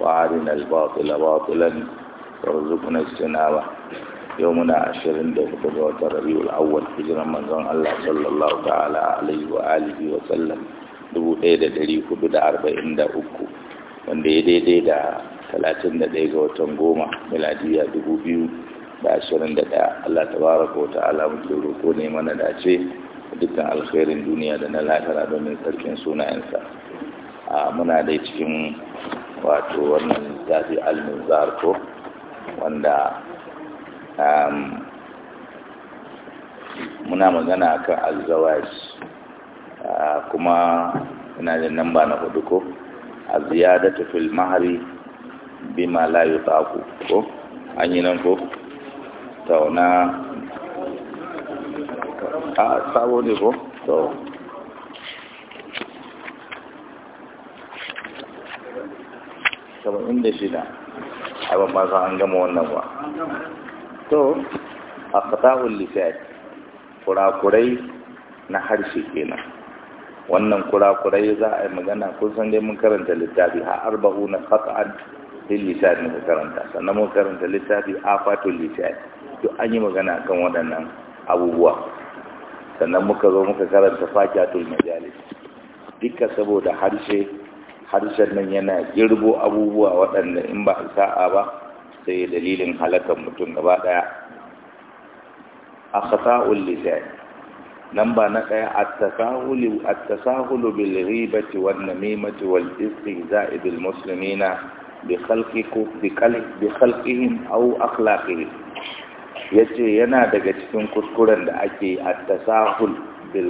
وعارنا الباطل باطلا وارزقنا اجتنابه يومنا عشرين ده قدوة ربيع الأول هجرة من زون الله صلى الله تعالى عليه وآله وسلم dubu ɗaya da ɗari hudu da arba'in da uku wanda ya daidai da talatin da ɗaya ga watan goma miladiya dubu biyu da ashirin da ɗaya Allah ta ta ko ne mana dace dukkan alkhairin duniya da na lahira domin sarkin sunayensa a muna dai cikin wato wannan tafi al-munzar ko wanda um, muna magana kan al-zawaj uh, kuma ina da namba na hudu ko az-ziyadatu fil mahri bima la yutaqu ko an yi nan ko tauna a sabo ne ko to saba'in da shida a ban za an gama wannan ba to a fata'ul lisan kurakurai na harshe kenan wannan kurakurai za a yi magana kun san dai mun karanta littafi a arba'u na fata'an lil lisan muka karanta sannan mun karanta littafi afatul lissafi, to an yi magana kan waɗannan abubuwa sannan muka zo muka karanta fakiyatul majalis duka saboda harshe harshen nan yana girbo abubuwa waɗanda in ba a sa'a ba sai dalilin halakar mutum gaba ɗaya a kasa'ul lisan nan ba na ɗaya a tasahulu bil ribati wal namimati wal istihza'i bil muslimina bi khalqihim aw akhlaqihim yace yana daga cikin kuskuren da ake a tasahul bil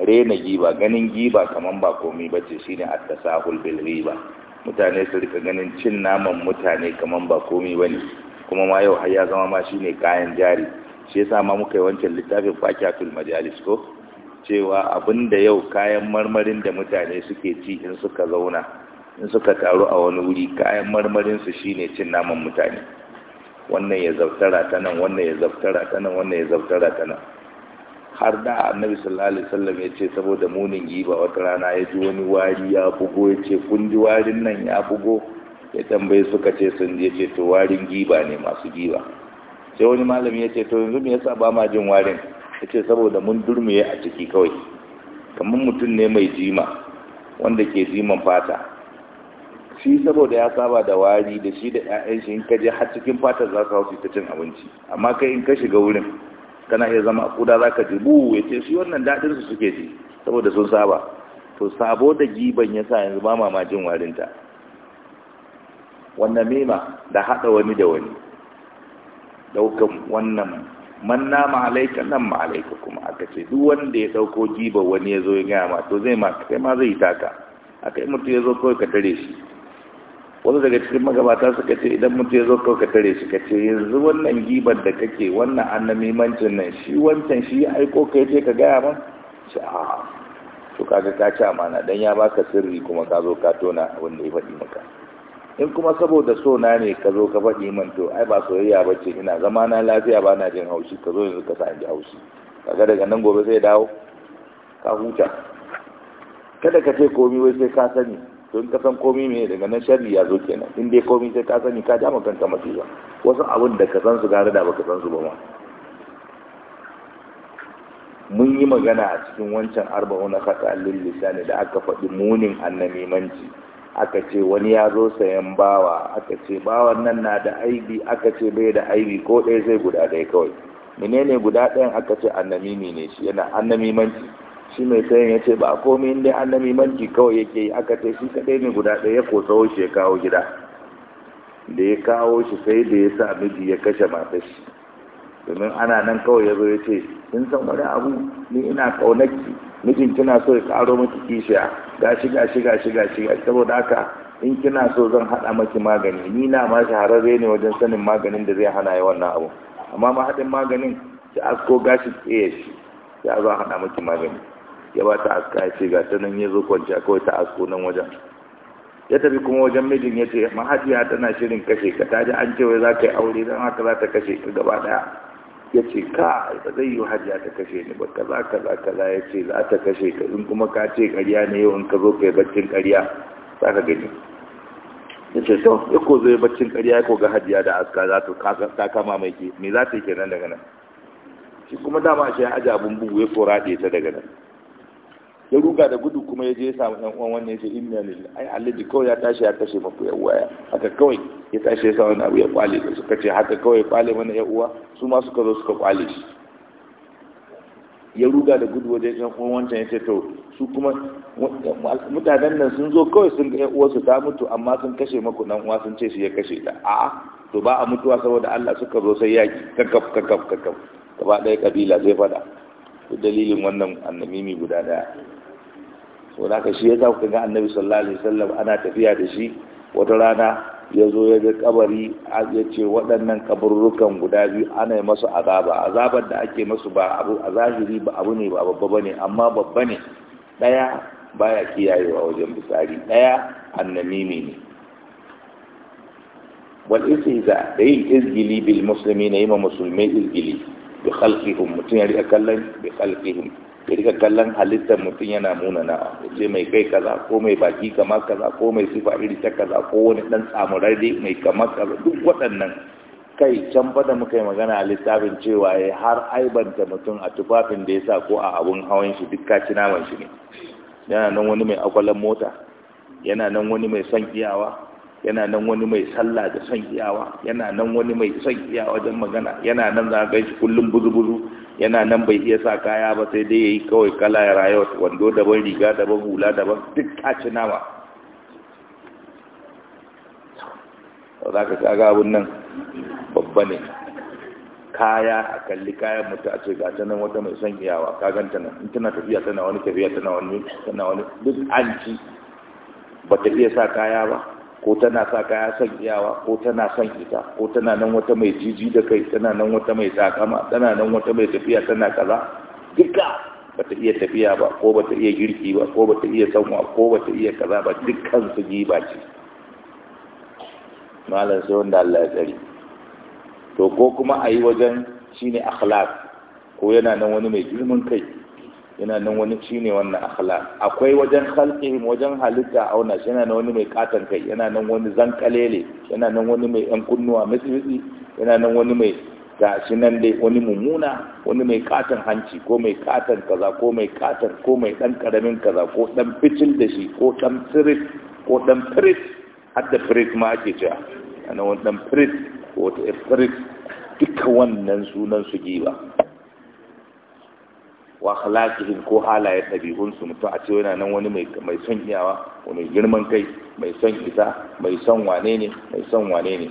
rena giba ganin giba kaman ba komai bace shine at-tasahul bil riba mutane su rika ganin cin naman mutane kaman ba komai bane kuma ma yau har ya zama ma shine kayan jari shi yasa ma muka yi wancan littafin fakiatul majalis ko cewa abinda yau kayan marmarin da mutane suke ci in suka zauna in suka taru a wani wuri kayan marmarin su shine cin naman mutane wannan ya zaftara ta nan wannan ya zaftara ta nan wannan ya zaftara ta nan har da annabi sallallahu alaihi wasallam ya ce saboda munin giba wata rana ya ji wani wari ya bugo ya ce kun ji warin nan ya bugo ya tambaye suka ce sun je ce to warin giba ne masu giba sai wani malami ya ce to yanzu me yasa ba ma jin warin ya ce saboda mun durmiye a ciki kawai kamar mutum ne mai jima wanda ke jiman fata shi saboda ya saba da wari da shi da 'ya'yan shi in ka je har cikin fatar za ka hau ta cin abinci amma kai in ka shiga wurin kana iya zama a kuda za ka ji buu ya ce shi wannan daɗin su suke ji saboda sun saba to sabo da giban ya sa yanzu ba mamajin jin warinta wannan mema da haɗa wani da wani ɗaukan wannan manna ma'alaika, nan ma'alaika kuma aka ce duk wanda ya ɗauko giba wani ya zo ya gaya ma to zai ma kai ma zai yi taka aka yi mutu ya zo kawai ka tare shi wasu daga cikin magabata suka ce idan mutu ya zo kawai ka tare shi ka ce yanzu wannan gibar da kake wannan mimancin nan shi wancan shi ya aiko ka ce ka gaya ba shi a to kaga ka ci amana dan ya baka sirri kuma ka zo ka tona wanda ya faɗi maka in kuma saboda so na ne ka zo ka faɗi man to ai ba soyayya ba ce ina zama na lafiya ba na jin haushi ka zo yanzu ka sa in ji haushi kaga daga nan gobe sai dawo ka huta kada ka ce komai wai sai ka sani don ka san komi ne daga nan sharri ya zo kenan in dai komi sai ka sani ka jama kanka masifa wasu abin da ka san su gare da ba san su ba ma mun yi magana a cikin wancan arba'u na khata lisani da aka faɗi munin annamimanci aka ce wani ya zo sayan bawa aka ce bawan nan na da aibi aka ce bai da aibi ko ɗaya sai guda ɗaya kawai menene guda ɗayan aka ce annamimi ne shi yana annamimanci shi mai sayan ya ce ba a komi inda annabi manki kawai yake yi aka ce shi kadai ne guda ɗaya ko tsawo shi ya kawo gida da ya kawo shi sai da ya sa miji ya kashe matar shi domin ana nan kawai ya zo ya ce kin san wani abu ni ina ƙaunarki mijin kina so ya karo miki kishiya gashi gashi gashi gashi saboda haka in kina so zan haɗa maki magani ni na ma shahararre ne wajen sanin maganin da zai hana yi wannan abu amma ma haɗin maganin ki asko gashi tsaye shi ya zo haɗa maki magani ya ba ta aska ya ce gasar nan ya zo kwanci kawai ta asko nan wajen ya tafi kuma wajen mijin ya ce mahajiya tana shirin kashe ka ta ji an cewa za ka yi aure don haka za ta kashe ka gaba daya ya ce ka ba zai yi hajiya ta kashe ni ba kaza kaza kaza ya ce za ta kashe ka in kuma ka ce karya ne yau in ka zo ka yi baccin karya za ka gani ya ce to ya ko yi baccin karya ya ko ga hajiya da aska za ta kama mai ke me za ta yi kenan daga nan shi kuma dama shi ya aji abun bugu ya ko raɗe ta daga nan ya ruga da gudu kuma ya je ya samu ɗan uwan wannan ya ce inna lillahi ai alladi kawai ya tashi ya kashe maku ya uwa haka kawai ya tashi ya samu abu ya kwale da suka ce haka kawai ya kwale mana ya uwa su ma suka zo suka kwale shi ya ruga da gudu wajen ɗan uwan wancan ya ce to su kuma mutanen nan sun zo kawai sun ga su ta mutu amma sun kashe maku ɗan uwa sun ce shi ya kashe ta a'a to ba a mutuwa saboda Allah suka zo sai yaki kakkaf kakkaf kakkaf gaba ɗaya kabila zai fada dalilin wannan annamimi guda daya so da shi ya kuka ga annabi sallallahu alaihi wasallam ana tafiya da shi wata rana ya zo ya ga kabari ya ce waɗannan kaburrukan guda biyu ana yi masu azaba azabar da ake masu ba abu a zahiri ba abu ne ba babba ba ne amma babba ne ɗaya baya kiyayewa wajen bisari ɗaya annami ne wal istihza da yin izgili bil musulmi na yi ma musulmai izgili bi khalqihum mutum ya riƙa kallon bi khalqihum ya rika kallon halittar mutum yana munana ya ce mai kai kaza ko mai baki kama kaza ko mai sifa iri ta kaza ko wani dan dai mai kama kaza duk waɗannan kai can fa da muka yi magana a littafin cewa ya har aibanta mutum a tufafin da ya sa ko a abun hawan shi duk kaci naman shi ne yana nan wani mai akwalan mota yana nan wani mai son iyawa yana nan wani mai sallah da son iyawa yana nan wani mai son iyawa wajen magana yana nan za a gaishe kullum buzu-buzu yana nan bai iya sa kaya ba sai dai yayi kawai kala ya rayu wando daban riga daban hula daban duk ta ci nama za ka kaga abin nan babba ne kaya a kalli kayan mutu a ce gata nan wata mai son iyawa ka ganta nan in tana tafiya tana wani tafiya tana wani tana wani duk an ci ba ta iya sa kaya ba ko tana sa kaya son iyawa ko tana son ita ko tana nan wata mai jiji da kai tana nan wata mai takama tana nan wata mai tafiya tana kaza duka bata iya tafiya ba ko bata iya girki ba ko bata iya sanwa ko bata iya kaza ba dukkan su giba ce malam sai wanda Allah ya tsari to ko kuma a yi wajen shine akhlaq ko yana nan wani mai girman kai yana nan wani shi ne wannan akhlaq akwai wajen khalqihim wajen halitta auna shi yana nan wani mai katan kai yana nan wani zankalele yana nan wani mai yan kunnuwa mitsi yana nan wani mai shi nan dai wani mummuna wani mai katan hanci ko mai katan kaza ko mai katan ko mai dan karamin kaza ko dan ficil da shi ko dan firit ko dan firit har da firit ma ake cewa ana wani dan firit ko ta firit duka wannan sunan su giba wa khalaqihim ko halayen ɗabi'unsu mutum a ce yana nan wani mai son iyawa mai girman kai mai son isa mai son wane ne mai son wane ne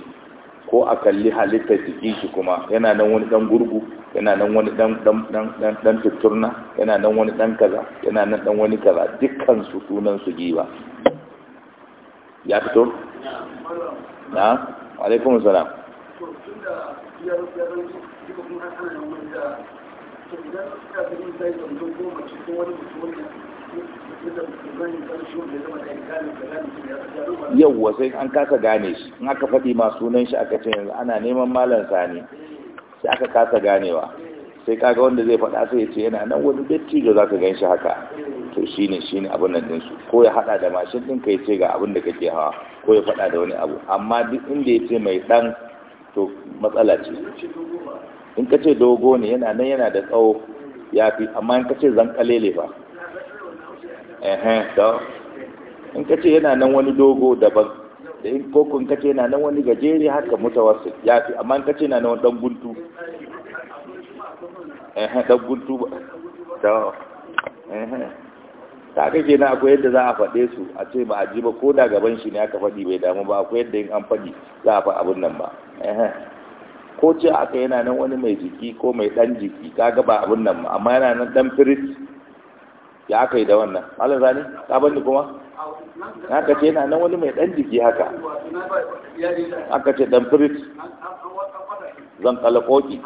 ko a kalli halitta jikin shi kuma yana nan wani dan gurgu yana nan wani dan dan dan dan tutturna yana nan wani dan kaza yana nan dan wani kaza dukkan su sunan su giba ya fito na alaikum salam to idan sai an kasa gane shi in aka faɗi ma sunan shi aka ce yanzu ana neman malam sani sai aka kasa ganewa sai kaga wanda zai faɗa sai ya ce yana nan wani datti da za ka gan shi haka to shi ne shi ne abin nan ɗinsu ko ya haɗa da mashin ɗinka ka ya ce ga abin da kake hawa ko ya faɗa da wani abu amma duk inda ya ce mai ɗan to matsala ce in ka ce dogo ne yana nan yana da tsawo ya fi amma in ka ce zankalele ba in ka ce yana nan wani dogo daban da in koko in ka ce yana nan wani gajere haka su, ya fi amma in ka ce yana nan wani dan guntu dan guntu ba ta aka ke na akwai yadda za a faɗe su a ce ba a ji ba ko da gaban shi ne aka faɗi bai damu ba akwai yadda in an faɗi za a fa abin nan ba ko ce aka yana nan wani mai jiki ko mai dan jiki ka ba abin nan amma yana nan dan firist. ya aka yi da wannan malam zani ka bani kuma haka ce yana nan wani mai dan jiki haka aka ce dan firist, zan kalakoki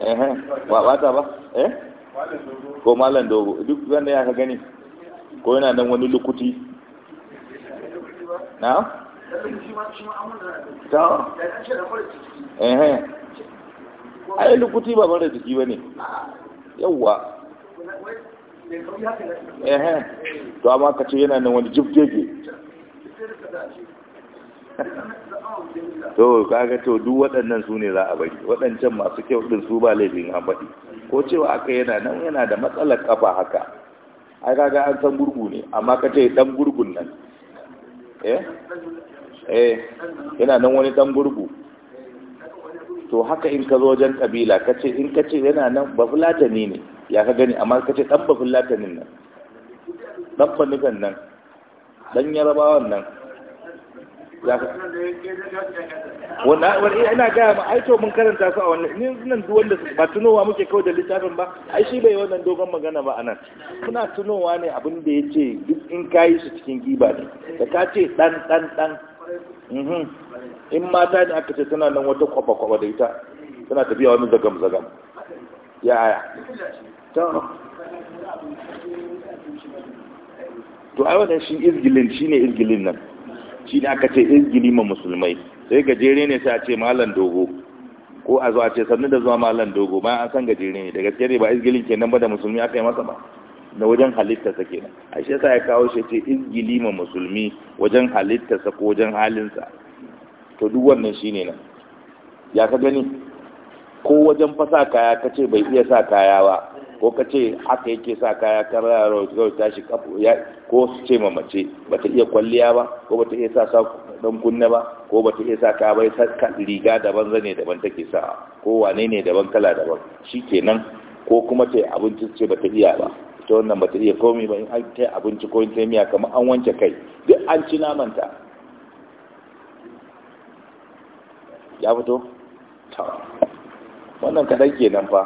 eh ba bata ba eh ko malam dogo duk wanda ya ka gani ko yana nan wani lukuti na'am ta ehe eh. ai lukuti ba mara jiki ba ne yawwa ehe eh. to amma ka ce yana nan wani jibgege to kaga to duk waɗannan su ne za a bari waɗancan masu kyau ɗin su ba laifin an ko cewa aka yana nan yana da matsalar kafa haka ai kaga an san gurgu ne amma ka ce dan gurgun nan eh eh yana nan wani dan gurgu to haka in ka zo wajen kabila ka ce in ka ce yana nan bafulatani ne ya ka gani amma ka ce dan bafulatanin nan dan fanukan nan dan yarabawan nan wanda wani ina gaya ma to mun karanta su a wannan ni nan duk wanda ba tunowa muke kawai da littafin ba ai shi bai wannan dogon magana ba anan kuna tunowa ne abin da ya ce duk in kayi su cikin giba ne da ka ce dan dan dan Mhm. in mata da aka ce tana nan wata kwaba-kwaba da ita tana tafiya wani zagam-zagam ya aya to a wadanda shi izgilin shi ne izgilin nan shi ne aka ce izgili ma musulmai sai gajere ne sai a ce malam dogo ko a zuwa ce sannu da zuwa malam dogo bayan an san gajere ne da gaske ne ba izgilin ke nan ba da musulmi aka yi masa ba na wajen halittarsa kenan a shi yasa ya kawo shi ce izgili ma musulmi wajen halittarsa ko wajen halinsa to duk wannan ne nan ya ka gani ko wajen fasa kaya ka ce bai iya sa kaya ba ko ka ce haka yake sa kaya kan karara kawai tashi kafu ya ko su ce ma mace ta iya kwalliya ba ko ba ta iya sa sa dan kunna ba ko ba ta iya sa kaya ba ya sa riga daban zane daban take sa ko wane ne daban kala daban shikenan ko kuma ce abinci ce ba ta iya ba ta wannan bata iya komai ba in an ta yi abinci ko in ta miya kamar an wanke kai duk an ci namanta ya fito wannan kadan nan fa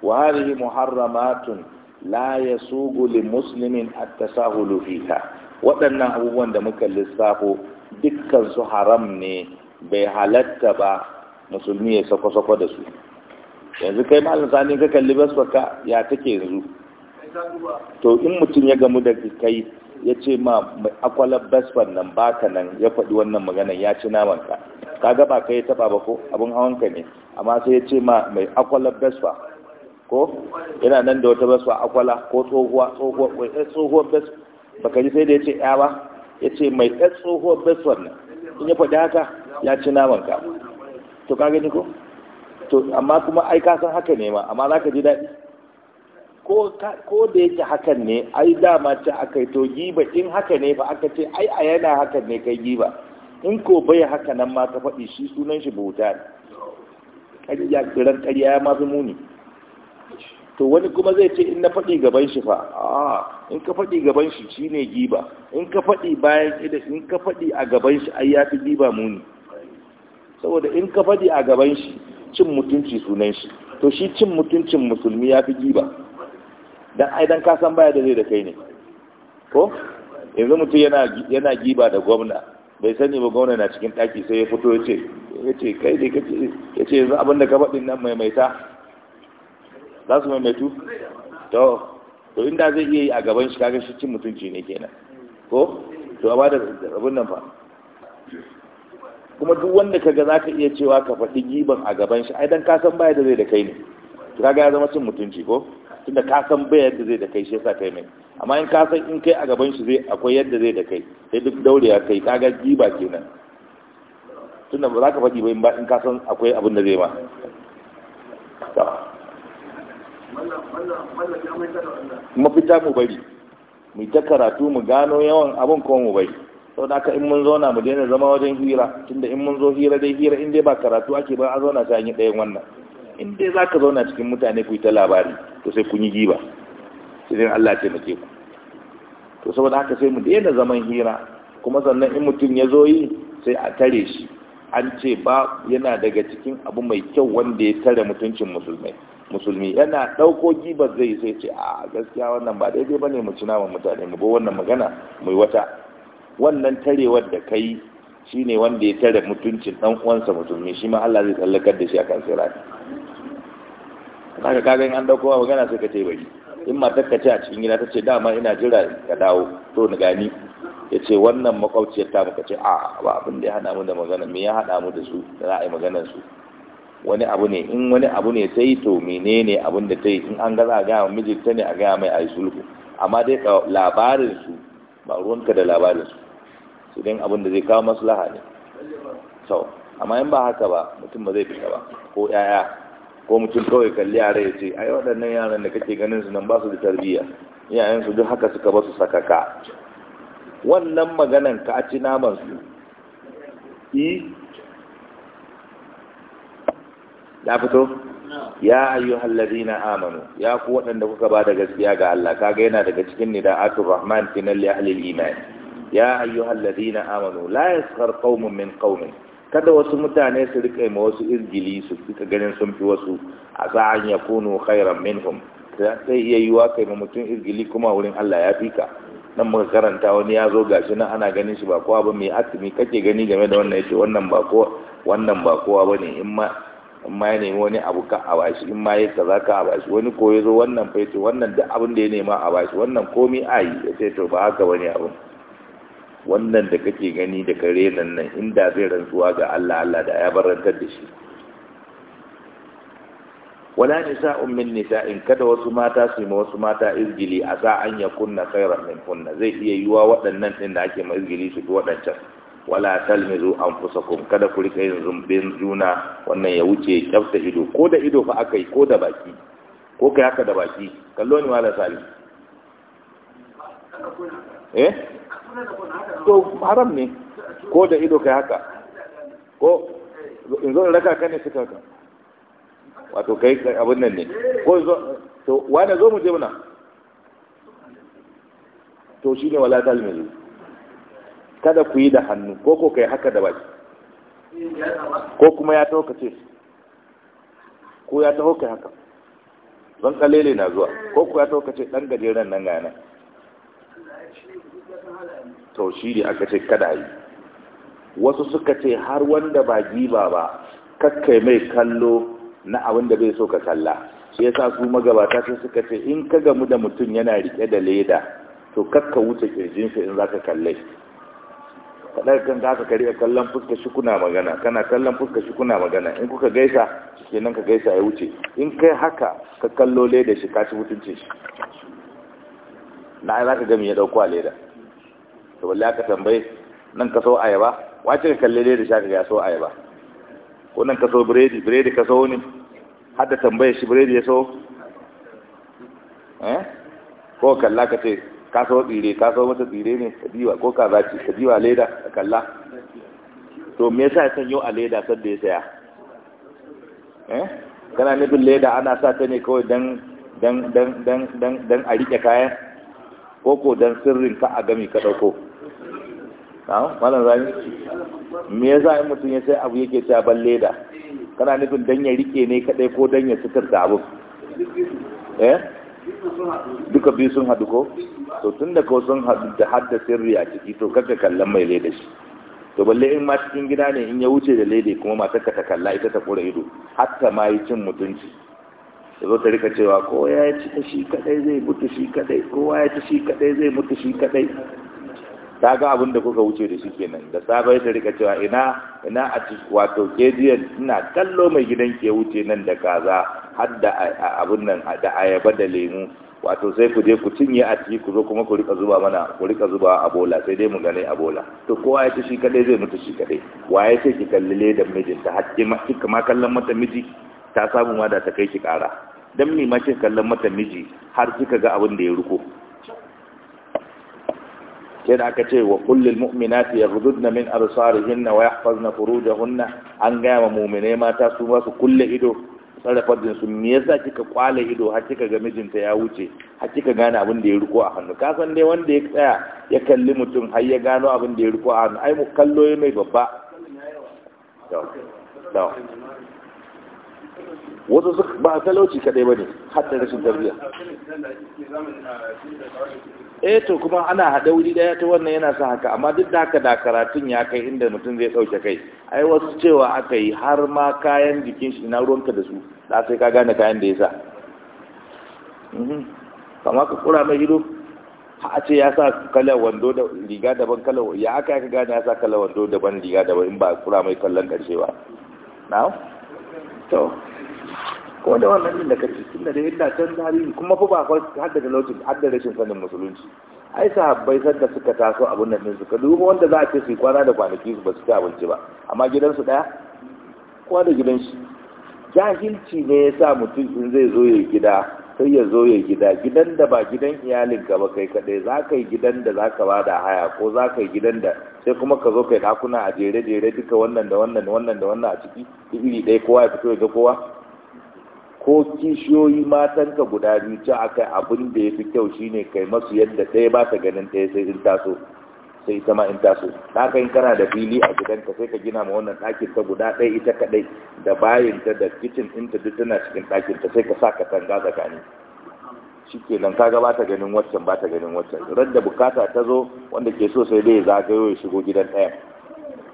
wa hadhihi muharramatun la yasugu li muslimin at fiha waɗannan abubuwan da muka lissafo dukkan su haram ne bai halatta ba musulmi ya sako-sako da su yanzu kai malin sani ka kalli basfaka ya take yanzu to in mutum ya gamu da kai ya ce ma akwala basfan nan baka nan ya faɗi wannan maganan ya ci namanka ka. gaba ka yi taba ba ko abin hawanka ne amma sai ya ce ma mai akwala basfa ko yana nan da wata basfa akwala ko tsohuwa tsohuwa basfa baka ji sai da ya ce ya ba ya ce mai ɗan tsohuwar basfan nan in ya faɗi haka ya ci namanka to ka gani ko to amma kuma ai ka san haka ne ma amma za ka ji daɗi ko da yake hakan ne ai dama ta aka to giba in haka ne ba aka ce ai a yana hakan ne kai giba in ko bai haka nan ma ka faɗi shi sunan shi bauta ne ƙarya ƙiran ƙarya ya mafi muni to wani kuma zai ce in na faɗi gaban shi fa a in ka faɗi gaban shi shi ne giba in ka faɗi bayan ida in ka faɗi a gaban shi ai ya fi giba muni saboda in ka faɗi a gaban shi cin mutunci sunan shi to shi cin mutuncin musulmi ya fi giba dan ai dan ka san baya da zai da kai ne ko yanzu mutum yana yana giba da gwamna bai sani ba gwamna na cikin daki sai ya fito ya ce kai ne kace yace ce yanzu da ka faɗin nan maimaita za su maimaitu to to inda zai iya yi a gaban shi kaga shi cin mutunci ne kenan ko to a bada abin nan fa kuma duk wanda kaga zaka iya cewa ka faɗi giban a gaban shi ai dan ka san baya da zai da kai ne to kaga ya zama cin mutunci ko tunda ka san bai yadda zai da kai shi yasa kai mai amma in ka san in kai a gaban shi zai akwai yadda zai da kai sai duk daurewa kai kaga giba kenan tunda ba za ka faɗi ba in ka san akwai abin da zai ma mafita mu bari mu ta karatu mu gano yawan abin ko mu bari sau da aka in mun zauna mu daina zama wajen hira tunda in mun zo hira dai hira in dai ba karatu ake ba a zauna ta yi ɗayan wannan in dai za ka zauna cikin mutane ku yi ta labari to sai kun yi giba sai dai Allah ce mace ku to saboda haka sai mu daina zaman hira kuma sannan in mutum ya zo yi sai a tare shi an ce ba yana daga cikin abu mai kyau wanda ya tare mutuncin musulmai musulmi yana ɗauko giba zai sai ce a gaskiya wannan ba daidai ba ne mu ci mutane mu bo wannan magana mai wata wannan tarewar da kai Shi ne wanda ya tare mutuncin dan uwansa mutumin shi ma Allah zai tsallakar da shi a akan sirati kaga kaga in an dauko magana sai ka ce bari in ma ka ce a cikin gida ta ce dama ina jira ka dawo to ni gani ya ce wannan makwabciyar ta muka ce a ba abin da ya hada mu da magana me ya hada mu da su da za a yi maganar su wani abu ne in wani abu ne ta to menene abin da ta yi in an gaza a gaya mijinta ne a gaya mai a yi sulhu amma dai eh, labarin su ba ruwanka da labarin su idan abin da zai kawo maslaha ne sau amma in ba haka ba mutum ba zai fita ba ko yaya ko mutum kawai kalli yara ya ce ai waɗannan yaran da kake ganin su nan ba su da tarbiyya yayan su duk haka suka ba su sakaka wannan maganan ka a ci naman su yi ya fito ya hallari na amanu ya ku waɗanda kuka ba da gaskiya ga Allah kaga yana daga cikin nida'atul rahman final li halil imani ya ayyuhal ladina amanu la yaskhar qaumun min qaumin kada wasu mutane su rike ma wasu irgili su fika ganin sun fi wasu a sa'an yakunu khairan minhum sai iya yiwa kai ma mutum irgili kuma wurin Allah ya fika nan muka karanta wani ya zo gashi nan ana ganin shi ba kowa ba mai atimi kake gani game da wannan yace wannan ba kowa wannan ba kowa bane in ma in ma ya nemi wani abu ka a bashi in ma ya kaza ka a bashi wani ko ya zo wannan fa yace wannan duk abin da ya nema a bashi wannan komi ayi yace to ba haka bane abin wannan da kake gani da kare nan nan inda zai rantsuwa ga Allah Allah da ya barantar da shi wala nisa'un min in kada wasu mata su ma wasu mata izgili a sa an kunna khairan min kunna zai iya yiwa waɗannan din da ake ma izgili su fi waɗancan wala talmizu anfusakum kada ku rika yin zumbin juna wannan ya wuce kyafta ido ko da ido fa akai ko da baki ko kai haka da baki kallo ni malam salim eh to haram ne ko da ido kai haka ko in zo raka ka ne suka ka wato kai abin nan ne ko zo to wani zo mu je muna to shine wala talmizu kada ku yi da hannu ko ko kai haka da baki ko kuma ya taho ka ce ko ya taho kai haka zan kalele na zuwa ko ku ya taho ka ce dan gajeren nan ga nan to ne aka ce kada yi wasu suka ce har wanda ba giba ba kakkai mai kallo na abin da bai so ka kalla shi yasa su magabata sai suka ce in ka gamu da mutum yana rike da leda to kakka wuce kirjin shi in zaka kalle kadar kan ka ka rike kallon fuska shi kuna magana kana kallon fuska shi kuna magana in kuka gaisa kenan ka gaisa ya wuce in kai haka ka kallo leda shi ka ci shi na ai zaka ga me ya dauko a leda to aka ka tambaye nan ka so ayaba wace ka kalle dai da shaka ga so ayaba ko nan ka so biredi biredi ka so ne har da tambaye shi biredi ya so eh ko kalla ka ce ka so tsire ka so mata tsire ne ka diwa ko ka zaci ka diwa leda ka kalla to me yasa ya sanyo a leda sadda ya saya eh kana nufin leda ana sa ta ne kawai dan dan dan dan dan a rike kayan ko ko dan sirrin ka a gami ka dauko na'am malam ya me a in mutum ya sai abu yake ta ban leda kana nufin don ya rike ne kadai ko don ya sitar da abu eh duka biyu sun haɗu ko to tun da kawai sun haɗu da hadda sirri a ciki to kaka kallon mai leda shi to balle in ma cikin gida ne in ya wuce da leda kuma matarka ta kalla ita ta kura ido hatta ma yi cin mutunci da zo ta rika cewa ko ya ci ta shi kadai zai mutu shi kadai kowa ya ci shi kadai zai mutu shi kadai ta ga abin da kuka wuce da shi kenan da sabai ta rika cewa ina ina a wato kejiyar ina kallo mai gidan ke wuce nan da kaza har da abin nan da ayaba da lemu wato sai ku je ku cinye a ciki ku zo kuma ku rika zuba mana ku rika zuba a bola sai dai mu gane a bola to kowa ya ci shi kadai zai mutu shi kadai waye ce ki kalli ledan mijinta har ki ma kallon mata miji ta samu ma da ta kai ki kara dan me ma ki kallon mata miji har kika ga abin da ya ruko sai da aka ce wa kullil mu'minati na min hinna wa da hunna an gaya wa mu'mine mata su ba su kulle ido sarrafa jinsu su me yasa kika kwale ido har kika ga mijinta ya wuce har kika gane abin da ya riko a hannu ka san dai wanda ya tsaya ya kalli mutum har ya gano abin da ya riko a hannu ai mu kallo mai babba wasu su ba talauci kadai ba ne hatta rashin tarbiya eh to kuma ana haɗa wuri ɗaya ta wannan yana sa haka amma duk da haka da karatun ya kai inda mutum zai ɗauke kai ai wasu cewa aka yi har ma kayan jikin shi na ruwanka da su da sai ka gane kayan da ya sa mhm. kama ka kura mai hido a ce ya sa kalar wando da riga daban kalar ya aka ya gane ya sa kalar wando daban riga daban in ba kura mai kallon ƙarshe ba na'am to ko da wannan din da kake tun da illa can tarihi kuma fa ba har da lokacin har da rashin sanin musulunci ai sahabbai sanda suka taso abun nan din suka duba wanda za a ce su kwana da kwanaki su ba su ci abinci ba amma gidansu daya kowa da gidan shi jahilci ne ya sa mutum in zai zo ya gida sai ya zo ya gida gidan da ba gidan ka ba kai kadai za ka yi gidan da za ka bada haya ko za ka yi gidan da sai kuma ka zo kai dakuna a jere-jere duka wannan da wannan da wannan a ciki iri ɗaya kowa ya fito ya ga kowa ko kishiyoyi matanka guda biyu ci akai abin da ya fi kyau shine kai masu yadda ɗaya ba ta ganin ɗaya sai in taso sai ita ma in taso ɗaka in kana da fili a gidanka sai ka gina ma wannan ɗakin ta guda ɗaya ita kaɗai da bayan ta da kicin ta duk tana cikin ɗakin ta sai ka sa ka tanga tsakani shi ka kaga ba ta ganin waccan ba ta ganin waccan ran da bukata ta zo wanda ke so sai dai zagayo ya shigo gidan ɗaya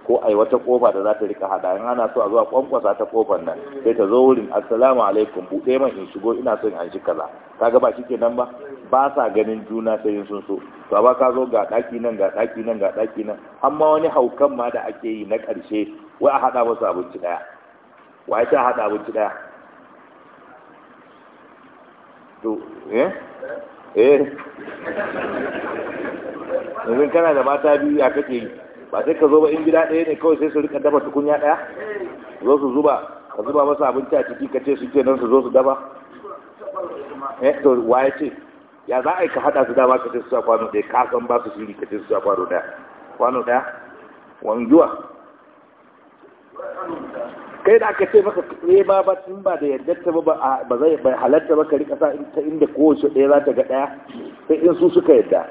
ko a yi wata kofa da za ta rika hada in ana so a zuwa kwankwasa ta kofar nan sai ta zo wurin assalamu alaikum buɗe man in shigo ina so in an shi kaza gaba ba ke nan ba ba sa ganin juna sai yin sun so to ba ka zo ga daki nan ga daki nan ga daki nan amma wani haukan ma da ake yi na ƙarshe wai a hada musu abinci daya wai ta hada abinci daya to eh eh yanzu kana da mata biyu a kake yi ba sai ka zo ba in gida ɗaya ne kawai sai su rika daba tukunya ɗaya zo su zuba ka zuba masa abinci a ciki ka ce su ke nan su zo su ya eh to ya ce ya za a yi ka haɗa su dama ka ce su sa kwano ɗaya ka san ba su shiri ka ce su sa kwano ɗaya kwano ɗaya wanzuwa kai da aka ce maka ne eh, ba ba tun ba da yadda ta ba ba zai bai halatta ba ka rika sa ta inda kowace ɗaya za ta ga ɗaya sai in su suka yadda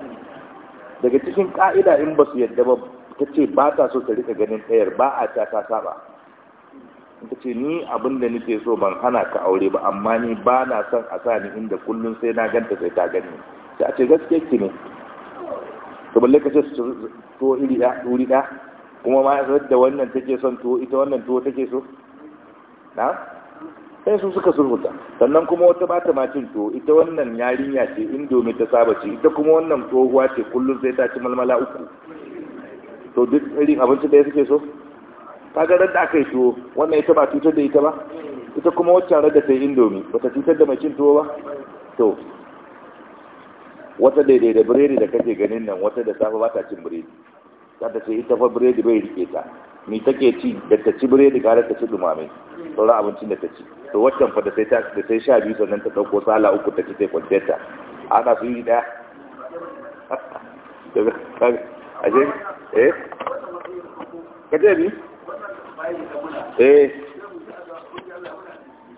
daga cikin ƙa'ida in ba su yadda ba ta ce ba ta so ta rika ganin ɗayar ba a ta ta saba ta ce ni abin da so ban hana ka aure ba amma ni ba na son a sa ni inda kullum sai na ganta sai ta gani ta ce gaske ki ne to balle ka ce su to iri da turi da kuma ma da wannan take son tuwo ita wannan tuwo take so na sai su suka sulhuta sannan kuma wata bata ma cin tuwo ita wannan yarinya ce indomi ta saba ce ita kuma wannan tsohuwa ce kullum sai ta ci malmala uku to duk irin abinci ya suke so kaga da aka yi tuwo wannan ita ba cutar da ita ba ita kuma wacce rar da ta yi indomi ba ta cutar da mai cin tuwo ba to wata daidai da biredi da kake ganin nan wata da safa ba ta cin biredi za ta ce ita fa biredi bai rike ta ni take ci da ta ci biredi gara ta ci dumame sauran abincin da ta ci to waccan fa da sai ta da sai sha biyu sannan ta dauko sala uku ta ci sai kwanciyar ta ana su yi daya eh ni eh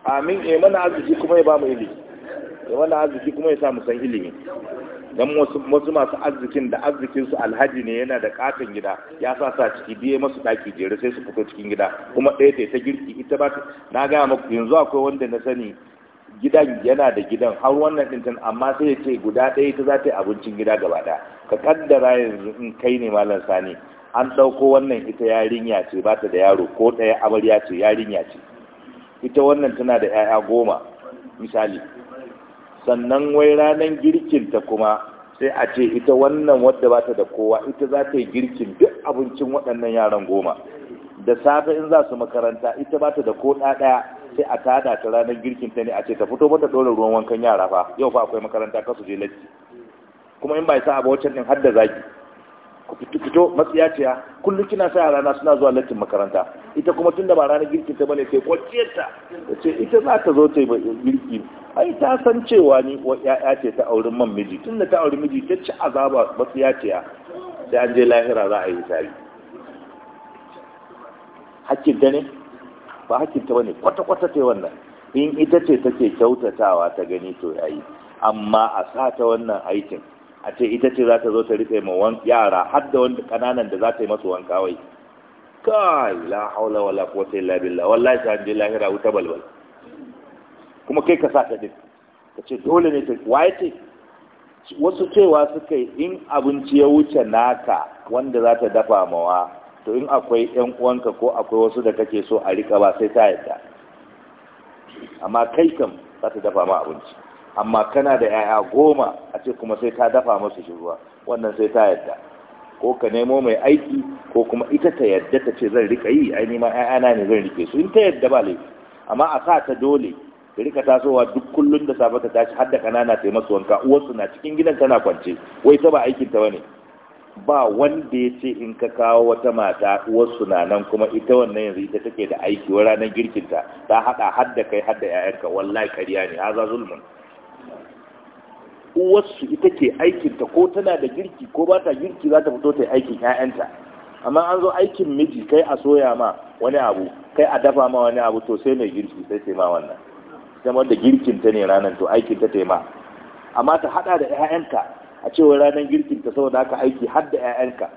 amin eh mana arziki kuma ya ba mu ilimi ya eh, mana arziki kuma ya sa mu san ilimi don wasu masu arzikin da arzikinsu alhaji ne yana da katon gida ya sa sa ciki biye masu daki jere sai su fito cikin gida kuma ɗaya ta ta girki ita ba na gaya maku yanzu akwai wanda na sani gidan yana da gidan har wannan ɗintin amma sai ya ce guda ɗaya ta za ta yi abincin gida gaba ɗaya ka kaddara yanzu in kai ne malam sani an ɗauko wannan ita yarinya ce ba ta da yaro ko ɗaya amarya ce yarinya ce ita wannan tana da 'ya'ya goma misali sannan wai ranar girkin ta kuma sai a ce ita wannan wadda ba ta da kowa ita za ta yi girkin duk abincin waɗannan yaran goma da safe in za su makaranta ita ba ta da ko ɗaya sai a tada ta ranar girkin ta ne a ce ta fito mata dole ruwan wankan yara fa yau fa akwai makaranta kasu je latti kuma in ba sa a wacce din har da zaki ku fito fito matsiyaciya kullum kina sa yara na suna zuwa lattin makaranta ita kuma tunda ba ranar girkin ta bane sai kwanciyar ta ce ita za ta zo ta yi girki ai ta san cewa ni wa ya'ya ce ta auren man miji tunda ta auri miji ta ci azaba matsiyaciya sai an je lahira za a yi hisabi hakkin ta ne ba hakinta bane kwata-kwata ta wannan in ita ce take kyautatawa ta gani to yayi amma a sa ta wannan aikin a ce ita ce za ta zo ta rufe ma yara har da wanda kananan da za ta yi masu wanka wai kai la haula wala quwwata illa billah wallahi ta ji lahira wuta balbal kuma kai ka sa ta din ka ce dole ne ta waye ce wasu cewa suka yi in abinci ya wuce naka wanda za ta dafa mawa to in akwai yan uwanka ko akwai wasu da kake so a rika ba sai ta yadda amma kai kam za ta dafa ma abinci amma kana da yaya goma a ce kuma sai ta dafa masu shi ruwa wannan sai ta yadda ko ka nemo mai aiki ko kuma ita ta yadda ta ce zan rika yi ai nima ƴaƴana ne zan rike su in ta yadda ba laifi amma a sa ta dole ka rika tasowa duk kullum da safe ta tashi har da kanana ta masu wanka uwarsu na cikin gidan tana kwance wai ta ba aikin ta bane ba wanda ya ce in ka kawo wata mata wasu na nan kuma ita wannan yanzu ita take da aiki wa ranar girkinta ta haɗa da kai da ‘ya'yanka wallahi kariya ne haza zulmin uwarsu ita ke aikinta ko tana da girki ko ba ta girki za ta fito ta aikin ‘ya'yanta amma an zo aikin miji kai a soya ma wani abu kai a dafa ma wani abu to sai mai girki sai sai ma wannan zama wanda girkinta ne ranar to aikinta ta yi ma amma ta haɗa da ‘ya'yanka a cewa ranar girkin ta saboda haka aiki har da 'ya'yanka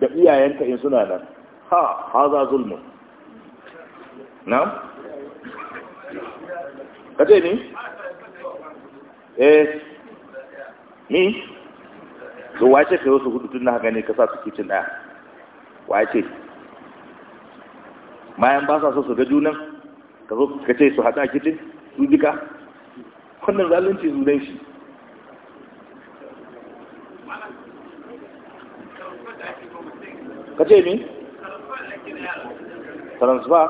da iyayenka in suna nan ha ha za zulmi na? ka ce ni? eh ni? so wace ka yi wasu hudu tun na haka ne ka sa su kicin ɗaya wace mayan ba sa so su ga junan ka zo ka ce su hada kicin su jika wannan zalunci su dan shi ka ce mi? transfer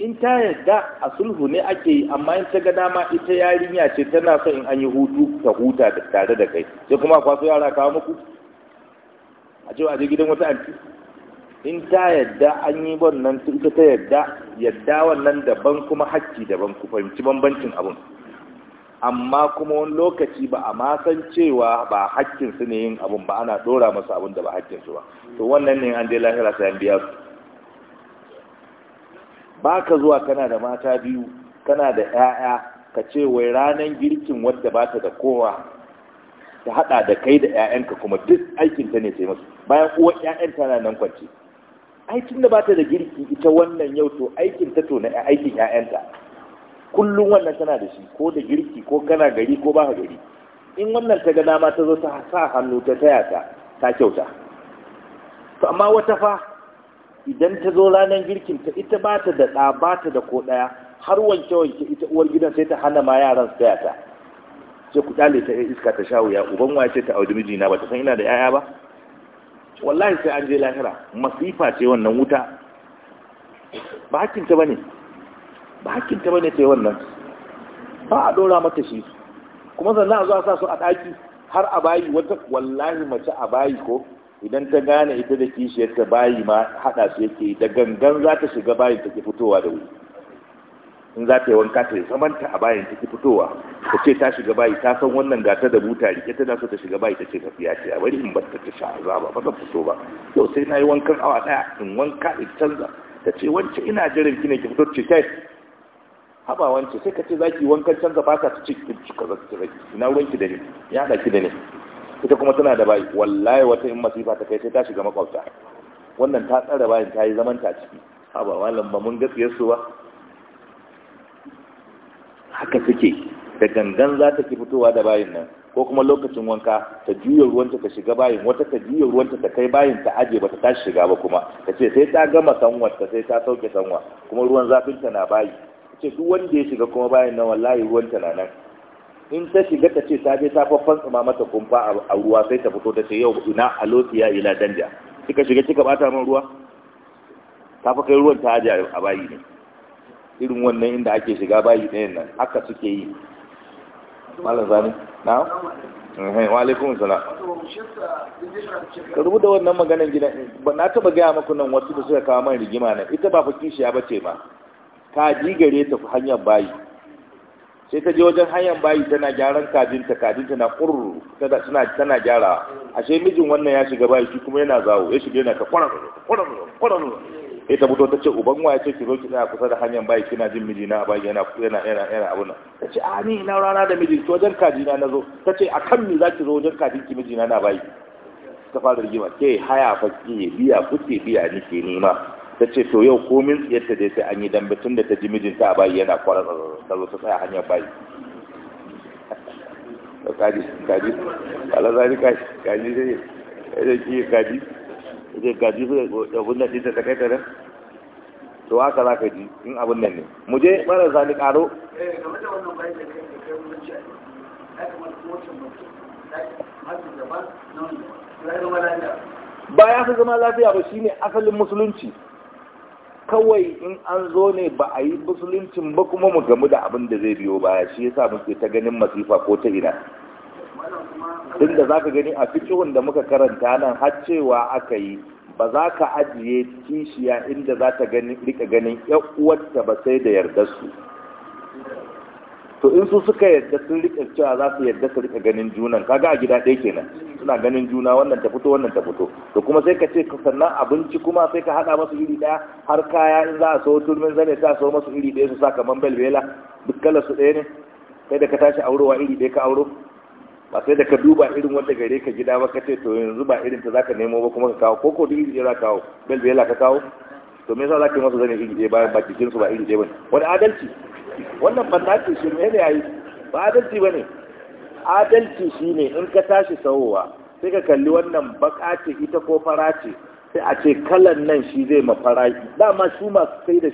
in ta yadda a sulhu ne ake yi amma in ta ga dama ita yarinya ce tana son in an yi hutu ta huta da tare da kai sai kuma kwaso yara kawo muku a cewa je gidan wata anti in ta yadda an yi wannan ita ta yadda yadda wannan daban kuma hakki daban ku fahimci bambancin abin amma kuma wani lokaci ba a masan cewa ba hakkinsu ne yin abun ba ana dora masu abun da ba hakkinsu ba to wannan ne an dai lahira sayan biya su ba ka zuwa kana da mata biyu kana da 'ya'ya ka ce wai ranar girkin wadda ba ta da kowa ta hada da kai da 'ya'yanka kuma duk aikinta ne sai masu bayan uwar 'ya'yan tana nan kwanci aikin da ba ta da girki ita wannan yau to aikin ta to na aikin 'ya'yanta kullum wannan tana da shi ko da girki ko kana gari ko ba gari in wannan ta ga dama ta zo ta sa hannu ta taya ta ta kyauta to amma wata fa idan ta zo ranar girkin ta ita ba ta da ɗa ba ta da ko ɗaya har wanke wanke ita uwar gidan sai ta hana ma yaran su taya ta sai ku ɗale ta iska ta sha wuya uban waya ce ta audi mijina ba ta san ina da 'ya'ya ba wallahi sai an je lahira masifa ce wannan wuta ba hakkinta ba ne ba hakkin ta bane ta yi wannan ba a ɗora mata shi kuma sannan a zuwa a sa su a ɗaki har a bayi wata wallahi mace a bayi ko idan ta gane ita da kishiyar ta bayi ma haɗa su yake da gangan za ta shiga bayin take fitowa da wuri in za ta yi wanka ta yi zamanta a bayin take fitowa ta ce ta shiga bayi ta san wannan gata da buta rike ta so ta shiga bayi ta ce tafiya ce a bari in batta ta sha'aza ba, ba ta fito ba yau sai na yi wankan awa ɗaya in wanka in canza ta ce wance ina jiran kina ki fito ce haba wance sai ka ce zaki wankan can gaba ka ci ci ka zaki zaki ina ruwanki da ni ya haɗa ki da ni ita kuma tana da bayi wallahi wata in masifa ta kai sai ta shiga makwabta wannan ta tsara bayan ta yi zaman ta ciki haba malam ba mun gaskiyar su ba haka suke da gangan za ta ki fitowa da bayin nan ko kuma lokacin wanka ta juya ruwanta ta shiga bayin wata ta juya ruwanta ta kai bayin ta aje ba ta tashi shiga ba kuma ta ce sai ta gama sanwa ta sai ta sauke sanwa kuma ruwan zafinta na bayi ce duk wanda ya shiga kuma bayan nan wallahi ruwan ta na nan in ta shiga ta ce ta je ta faffan tsuma mata kumfa a ruwa sai ta fito ta ce yau ina lotiya ila danja kika shiga kika bata min ruwa ta fa kai ruwan ta haja a bayi ne irin wannan inda ake shiga bayi ɗayan nan haka suke yi malam zani na wa alaikum salam ka rubuta wannan maganar gidan ba na taba gaya maku nan wasu da suka kawo man rigima nan ita ba fa kishiya bace ba kaji gare ta hanyar bayi sai ta je wajen hanyar bayi tana gyaran kajinta kajinta na kurru tana tana gyara ashe mijin wannan ya shiga bayi shi kuma yana zawo ya shiga yana ta kwarar kwarar sai ta fito ta ce uban waya ce ki zo ki tsaya kusa da hanyar bayi kina jin miji na bayi yana yana yana yana abu ta ce a ah, ni na rana da miji to wajen kaji na nazo ta ce a kan me zaki zo wajen kajin ki miji na na bayi ta fara rigima ke haya fa ke biya kuke biya ni ke nema ta ce to yau komin tsiyarta dai sai an yi dambe tun da ta ji mijinta a bayi yana kwara ta tsaya hanyar bayi kaji kaji ala da ta kai to haka za ji in abun nan ne mu mara zani karo ba ya fi zama lafiya ba shine asalin musulunci kawai in an zo ne ba a yi musuluncin ba kuma mu gamu da abin da zai biyo baya shi yasa muke ta ganin masifa ko ta ina tun da zaka gani a fikihun da muka karanta nan har cewa aka yi ba za ka ajiye kishiya inda za ta rika ganin 'yan uwarta ba sai da yardar su to in su suka yadda sun rika cewa za su yadda su rika ganin junan kaga a gida ɗaya kenan suna ganin juna wannan ta fito wannan ta fito to kuma sai ka ce sannan abinci kuma sai ka haɗa masu iri ɗaya har kaya in za a so turmin zane sai a so masu iri ɗaya su sa kaman belbela duk kalar su ɗaya ne sai da ka tashi aurowa iri ɗaya ka auro ba sai da ka duba irin wanda gare ka gida ba ka ce to yanzu ba irin ta zaka nemo ba kuma ka kawo ko ko duk iri ɗaya za ka kawo belbela ka kawo to me yasa za ka yi masu zane iri ɗaya bayan ba cikin su ba iri ɗaya ba wani adalci wannan banna shi ne ayi ba adalci bane adalci shi ne in ka tashi sawowa sai ka kalli wannan baka ce ita ko farace ce sai a ce kalan nan shi zai da dama su masu sai da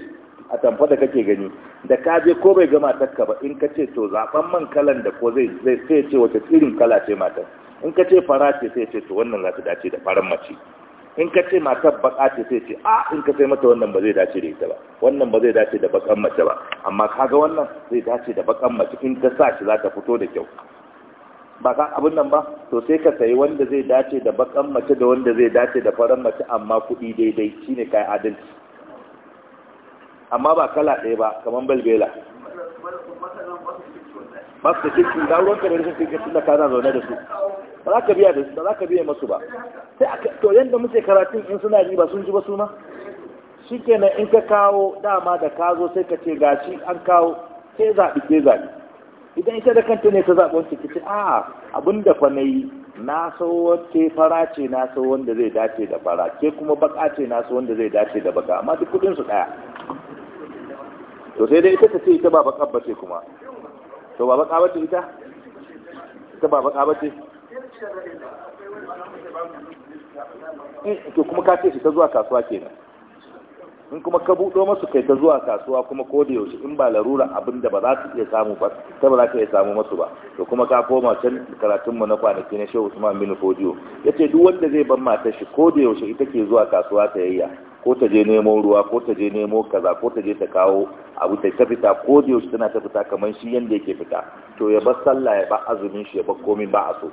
a tamfa da kake gani da ka je ko bai gama takka ba in ka ce to zaben man kalan da ko zai sai ce wace irin kala ce matan in ka ce fara ce sai ce to wannan za ta dace da faran mace in ka ce matar baka ce sai ce a ah, in ka sai mata wannan ba zai dace da ita ba wannan ba zai dace da bakan mace ba amma kaga wannan zai dace da bakan mace in ta sa shi za ta fito da kyau ba ka abin nan ba to sai ka sayi wanda zai dace da bakan mace da wanda zai dace da faran mace amma kuɗi daidai shine kai adalci amma ba kala ɗaya ba kamar balbela ba su da kirkin da ruwan da rashin kirkin da kana zaune da su ba za ka biya da ba za ka biya masu ba sai to yadda muke karatun in suna ji ba sun ji ba su ma shikenan in ka kawo dama da ka zo sai ka ce gashi an kawo sai zaɓi sai zaɓi idan ita da kanta ne ta zaɓi wancan ki ce a abin da fa na yi na so wacce fara ce na so wanda zai dace da fara ke kuma baka ce na so wanda zai dace da baka amma duk kudinsu ɗaya to sai dai ita ta ce ita ba baka ba ce kuma to ba baka ce ita ita ba baka ba ce. Eh, to kuma ka ce shi ta zuwa kasuwa kenan in kuma ka buɗo masu kai ta zuwa kasuwa kuma ko da yaushe in ba larura abin da ba za ka iya samu ba ta ba za ka iya samu masu ba to kuma ka koma can karatun mu na kwanaki na Shehu Usman bin Fodiyo yace duk wanda zai ban matar shi ko da yaushe ita ke zuwa kasuwa ta yayya ko ta je nemo ruwa ko ta je nemo kaza ko ta je ta kawo abu ta ta fita ko da yaushe tana ta fita kamar shi yanda yake fita to ya bar sallah ya ba azumin shi ya bar komai ba a so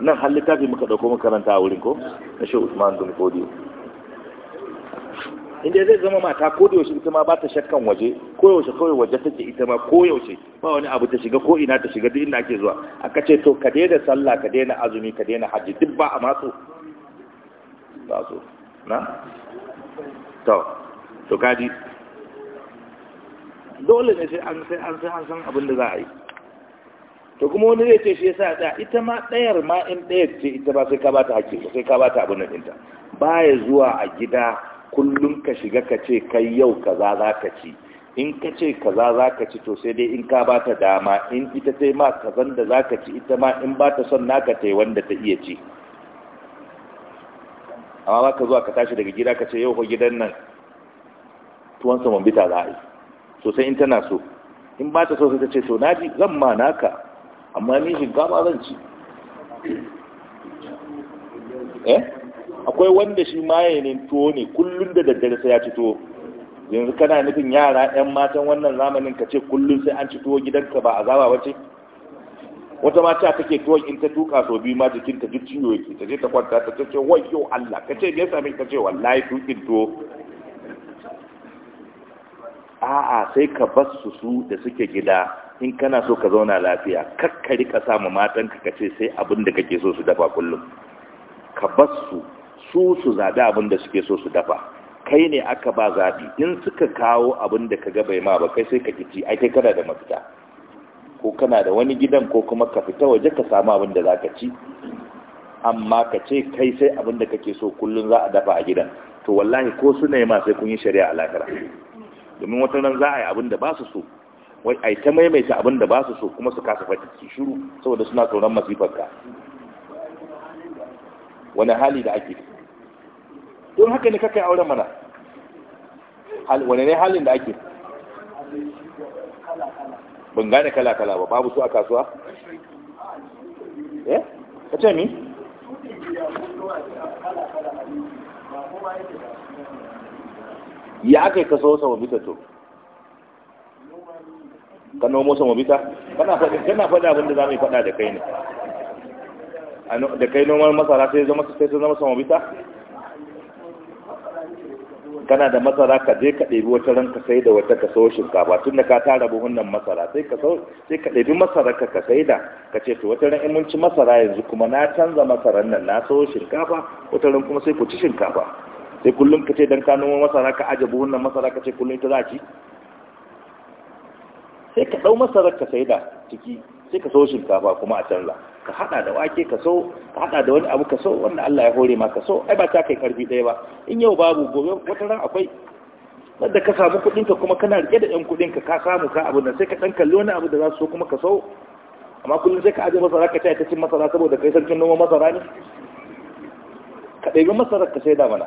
nan har fi muka ɗauko makaranta a wurin ko na shi usman bin kodiyo inda zai zama mata ko da yaushe ita ma ba ta shakkan waje ko yaushe kawai waje take ita ma ko yaushe ba wani abu ta shiga ko ina ta shiga duk inda ake zuwa aka ce to ka daina sallah ka daina azumi ka daina hajji duk ba a matso ba so na to to kaji dole ne sai an sai an san abin da za a yi to kuma wani zai ce shi yasa da ita ma ɗayar ma in ɗayar ce ita ba sai ka ba ta hakki ba sai ka ba ta abun nan ɗinta ya zuwa a gida kullum ka shiga ka ce kai yau kaza za ka ci in ka ce kaza za ka ci to sai dai in ka ba ta dama in ita ta ma kazan da za ka ci ita ma in ba ta son naka ta wanda ta iya ci amma ba ka zuwa ka tashi daga gida ka ce yau ko gidan nan tuwon samun bita za a yi sosai in tana so in ba ta so sai ta ce to na ji zan ma naka amma ni shinkafa zan ci eh akwai wanda shi mayanin tuwo ne kullum da daddare sai ya ci tuwo yanzu kana nufin yara 'yan matan wannan zamanin ka ce kullum sai an ci tuwo gidanka ba a zaba wace wata mata take tuwon in ta tuka sau biyu ma jikin ta duk ciwo yake ta je ta kwanta ta ce Wai yo Allah ka ce me sami ka ce wallahi tukin tuwo a'a sai ka bar su su da suke gida in kana so ka zauna lafiya kakkari ka samu matan ka kace sai abin da kake so su dafa kullum ka bar su su su zaɓi abin da suke so su dafa kai ne aka ba zaɓi in suka kawo abin da ka ga bai ma ba kai sai ka kici ai kai kana da mafita ko kana da wani gidan ko kuma ka fita waje ka samu abin da za ci amma ka ce kai sai abin da kake so kullum za a dafa a gidan to wallahi ko su ne ma sai kun yi shari'a a lahira domin wata nan za a yi abin da ba su so wai ai ta maimaita abin da ba su so kuma su kasa fata su shiru saboda suna tsoron masifarka wani hali da ake don haka ne kakai auren mana wani ne halin da ake ban gane kala-kala ba babu su a kasuwa eh ka ce mi ya aka yi kaso sama bisa to ka nomo sama bisa kana faɗi kana abin da za mu yi faɗa da kai ne da kai nomar masara sai zama sai ta zama sama bisa kana da masara ka je ka ɗabi wata ranka sai da wata ka sayo shinkafa tun da ka tara buhun nan masara sai ka sau sai ka ɗebi masarar ka ka sai da ka ce to wata ran in mun ci masara yanzu kuma na canza masarar nan na sayo shinkafa wata ran kuma sai ku ci shinkafa sai kullum ka ce dan ka noma masara ka aje buhun nan masara ka ce kullum ita za a ci sai ka ɗau masarar ka sai da ciki sai ka so shinkafa kuma a canza ka hada da wake ka so ka hada da wani abu ka so wanda Allah ya hore ma ka so ai ba ta kai karfi ɗaya ba in yau babu gobe wata ran akwai wanda ka samu kuɗin ka kuma kana rike da ɗan kuɗin ka ka samu ka abu nan sai ka ɗan kalli wani abu da za su so kuma ka so amma kullum sai ka aje masara ka taya ta cin masara saboda kai sarkin noman masara ne ka ɗebi masarar ka sai da mana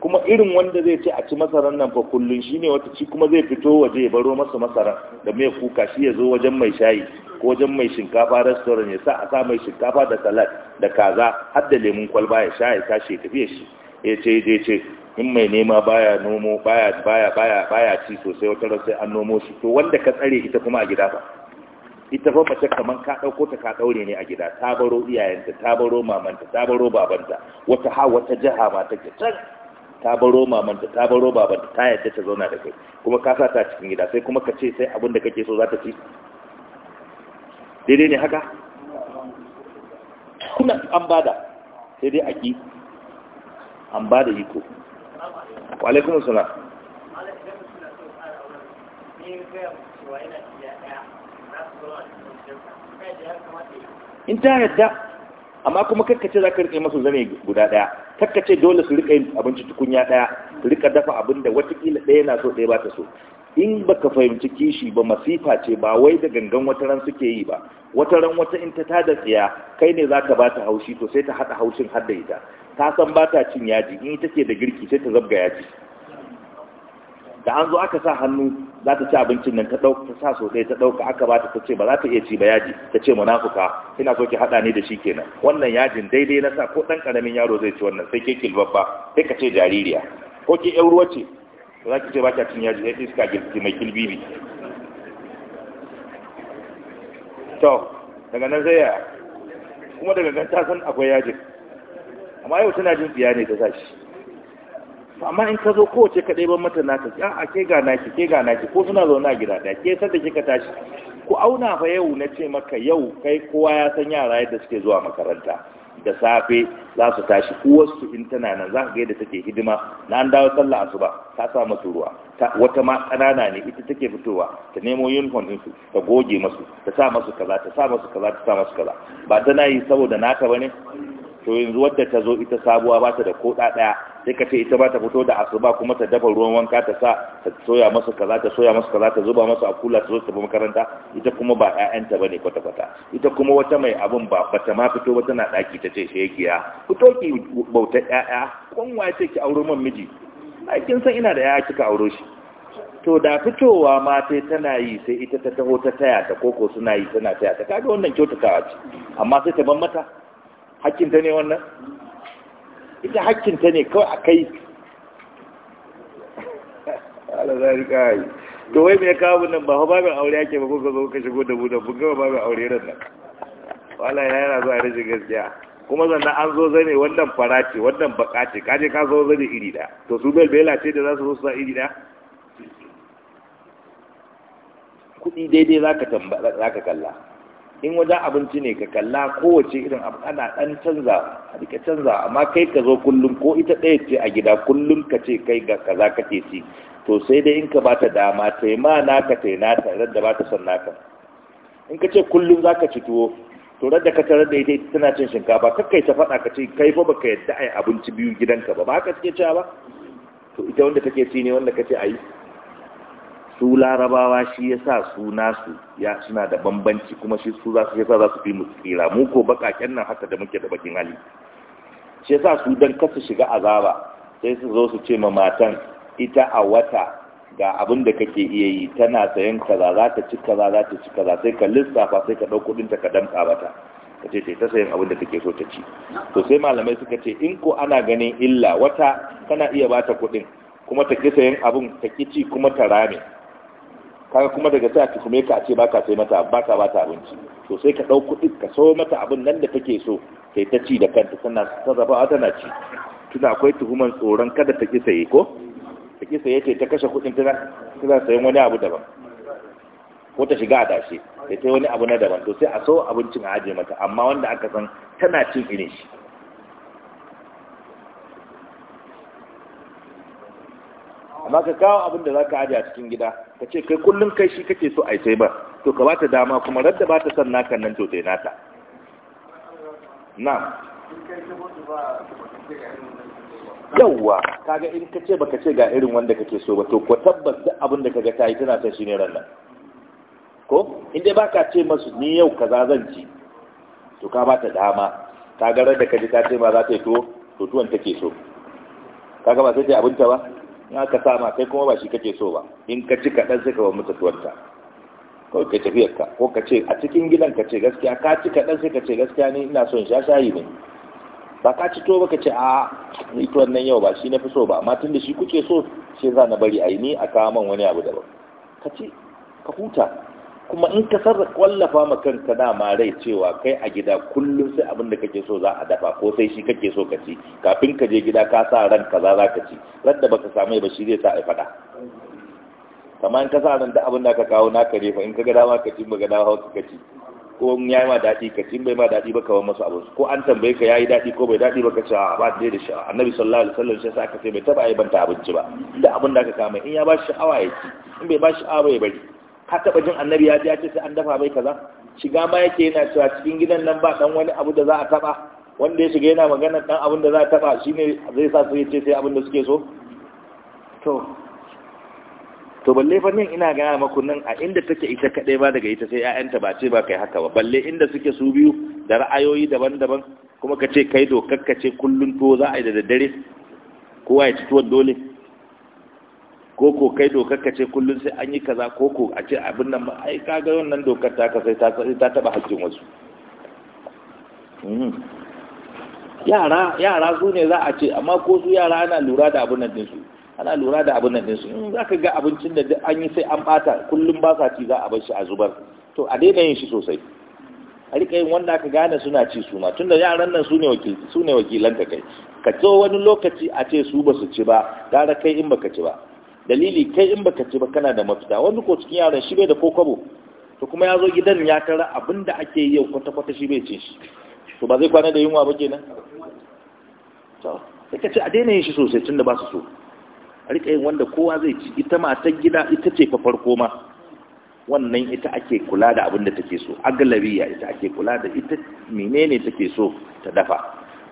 kuma irin wanda zai ce a ci masaran nan fa kullun shine wata ci kuma zai fito waje ya baro masa masara da mai kuka shi ya zo wajen mai shayi ko wajen mai shinkafa restaurant ya sa a sa mai shinkafa da salad da kaza har da lemun kwalba ya sha ya tashi ya shi ya ce ya ce in mai nema baya nomo baya baya baya baya ci sosai wata ran sai an nomo shi to wanda ka tsare ita kuma a gida fa ita fa mace kaman ka dauko ta ka daure ne a gida ta baro iyayenta ta baro mamanta ta baro babanta wata ha wata jaha ma take can ta baro mamanta ta baro babanta ta yadda ta zauna da kai kuma ka sa ta cikin gida sai kuma ka ce sai abin da kake so za ta ci daidai ne haka kuna an bada sai dai aki an bada iko walaikun suna in ta yadda amma kuma kakkace za ka riƙe masu zane guda ɗaya kakkace dole su riƙa yin abinci tukunya ɗaya su dafa abin da watakila ɗaya na so daya ba ta so in baka fahimci kishi ba masifa ce ba wai da gangan wata ran suke yi ba wata ran wata in ta tada tsiya kai ne za zaka ba ta haushi to sai ta haɗa haushin har da ita ta san ba ta cin yaji in ke da girki sai ta zabga yaji da an zo aka sa hannu za ta ci abincin nan ta ɗauka ta sa sosai ɗaya ta ɗauka aka ba ta ce ba za ta iya ci ba yaji ta ce munafuka ina so ki haɗa ni da shi kenan wannan yajin daidai na sa ko ɗan ƙaramin yaro zai ci wannan sai ke kilbabba sai ka ce jaririya ko ki ƴan ruwa ce za ki ce ba ki cin yaji sai iska gilki mai kilbibi to daga nan zai yaya kuma daga nan ta san akwai yajin amma yau tana jin tsiya ne ta sa shi amma in ka zo kowace ka ɗaiban mata naka a a ke gana ki ke gana ki ko suna zaune a gida da ke da kika tashi ku auna fa yau na ce maka yau kai kowa ya san yara yadda suke zuwa makaranta da safe za su tashi wasu in tana nan za ka ga yadda take hidima na an dawo sallah asuba ta sa masu ruwa wata ma ƙanana ne ita take fitowa ta nemo uniform din su ta goge masu ta sa masu kaza ta sa masu kaza ta sa masu kaza ba tana yi saboda naka bane to yanzu wadda ta zo ita sabuwa ba ta da koda daya sai ka ce ita ba ta fito da asuba kuma ta dafa ruwan wanka ta sa ta soya masa kaza ta soya masa kaza ta zuba masa a kula ta zo ta makaranta ita kuma ba ƴaƴanta bane kwata kwata ita kuma wata mai abun ba bata ma fito ba tana daki ta ce shekiya fito ki bauta ƴaƴa kun waye ce ki auro man miji ai kin san ina da ƴaƴa kika auro shi to da fitowa ma sai tana yi sai ita ta taho ta taya ta koko suna yi tana taya ta kaga wannan kyautatawa ce amma sai ta ban mata hakkinta ne wannan ita hakkinta ne kawai a kai to wai mai kawo nan ba babin aure yake ba kuka zo ka shigo da mu kun gaba babin aure ran nan wala ya yana zuwa rashin gaskiya kuma sannan an zo zane wannan fara ce wannan baka ce kaje ka zo zane iri da to su bel bela ce da za su zo su iri da kuɗi daidai za ka kalla in wajen abinci ne ka kalla kowace irin abu ana dan canza a rike canza amma kai ka zo kullum ko ita ɗaya ce a gida kullum ka ce kai ga kaza ce ci to sai dai in ka ba ta dama tai ma ka tai na ta da ba ta son naka in ka ce kullum za ka ci tuwo to da ka tarar da ita tana cin shinkafa kai ta faɗa ka ce kai fa baka yadda ai abinci biyu gidanka ba ba ka ce cewa ba to ita wanda take ci ne wanda ka kace ayi su larabawa shi ya sa su nasu ya suna da bambanci kuma shi su za su yasa za su fi mu tsira mu ko bakaken nan haka da muke da bakin hali shi ya sa su don kasa shiga azaba sai su zo su ce ma matan ita a wata ga abin da kake iya yi tana sayan kaza za ta ci kaza za ta ci kaza sai ka lissafa sai ka ɗau ta ka damƙa mata ka ce ta sayan abin da kake so ta ci to sai malamai suka ce in ko ana ganin illa wata kana iya bata kuɗin kuma ta ki sayan abin ta ki ci kuma ta rame kaga kuma daga sai a tuhume ka a ce baka sai mata baka ba ta abinci to sai ka dau kudi ka so mata abin nan da take so kai ta ci da kanta tana sarrafawa tana ci tunda akwai tuhuman tsoron kada ta ki saye ko ta ki saye ta kashe kuɗin ta za sayan wani abu daban ko ta shiga adashe sai ta wani abu na daban to sai a so abincin a aje mata amma wanda aka san tana cin irin shi amma ka kawo abin da za ka aje a cikin gida ka ce kai kullum kai shi kake so a yi sai ba to ka bata dama kuma radda ba ta san naka nan to dai nata na'am yawwa kaga in kace baka ce ga irin wanda kake so ba to ko tabbas duk abin da kaga tayi tana san shi ne ran nan ko in dai baka ce masu ni yau kaza zan ci to ka bata dama kaga ran da kaji ta ce ba za ta yi to to tuwon take so kaga ba sai ta abinta ba ya ka sama sai kuma ba shi kake so ba in ka ci kaɗan sai ka ba mutu tuwarta ko ka tafi yadda ko ka ce a cikin gidan ka ce gaskiya ka ci kaɗan sai ka ce gaskiya ne ina son sha shayi ne ba ka ci to ba ka ce a ni to wannan yau ba shi na fi so ba amma tun da shi kuke so sai za na bari a yi ni a kawo man wani abu daban ka ci ka huta kuma in ka sarra kwallafa ma kanka dama rai cewa kai a gida kullum sai abin da kake so za a dafa ko sai shi kake so ka ci kafin ka je gida ka sa ran kaza za ka ci ran da baka samu ba shi zai sa a faɗa kamar in ka sa ran da abin da ka kawo naka ne fa in ka ga dama ka ci ba ga dama ka ci ko in yayi ma daɗi ka ci bai ma daɗi ba kawai masu abin ko an tambaye ka yayi daɗi ko bai daɗi ba ka ci a ba dai da sha'awa annabi sallallahu alaihi wasallam sai aka ce bai taba banta abinci ba da abin da aka kama in ya ba shi sha'awa ya ci in bai ba shi sha'awa ya bari ka taɓa jin annabi ya ji ya ce sai an dafa mai kaza shiga ma yake yana cewa cikin gidan nan ba dan wani abu da za a taɓa wanda ya shiga yana magana dan abin da za a taɓa shine zai sa su yi ce sai abin da suke so to to balle fa nan ina gaya maku nan a inda take ita kadai ba daga ita sai ƴaƴanta ba ce ba kai haka ba balle inda suke su biyu da ra'ayoyi daban-daban kuma ka ce kai dokar ka ce kullun to za a yi da daddare kowa ya ci tuwon dole Koko, kai dokar ka ce kullum sai an yi kaza koko a ce abin nan ba ai kaga wannan dokar ta ka sai ta ta taba hakkin wasu hmm. yara su ne za a ce amma ko su yara ana lura da abin nan dinsu ana lura da abin nan dinsu in za ka ga abincin da an yi sai an bata kullum ba sa ci za a bar shi a zubar to a daina yin shi sosai a rika yin wanda aka gane suna ci su ma tunda yaran nan su ne wakilan ka kai ka to wani lokaci a ce su ba su ci ba gara kai in baka ci ba dalili kai in baka ce ba kana da mafita wani ko cikin yaran shi bai da kokobo to kuma ya zo gidan ya tara abin da ake yi yau kwata-kwata shi bai ce shi to ba zai kwana da yunwa ba kenan to sai ka ce a daina yin shi sosai tun da ba su so a rika yin wanda kowa zai ci ita matar gida ita ce fa farko ma wannan ita ake kula da abin da take so agalariya ita ake kula da ita menene take so ta dafa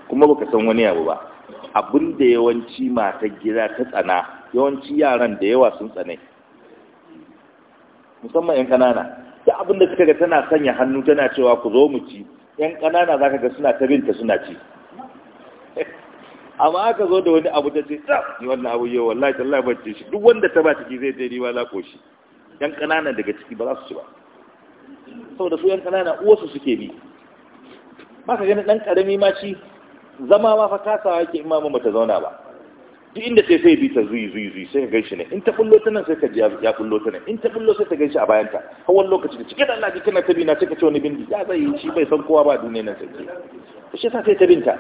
kuma baka san wani abu ba abin da yawanci matar gida ta tsana yawanci yaran da yawa sun tsane musamman 'yan ƙanana da abin da suka ga tana sanya hannu tana cewa ku zo mu ci 'yan ƙanana za ka ga suna ta binta suna ci amma aka zo da wani abu ta ce ta ni wannan abu yau wallahi tallahi ban shi duk wanda ta ba ciki zai je riwa za ko shi yan kanana daga ciki ba za su ci ba saboda su yan kanana uwarsu suke bi ba ka ganin dan karami ma ci. zama ma fa kasawa yake in mamu bata zauna ba duk inda sai sai bi ta zuyi zuyi zuyi sai ka gaishe ne in ta bullo ta nan sai ka ji ya bullo ta nan in ta bullo sai ta gaishe a bayanta har wani lokaci da cike da Allah kana ta bi na sai ka ce wani bindi ya zai yi shi bai san kowa ba duniya nan sai ke shi yasa sai ta binta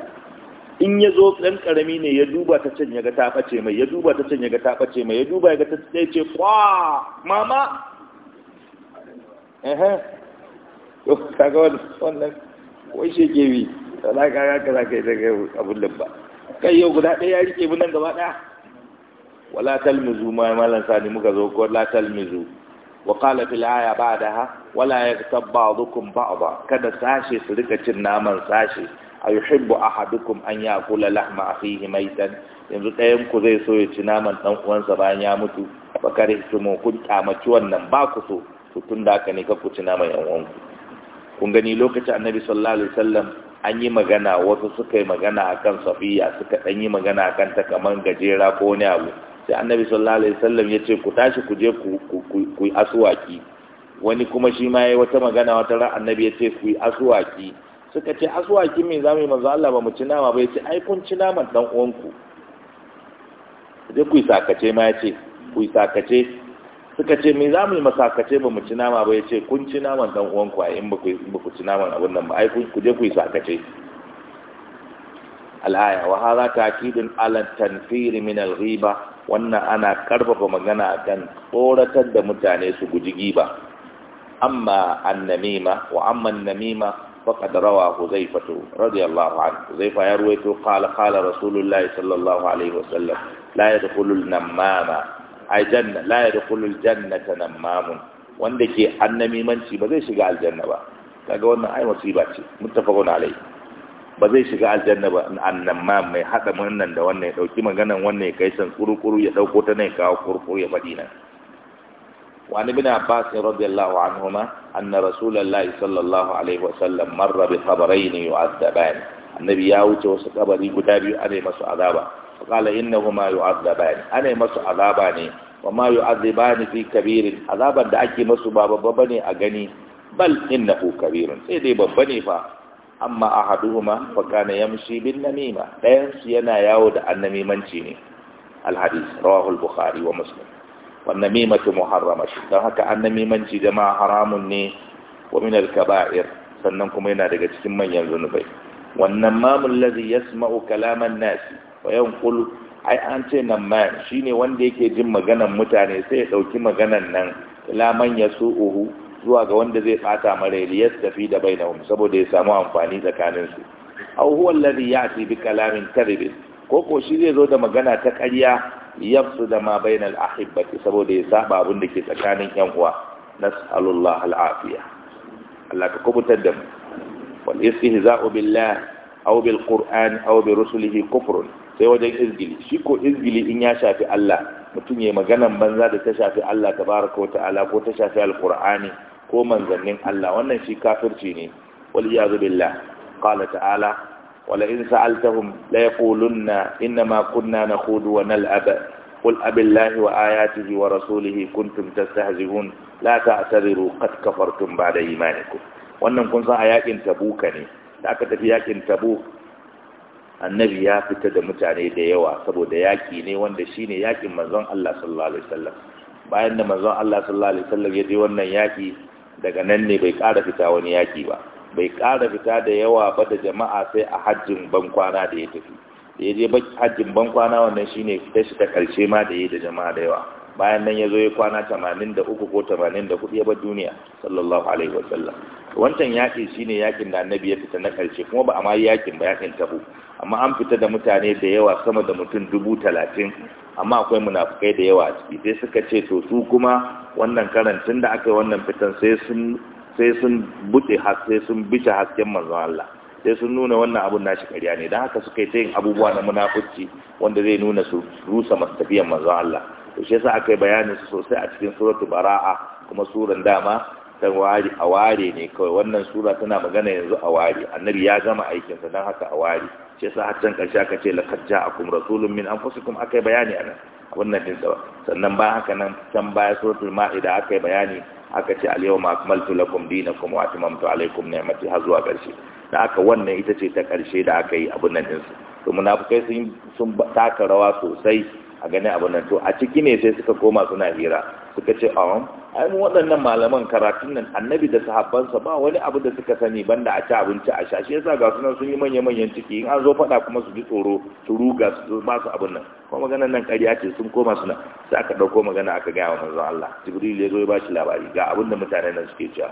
in ya zo dan ƙarami ne ya duba ta can ya ga ta bace mai ya duba ta can ya ga ta bace mai ya duba ya ga ta sai ce kwa mama ehe kaga wannan wai ke bi za ka raka za ka yi daga abin da ba kai yau guda ɗaya ya rike mu nan gaba ɗaya wala talmizu ma malan sani muka zo ko la talmizu wa qala fil aya ba'daha wala yaktab ba'dukum ba'dha kada sashe su rika cin naman sashe ayuhibbu ahadukum an kula lahma akhihi maitan yanzu ɗayan ku zai so ya ci naman dan uwansa bayan ya mutu Ba su mu kun kyamaci wannan ba ku so to tun da haka ne ka ku ci naman yan uwanku kun gani lokacin annabi sallallahu alaihi wasallam an yi magana wasu suka yi magana akan safiya suka dan yi magana akan ta kamar gajera ko wani abu sai annabi sallallahu alaihi wasallam ya ce ku tashi ku je ku ku asuwaki wani kuma shi ma yayi wata magana wata ran annabi ya ce ku yi asuwaki suka ce asuwaki me zamu yi manzo Allah ba mu ci nama ba ya ce ai kun ci naman dan uwanku je ku yi sakace ma ya ce ku yi sakace suka ce me za mu yi masakace ba mu ci nama ba ya ce kun ci naman dan uwan ku in ba ku ci naman abin nan ba ai ku je ku yi sakace al'aya wa hadha ta'kidun ala tanfir min al-ghiba wannan ana karfafa magana kan tsoratar da mutane su guji giba amma annamima wa amma annamima faqad rawa huzaifatu radiyallahu anhu huzaifa ya ruwaito qala qala rasulullahi sallallahu alaihi wasallam la yadkhulu an-namama ai janna la yadkhulul jannata namamun wanda ke annamimanci ba zai shiga aljanna ba kaga wannan ai musiba ce muttafaqun alai ba zai shiga aljanna ba annamam mai hada wannan da wannan ya dauki maganan wannan ya kai san kurukuru ya dauko ta ne kawo kurkuru ya fadi nan وعن ابن عباس رضي الله عنهما أن رسول الله صلى الله عليه وسلم مر بخبرين يعذبان النبي يا وجه وسكبري قدابي أني azaba. qala innahuma yu'adzaban ana masu azaba ne wa ma yu'adzibani fi kabirin azaban da ake masu ba babba bane a gani bal innahu kabirun sai dai babba ne fa amma ahaduhuma fa kana yamshi bin namima dayan su yana yawo da annamimanci ne al hadith rawahu al bukhari wa muslim wan namimatu muharramatu dan haka annamimanci jama'a haramun ne wa min al kaba'ir sannan kuma yana daga cikin manyan zunubai wannan mamul ladhi yasma'u kalaman nasi wa Kulu, ai an ce nan ma shine wanda yake jin maganan mutane sai ya dauki maganan nan ila su uhu zuwa ga wanda zai bata mare liyas tafi da bainahum saboda ya samu amfani tsakanin su aw huwa alladhi ya'ti bi kalamin kadhib ko ko shi zai zo da magana ta ƙarya yafsu da ma bainal ahibbati saboda ya saba abin da ke tsakanin yan uwa nas'alullah al'afiya Allah ka kubutar da mu wal istihza'u billah aw bil qur'an aw bi rusulihi kufrun sai wajen izgili shi ko izgili in ya shafi Allah mutum ya maganan banza da ta shafi Allah tabaraka wa ta'ala ko ta shafi alkur'ani ko manzannin Allah wannan shi kafirci ne wal iyadu billah qala ta'ala wala in sa'altahum la yaqulunna inma kunna nakhudu wa nal'ab قل أب الله وآياته ورسوله كنتم تستهزئون لا تعتذروا قد كفرتم بعد إيمانكم wannan kun san a yakin tabuka ne da aka tafi yakin tabuk annabi ya fita da mutane da yawa saboda yaki ne wanda shine yakin manzon Allah sallallahu alaihi wasallam bayan da manzon Allah sallallahu alaihi wasallam ya je wannan yaki daga nan ne bai ƙara fita wani yaki ba bai ƙara fita da yawa ba da jama'a sai a hajjin bankwana da ya tafi da ya je hajjin bankwana wannan shine fita shi ta karshe ma da ya da jama'a da yawa bayan nan ya zo ya kwana 83 ko 84 ya bar duniya sallallahu alaihi wasallam wancan yaki shine yakin da annabi ya fita na karshe kuma ba a ma yakin ba yakin tabu amma an fita da mutane da yawa sama da mutum dubu talatin amma akwai munafukai da yawa a ciki sai suka ce to su kuma wannan karantun da aka yi wannan fitan sai sun sai sun bice hasken manzon Allah sai sun nuna wannan abun nashi ƙarya ne don haka suka yi ta yin abubuwa na munafukci wanda zai nuna su rusa tafiyan manzon Allah to shi yasa aka yi bayanin su sosai a cikin suratu bara'a kuma suran dama ta ware a ware ne kawai wannan sura tana magana yanzu a ware annabi ya gama aikinsa don haka a ware ce sa haccan ƙarshe aka ce lakar a kuma rasulun min an fusi kuma aka yi bayani a nan wannan din sa sannan ba haka nan can baya suratul ma'ida aka yi bayani aka ce alyau ma akmaltu lakum dinakum wa atmamtu alaykum ni'mati har zuwa ƙarshe da aka wannan ita ce ta ƙarshe da aka yi abun nan din su to munafikai sun sun taka rawa sosai a ganin abun nan to a ciki ne sai suka koma suna hira suka ce A ainihin waɗannan malaman karatun nan annabi da sahabbansa ba wani abu da suka sani banda a ci abinci a sha shi yasa ga sunan sun yi manya-manyan ciki in an zo faɗa kuma su ji tsoro su ruga su ba su abin nan kuma maganan nan ƙarya ce sun koma suna sai aka ɗauko magana aka gaya wa manzon Allah jibril ya zo ya ba shi labari ga abin da mutanen nan suke cewa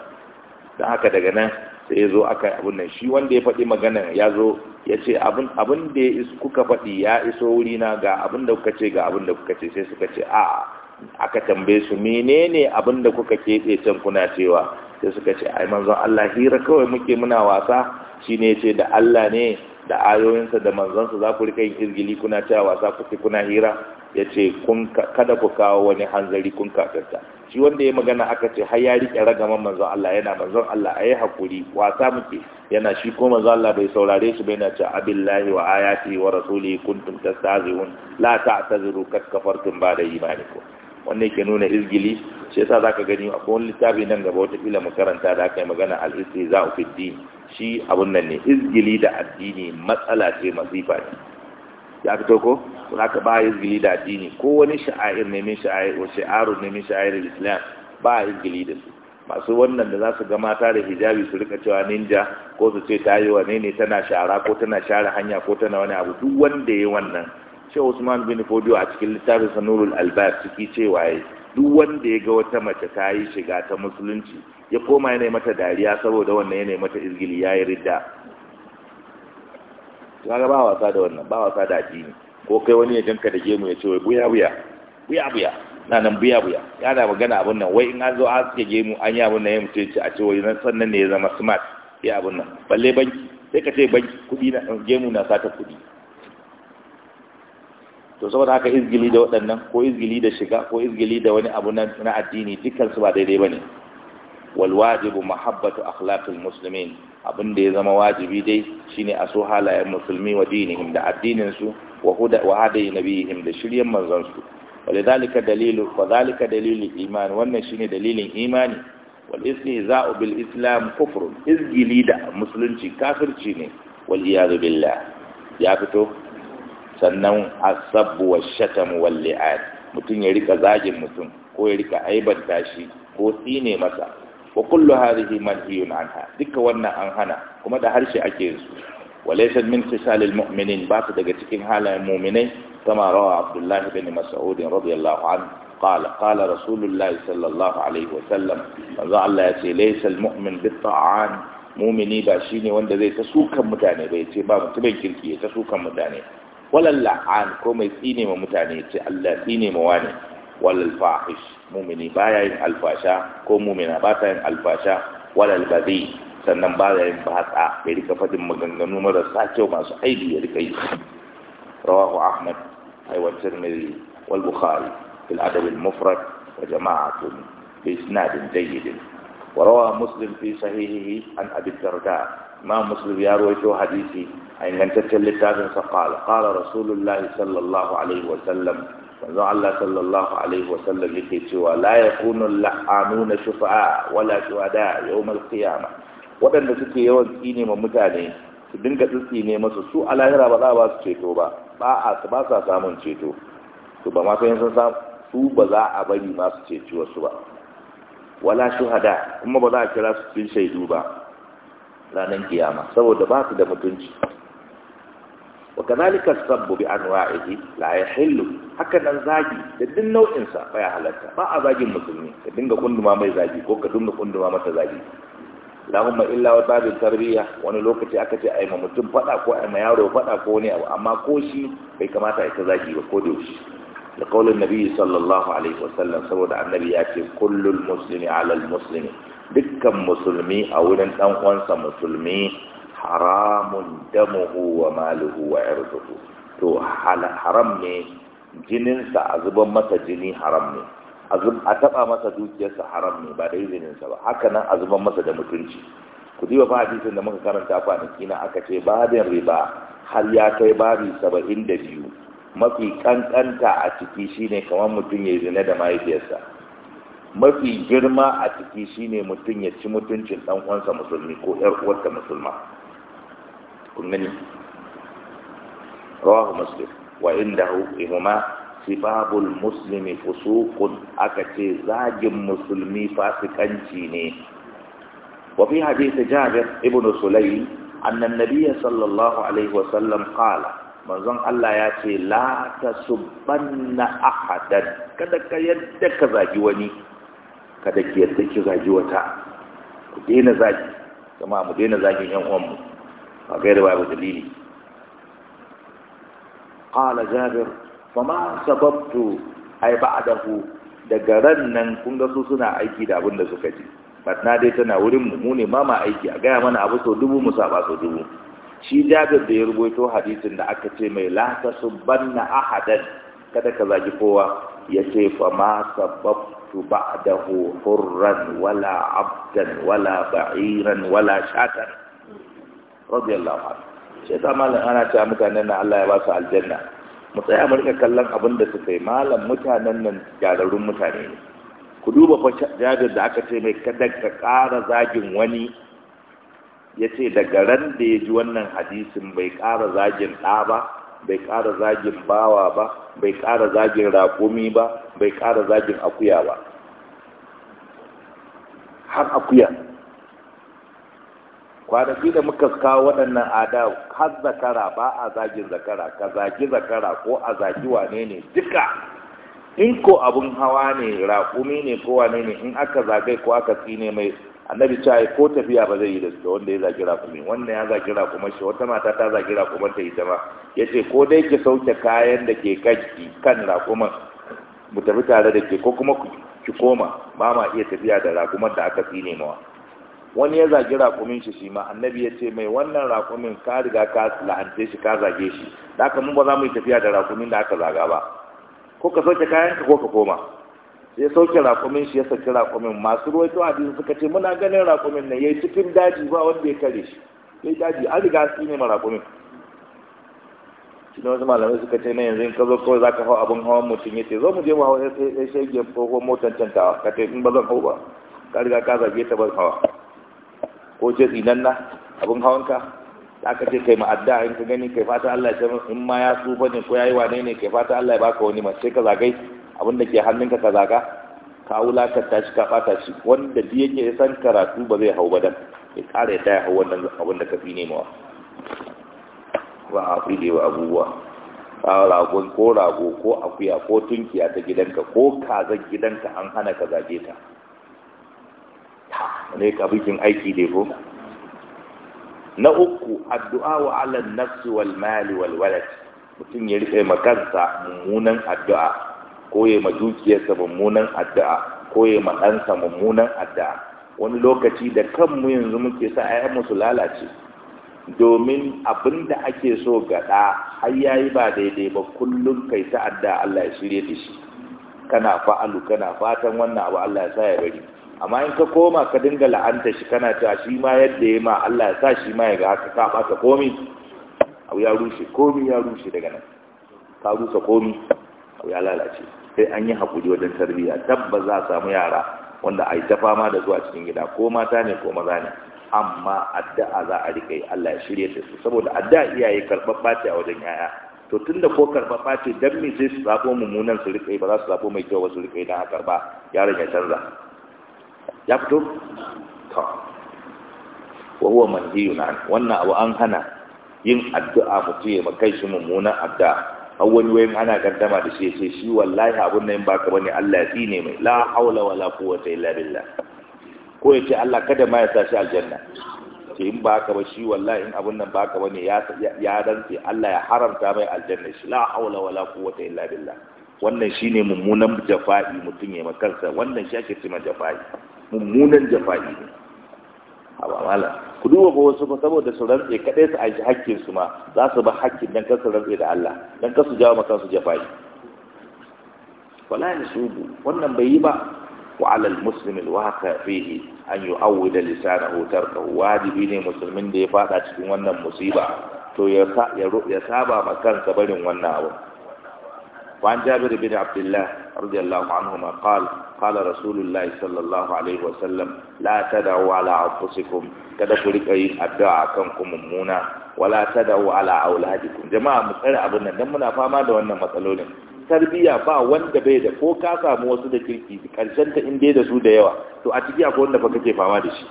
dan haka daga nan sai ya zo aka abin nan shi wanda ya faɗi magana ya zo ya ce abin da kuka faɗi ya iso wurina ga abin da kuka ce ga abin da kuka ce sai suka ce a'a aka tambaye su menene abin da kuka keɓe can kuna cewa sai suka ce ai manzon Allah hira kawai muke muna wasa shine yace da Allah ne da ayoyinsa da manzansa za ku rika yin izgili kuna cewa wasa kuke kuna hira yace kun kada ku kawo wani hanzari kun kafirta shi wanda ya magana aka ce har ya rike ragaman manzon Allah yana manzon Allah ayi hakuri wasa muke yana shi ko manzon Allah bai saurare shi bai na ce abillahi wa ayati wa rasuli kuntum tastazihun la ta'tazuru kad kafartum da imanikum wannan ke nuna izgili shi yasa zaka gani a kowane littafi nan gaba wata kila makaranta da aka yi magana al za fi fiddi shi abun nan ne izgili da addini matsala ce masifa ne ya fito ko kun aka ba izgili da addini ko wani sha'air ne min sha'air wa shi'arun ne min sha'air islam ba izgili da su masu wannan da za su ga mata da hijabi su rika cewa ninja ko su ce tayi wane ne tana shara ko tana share hanya ko tana wani abu duk wanda ya yi wannan ce usman bin Fodio a cikin littafin Nurul albab ciki cewa duk wanda ya ga wata mace ta yi shiga ta musulunci ya koma yana mata dariya saboda wannan yana mata izgili ya yi ridda kaga ba wasa da wannan ba wasa da addini ko kai wani ya danka da gemu ya ce wai buya buya buya buya na nan buya buya yana magana abin nan wai in an zo an suke gemu an yi abin nan ya mutu ce a ce wai nan sannan ne ya zama smart ya abin nan balle banki sai ka ce banki kuɗi na gemu na sata kuɗi to saboda haka izgili da waɗannan ko izgili da shiga ko izgili da wani abu na addini dukkan su ba daidai ba wal wajibu mahabbatu akhlaqil muslimin abin da ya zama wajibi dai shine a so halayen musulmi wa dinihim da addinin su wa huda wa hadayi nabiyihim da shiryan manzon su walidhalika dalilu wa dhalika dalilul iman wannan shine dalilin imani wal istihza'u bil islam kufrun izgili da musulunci kafirci ne wal iyad billah ya fito sannan asabbu wa shatam wal li'an mutum ya rika zagin mutum ko ya rika aibanta shi ko tsine masa wa kullu hadhihi manhiyun anha duka wannan an hana kuma da harshe ake su walaysa min khisalil mu'minin ba su daga cikin halayen mu'minai kama rawa abdullahi bin mas'ud radiyallahu anhu قال قال رسول الله صلى الله عليه وسلم Allah ya ce laysal mu'min bit ta'an mu'mini ba shine wanda zai ta sukan mutane bai ce ba mutumin kirki ya ta mutane walal la'an ko mai tsine ma mutane ce Allah tsine ma wani walal fahish mumini baya yin alfasha ko mumina ba ta yin alfasha walal badi sannan baya yin batsa ya rika fadin maganganu marasa kyau masu aibi ya rika yi rawahu ahmad ai wa tirmidhi wal bukhari fil adab al mufrad wa jama'atun bi isnadin jayyid وروى مسلم في صحيحه عن أبي الدرداء imam muslim ya rawaito hadisi a ingantaccen littafin sa qala qala rasulullah sallallahu alaihi wa sallam manzo Allah sallallahu alaihi wa sallam yake cewa la yakunu la'anuna shufa'a wala shuhada yawm al-qiyamah waɗanda suke yawan tsine ma mutane su dinga tsine masu su a lahira ba za ba su ceto ba ba a ba sa samun ceto su ba ma sai sun su ba za a bari su ceci wasu ba wala shuhada kuma ba za a kira su cikin shaidu ba ranar kiyama saboda ba su da mutunci wa kanalika sabbu bi anwa'ihi la yahillu haka nan zagi da duk nau'in sa baya halatta ba a zagin musulmi ka dinga kunduma mai zagi ko ka dinga kunduma mata zagi lahumma illa wa babu tarbiya wani lokaci aka ce ai ma mutum fada ko ai ma yaro fada ko wani abu amma ko shi bai kamata ya ta zagi ba ko da yaushe da kaulin nabi sallallahu alaihi wasallam saboda annabi ya ce kullul muslimi alal muslimi dukkan musulmi a wurin dan uwansa musulmi haramun damuhu wa maluhu wa irduhu to haram ne jininsa a zuban masa jini haram ne a taba masa dukiyarsa haram ne ba da izininsa ba haka nan a zuban masa da mutunci ku ji ba hadisin da muka karanta kwanaki na aka ce babin riba har ya kai babi saba'in da biyu mafi ƙanƙanta a ciki shine kamar mutum ya zina da mahaifiyarsa mafi girma a ciki shine mutum ya ci mutuncin dan uwansa musulmi ko yar uwarsa musulma kun gani rawahu muslim wa indahu imama sibabul muslimi fusuqun aka ce zagin musulmi fasikanci ne wa fi hadith jabir ibn sulaym anna an sallallahu alaihi wa sallam qala manzon Allah ya ce la a ahadan kada ka yadda ka zagi wani kada ki yadda ki zagi wata ku daina zagi kuma mu daina zagin yan uwanmu ba gaira ba ba dalili qala jabir fama sababtu ay ba'dahu daga ran nan kun ga su suna aiki da abin da suka ji batna dai tana wurin mu ne ma ma aiki a gaya mana abu sau dubu mu saba sau dubu shi jabir da ya rubuto hadisin da aka ce mai la tasubbanna ahadan kada ka zagi kowa ya ce fa ma sababtu kuntu ba'dahu hurran wala abdan wala ba'iran wala shatan radiyallahu anhu sai ta malam ana ta mutanen nan Allah ya ba su aljanna mu tsaya mu rika kallon abin da su yi malam mutanen nan gyararrun mutane ne ku duba fa jabir da aka ce mai kada ka ƙara zagin wani ya ce daga ran da ya ji wannan hadisin bai ƙara zagin ɗaba. ba bai ƙara zagin bawa ba bai ƙara zagin rakumi ba bai ƙara zagin akuya ba har akuya kwanaki da muka kawo waɗannan ada har zakara ba a zagin zakara ka zagi zakara ko a zagi wane ne duka in ko abun hawa ne raƙumi ne ko wane ne in aka zagai ko aka tsine mai annabi ta yi ko tafiya ba zai yi da wanda ya zaki rakumi wannan ya zaki rakumar shi wata mata ta zaki rakumar ta ita ma ya ce ko dai ki sauke kayan da ke kanki kan rakumar mu tafi tare da ke ko kuma ki koma ba ma iya tafiya da rakumar da aka tsine mawa wani ya zagi rakumin shi shi ma annabi ya ce mai wannan rakumin ka riga ka la'ance shi ka zage shi da aka mun ba za mu yi tafiya da rakumin da aka zaga ba ko ka sauke kayan ka ko ka koma Sai sauke rakumin shi ya saki rakumin masu ta hadisi suka ce muna ganin rakumin nan yayi cikin daji ba wanda ya kare shi yayi daji an riga su ne ma rakumin shine wasu malamai suka ce na yanzu in ka zo kawai za ka hau abin hawan mutum ya ce zo mu je mu hau sai shege ko motar cantawa ka ce in ba zan hau ba ka riga ka zage ta ban hawa ko ce tsinan na abin hawan hawanka aka ce kai ma'adda in ka gani kai fata Allah ya ce in ma ya tsufa ne ko yayi wane ne kai fata Allah ya baka wani mace ka zagai abin da ke hannunka ka zaga ka wulakanta shi ka bata shi wanda duk yake ya san karatu ba zai hau ba dan ya kare yadda ya hau wannan abin da ka fi nemawa ba a fi wa abubuwa ragon ko rago ko akuya ko tunkiya ta gidanka ko kazan gidanka an hana ka zage ta ne ka bikin aiki da ko na uku addu'a wa alal nafsi wal mali wal walad mutum ya rike makansa mummunan addu'a koye ma dukiyarsa mummunan addu'a koye ma ɗansa mummunan addu'a wani lokaci da kanmu yanzu muke sa ayyanmu su lalace domin abin da ake so gaɗa har yayi ba daidai ba kullum kai ta addu'a Allah ya shirye da shi kana fa'alu kana fatan wannan abu Allah ya sa ya bari amma in ka koma ka dinga la'anta shi kana ta shi ma yadda ya ma Allah ya sa shi ma ya ga haka ka ɓata komi abu ya rushe komi ya rushe daga nan ka rusa komi abu ya lalace sai an yi haƙuri wajen tarbiyya tabbas za a samu yara wanda a yi ta fama da zuwa cikin gida ko mata ne ko maza ne amma addu'a za a riƙe Allah ya shirye ta su saboda addu'a iyaye karɓar ɓace a wajen yaya to tunda ko karɓar ɓace dan me sai su zaɓo mummunan su riƙe ba za su zaɓo mai kyau ba su riƙe idan haka karɓa yaron ya canza ya fito to wa huwa manhiyun an wannan abu an hana yin addu'a mutum ya kai shi mummunan addu'a a wani wayan ana gardama da shi ce shi wallahi abun nan baka bane Allah ya tsine mai la haula wala quwwata illa billah ko ya ce Allah kada ma ya sa shi aljanna sai in baka ba shi wallahi in abun nan baka bane ya ya rantsi Allah ya haramta mai aljanna shi la haula wala quwwata illa billah wannan shine mummunan jafa'i mutum ya makarsa wannan shi ake cewa jafa'i mummunan jafa'i ne a ku duba ba wasu ba saboda su rantse kadai su aiki hakkin su ma za su ba hakkin dan kasu rantse da Allah dan kasu su jawo maka su jafai wala yasudu wannan bai yi ba wa alal muslim alwaqa fihi an yu'awwida lisanahu tarkahu wajibi ne musulmin da ya fada cikin wannan musiba to ya ya saba ma kansa barin wannan abu wa an jabir bin abdullah radiyallahu anhu ma qala قال رسول الله صلى الله عليه وسلم لا تدعوا على أنفسكم kada ku rika yin addu'a kan ku mummuna wala tadau ala auladikum jama'a mu tsare abin nan dan muna fama da wannan matsalolin Tarbiyya ba wanda bai da ko ka samu wasu da kirki karshen ta in dai da su da yawa to a ciki akwai wanda fa kake fama da shi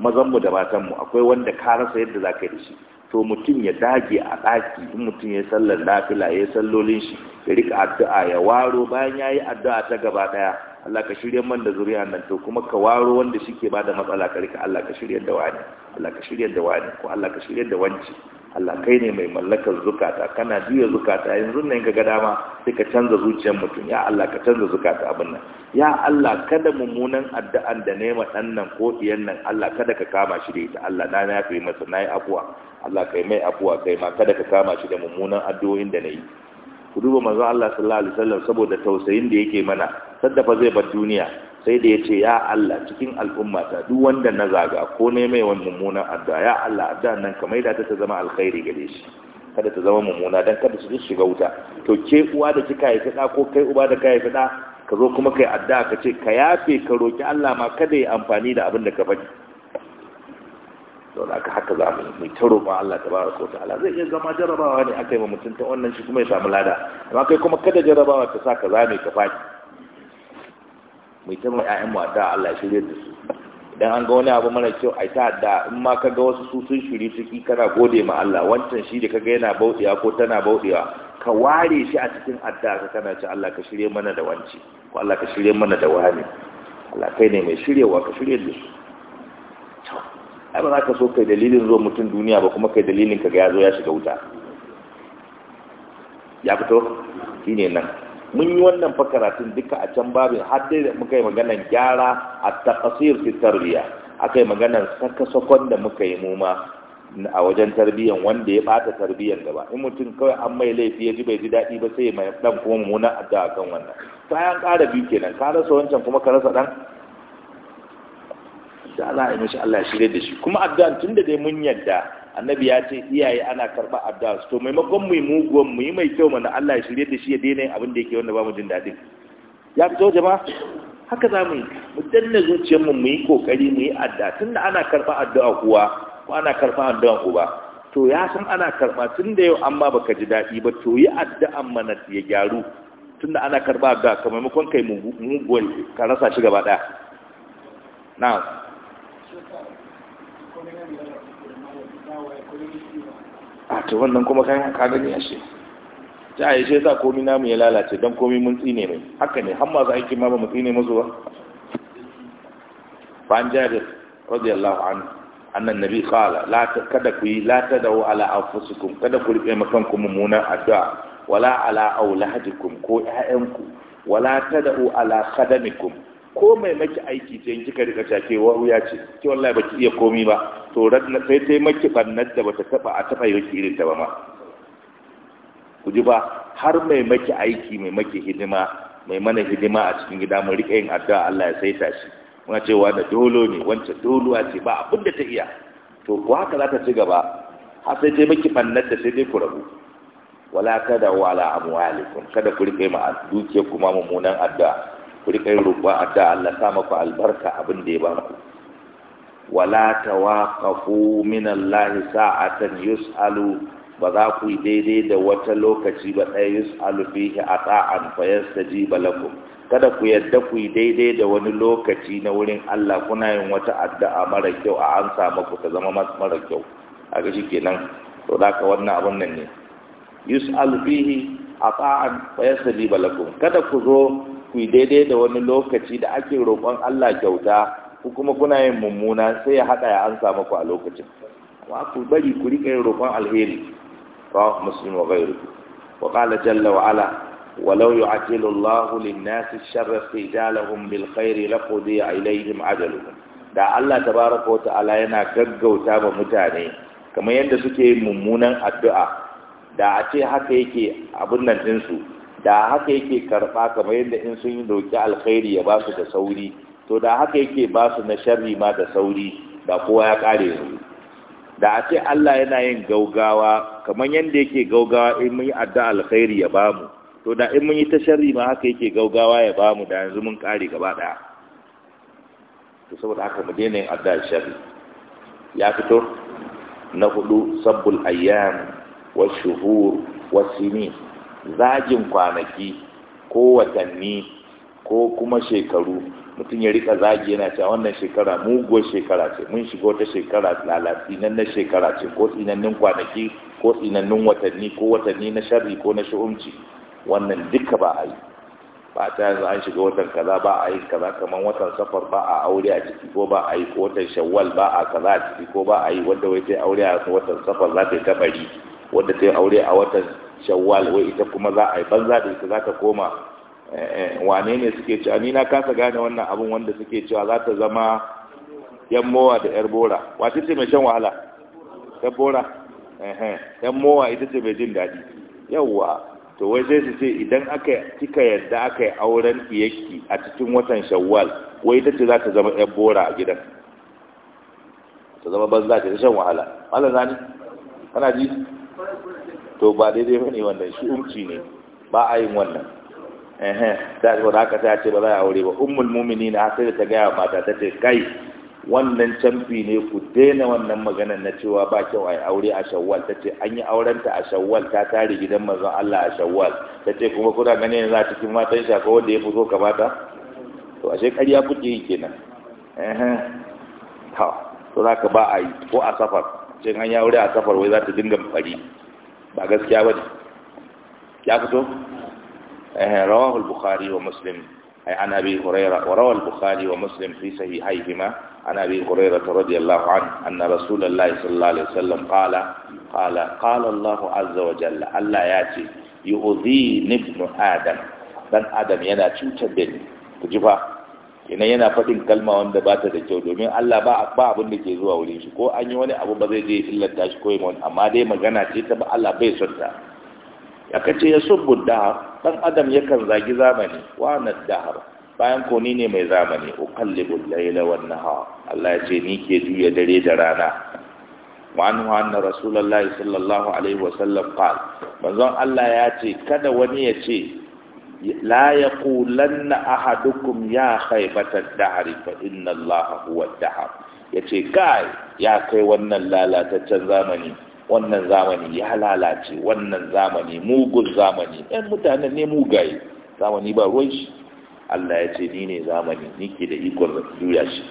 mazan mu da matan mu akwai wanda ka rasa yadda zaka yi da shi to mutum ya dage a ɗaki in mutum ya sallar lafila ya sallolin shi ya rika addu'a ya waro bayan ya yi addu'a ta gaba ɗaya Allah ka shirya man da zuriya nan to kuma ka waro wanda shi ke bada matsala ka rika Allah ka shirya da wani Allah ka shirya da ko Allah ka shirya da wanci Allah kai ne mai mallakar zukata kana juya zukata yanzu nan ka ga dama sai ka canza zuciyar mutum ya Allah ka canza zukata abin nan ya Allah kada mummunan addu'an da nema dan nan ko iyan nan Allah kada ka kama shi da ita Allah na na fi masa nayi afuwa Allah kai mai afuwa kai ma kada ka kama shi da mummunan addu'o'in da nayi ku duba manzo Allah sallallahu alaihi wasallam saboda tausayin da yake mana sadda fa zai bar duniya sai da ya ce ya Allah cikin al'ummata duk wanda na zaga ko ne mai wani mummunan addu'a ya Allah addu'a nan ka da ta ta zama alkhairi gare shi kada ta zama mummuna dan kada su shiga wuta to ke uwa da kika yi fada ko kai uba da kai fada ka zo kuma kai addu'a ka ce ka yafe ka roki Allah ma kada ya amfani da abin da ka faɗi to da aka haka za mu mai ta roƙon Allah tabaraka wa ta'ala zai iya zama jarabawa ne aka yi ma mutunta wannan shi kuma ya samu lada amma kai kuma kada jarabawa ta sa ka zame ka faɗi mai ta mai ƴaƴan mata Allah ya shirye da su idan an ga wani abu mara kyau a ta da in ma ka ga wasu su sun shiri ki kana gode ma Allah wancan shi da kaga yana bauɗewa ko tana bauɗewa ka ware shi a cikin adda ka kana ci Allah ka shirye mana da wanci ko Allah ka shirye mana da wani Allah kai ne mai shiryewa ka shirye da su ai ba za ka so kai dalilin zuwa mutum duniya ba kuma kai dalilin ka ga ya zo ya shiga wuta ya fito shine nan mun yi wannan fakaratun duka a can babin har dai da muka yi maganar gyara a taqsir fi tarbiya akai maganar saka da muka yi muma a wajen tarbiyan wanda ya bata tarbiyan gaba in mutum kawai an mai laifi ya ji bai ji daɗi ba sai mai dan kuma mummunan addu'a kan wannan bayan ƙara biyu kenan ka rasa wancan kuma ka rasa dan da Allah ya mishi Allah shirye da shi kuma tun da dai mun yadda annabi ya ce iyaye ana karɓa addu'a to maimakon mu yi muguwan mu yi mai kyau mana Allah ya shirye da shi ya daina abin da yake wanda ba mu jin daɗin ya fito jama'a haka za mu yi mu danna zuciyar mu mu yi kokari mu yi addu'a da ana karɓa addu'a kuwa ko ana karɓa addu'a uba to ya san ana karɓa tun da yau amma baka ji daɗi ba to yi addu'an mana ya gyaru da ana karɓa addu'a ka maimakon kai muguwan ka rasa shi gaba ɗaya na'am a to wannan kuma kayan ka gani shi ta a shi za komi namu ya lalace don komi mun tsine mai haka ne hamma masu aikin ma ba mu tsine musu ba ban jabir radiyallahu an annan nabi kala kada ku yi da wa'ala a fusikun kada ku rufe makan ku mummunan addu'a wala ala auladikum ko ƴaƴanku wala tadau ala khadamikum ko mai maki aiki ce in kika rika cake wa wuya ce ki wallahi baki iya komi ba to radna sai tai maki bannar da bata taba a taba yau irin ta ba ma ku ji ba har mai maki aiki mai maki hidima mai mana hidima a cikin gida mu rika yin addu'a Allah ya saita shi muna cewa da dolo ne wance doluwa ce ba abin da ta iya to ku haka za ta ci gaba har sai tai maki bannar da sai dai ku rabu wala kada wala amwalikum kada ku rike ma duke kuma mummunan addu'a ku rika yin roƙon adda Allah sa maku albarka abin da ya ba ku wala tawaqafu min Allah sa'atan yus'alu ba za ku yi daidai da wata lokaci ba ɗaya yus'alu fihi ata'an fa yastajiba lakum kada ku yadda ku yi daidai da wani lokaci na wurin Allah kuna yin wata addu'a mara kyau a an samu ta zama mara kyau a ga kenan to da ka wannan abun nan ne yus'alu fihi A ata'an fa yasliba lakum kada ku zo ku daidai da wani lokaci da ake roƙon Allah kyauta ku kuma kuna yin mummuna sai ya haɗa ya ansa maku a lokacin amma ku bari ku riƙa yin roƙon alheri fa muslim wa ghayru wa qala jalla wa ala walau yu'tilu Allah lin-nas ash-sharra bil khairi laqudiya ilayhim ajaluhum da Allah tabaraka wa ta'ala yana gaggauta ba mutane kamar yadda suke yin mummunan addu'a da a ce haka yake abin nan su, da haka yake karɓa kamar yadda in sun yi roƙi alkhairi ya ba su da sauri to da haka yake ba su na sharri ma da sauri da kowa ya ƙare yanzu da a ce Allah yana yin gaugawa kamar yadda yake gaugawa in mun yi adda alkhairi ya bamu to da in mun yi ta sharri ma haka yake gaugawa ya bamu da yanzu mun ƙare gaba ɗaya to saboda haka mu daina yin adda sharri ya fito na hudu sabbul ayyam والشهور والسنين zagin kwanaki ko watanni ko kuma shekaru mutum ya rika zagi yana cewa wannan shekara muguwar shekara ce mun shiga wata shekara lalati nan na shekara ce ko tsinannin kwanaki ko tsinannin watanni ko watanni na sharri ko na shu'umci wannan duka ba a yi ba ta yanzu an shiga watan kaza ba a yi kaza kamar watan safar ba a aure a ciki ko ba a yi ko watan shawwal ba a kaza a ciki ko ba a yi wanda wai sai aure a watan safar za ta yi wadda ta yi aure a watan shawwal wai ita kuma za a yi banza da ita za ta koma eh, eh, wane ne suke cewa ni na kasa gane wannan abin wanda suke cewa za ta zama yan mowa da yar bora wata ce mai shan wahala ta bora eh, yan mowa ita ce mai jin daɗi yawwa to wai sai su ce idan aka kika yadda aka yi auren iyaki a cikin watan shawwal wai ita ce za ta zama yan bora a gidan ta zama banza ta shan wahala wala zani kana ji to ba daidai ba ne wannan shi umci ne ba a yin wannan ta ce wadda aka ta ce ba za a aure ba umul mumini na sai da ta gaya mata ta ce kai wannan canfi ne ku daina wannan maganar na cewa ba kyau a yi aure a shawwal ta ce an yi aurenta a shawwal ta tare gidan mazan Allah a shawwal ta ce kuma kuna gani yanzu a cikin matan shi wanda ya fito kamata to ashe ƙarya kuke yi kenan to za ka ba a yi ko a safar cin an wuri a kafar wai za ta dinga fari ba gaskiya ba ne ya fito eh, rawahul bukhari wa muslim ay an abi hurairah wa rawal bukhari wa muslim fi sahihayhima an abi hurairah radiyallahu anhu anna rasulullahi sallallahu alaihi wasallam qala qala qala allah azza wa jalla allah ya ce yu'dhi ibn adam dan adam yana cutar da ni ku ji fa kenan yana faɗin kalma wanda ba ta da kyau domin Allah ba ba abin da ke zuwa wurin shi ko an yi wani abu ba zai je illata shi ko yawan amma dai magana ce ta ba Allah bai son ta ya kace ya subbu dahar dan adam yakan zagi zamani wa na dahar bayan ko ni ne mai zamani qallibul layla wan nahar Allah ya ce ni ke juya dare da rana وعنه أن رسول الله sallallahu alaihi عليه وسلم قال manzon Allah ya ce kada wani ya ce la yaqulanna ahadukum ya khaybatad dahri fa inna allaha huwa dahar yace kai ya kai wannan lalataccen zamani wannan zamani ya lalace wannan zamani mugun zamani ɗan mutanen ne mugaye zamani ba ruwan shi Allah ya ce ni ne zamani ke da ikon juya shi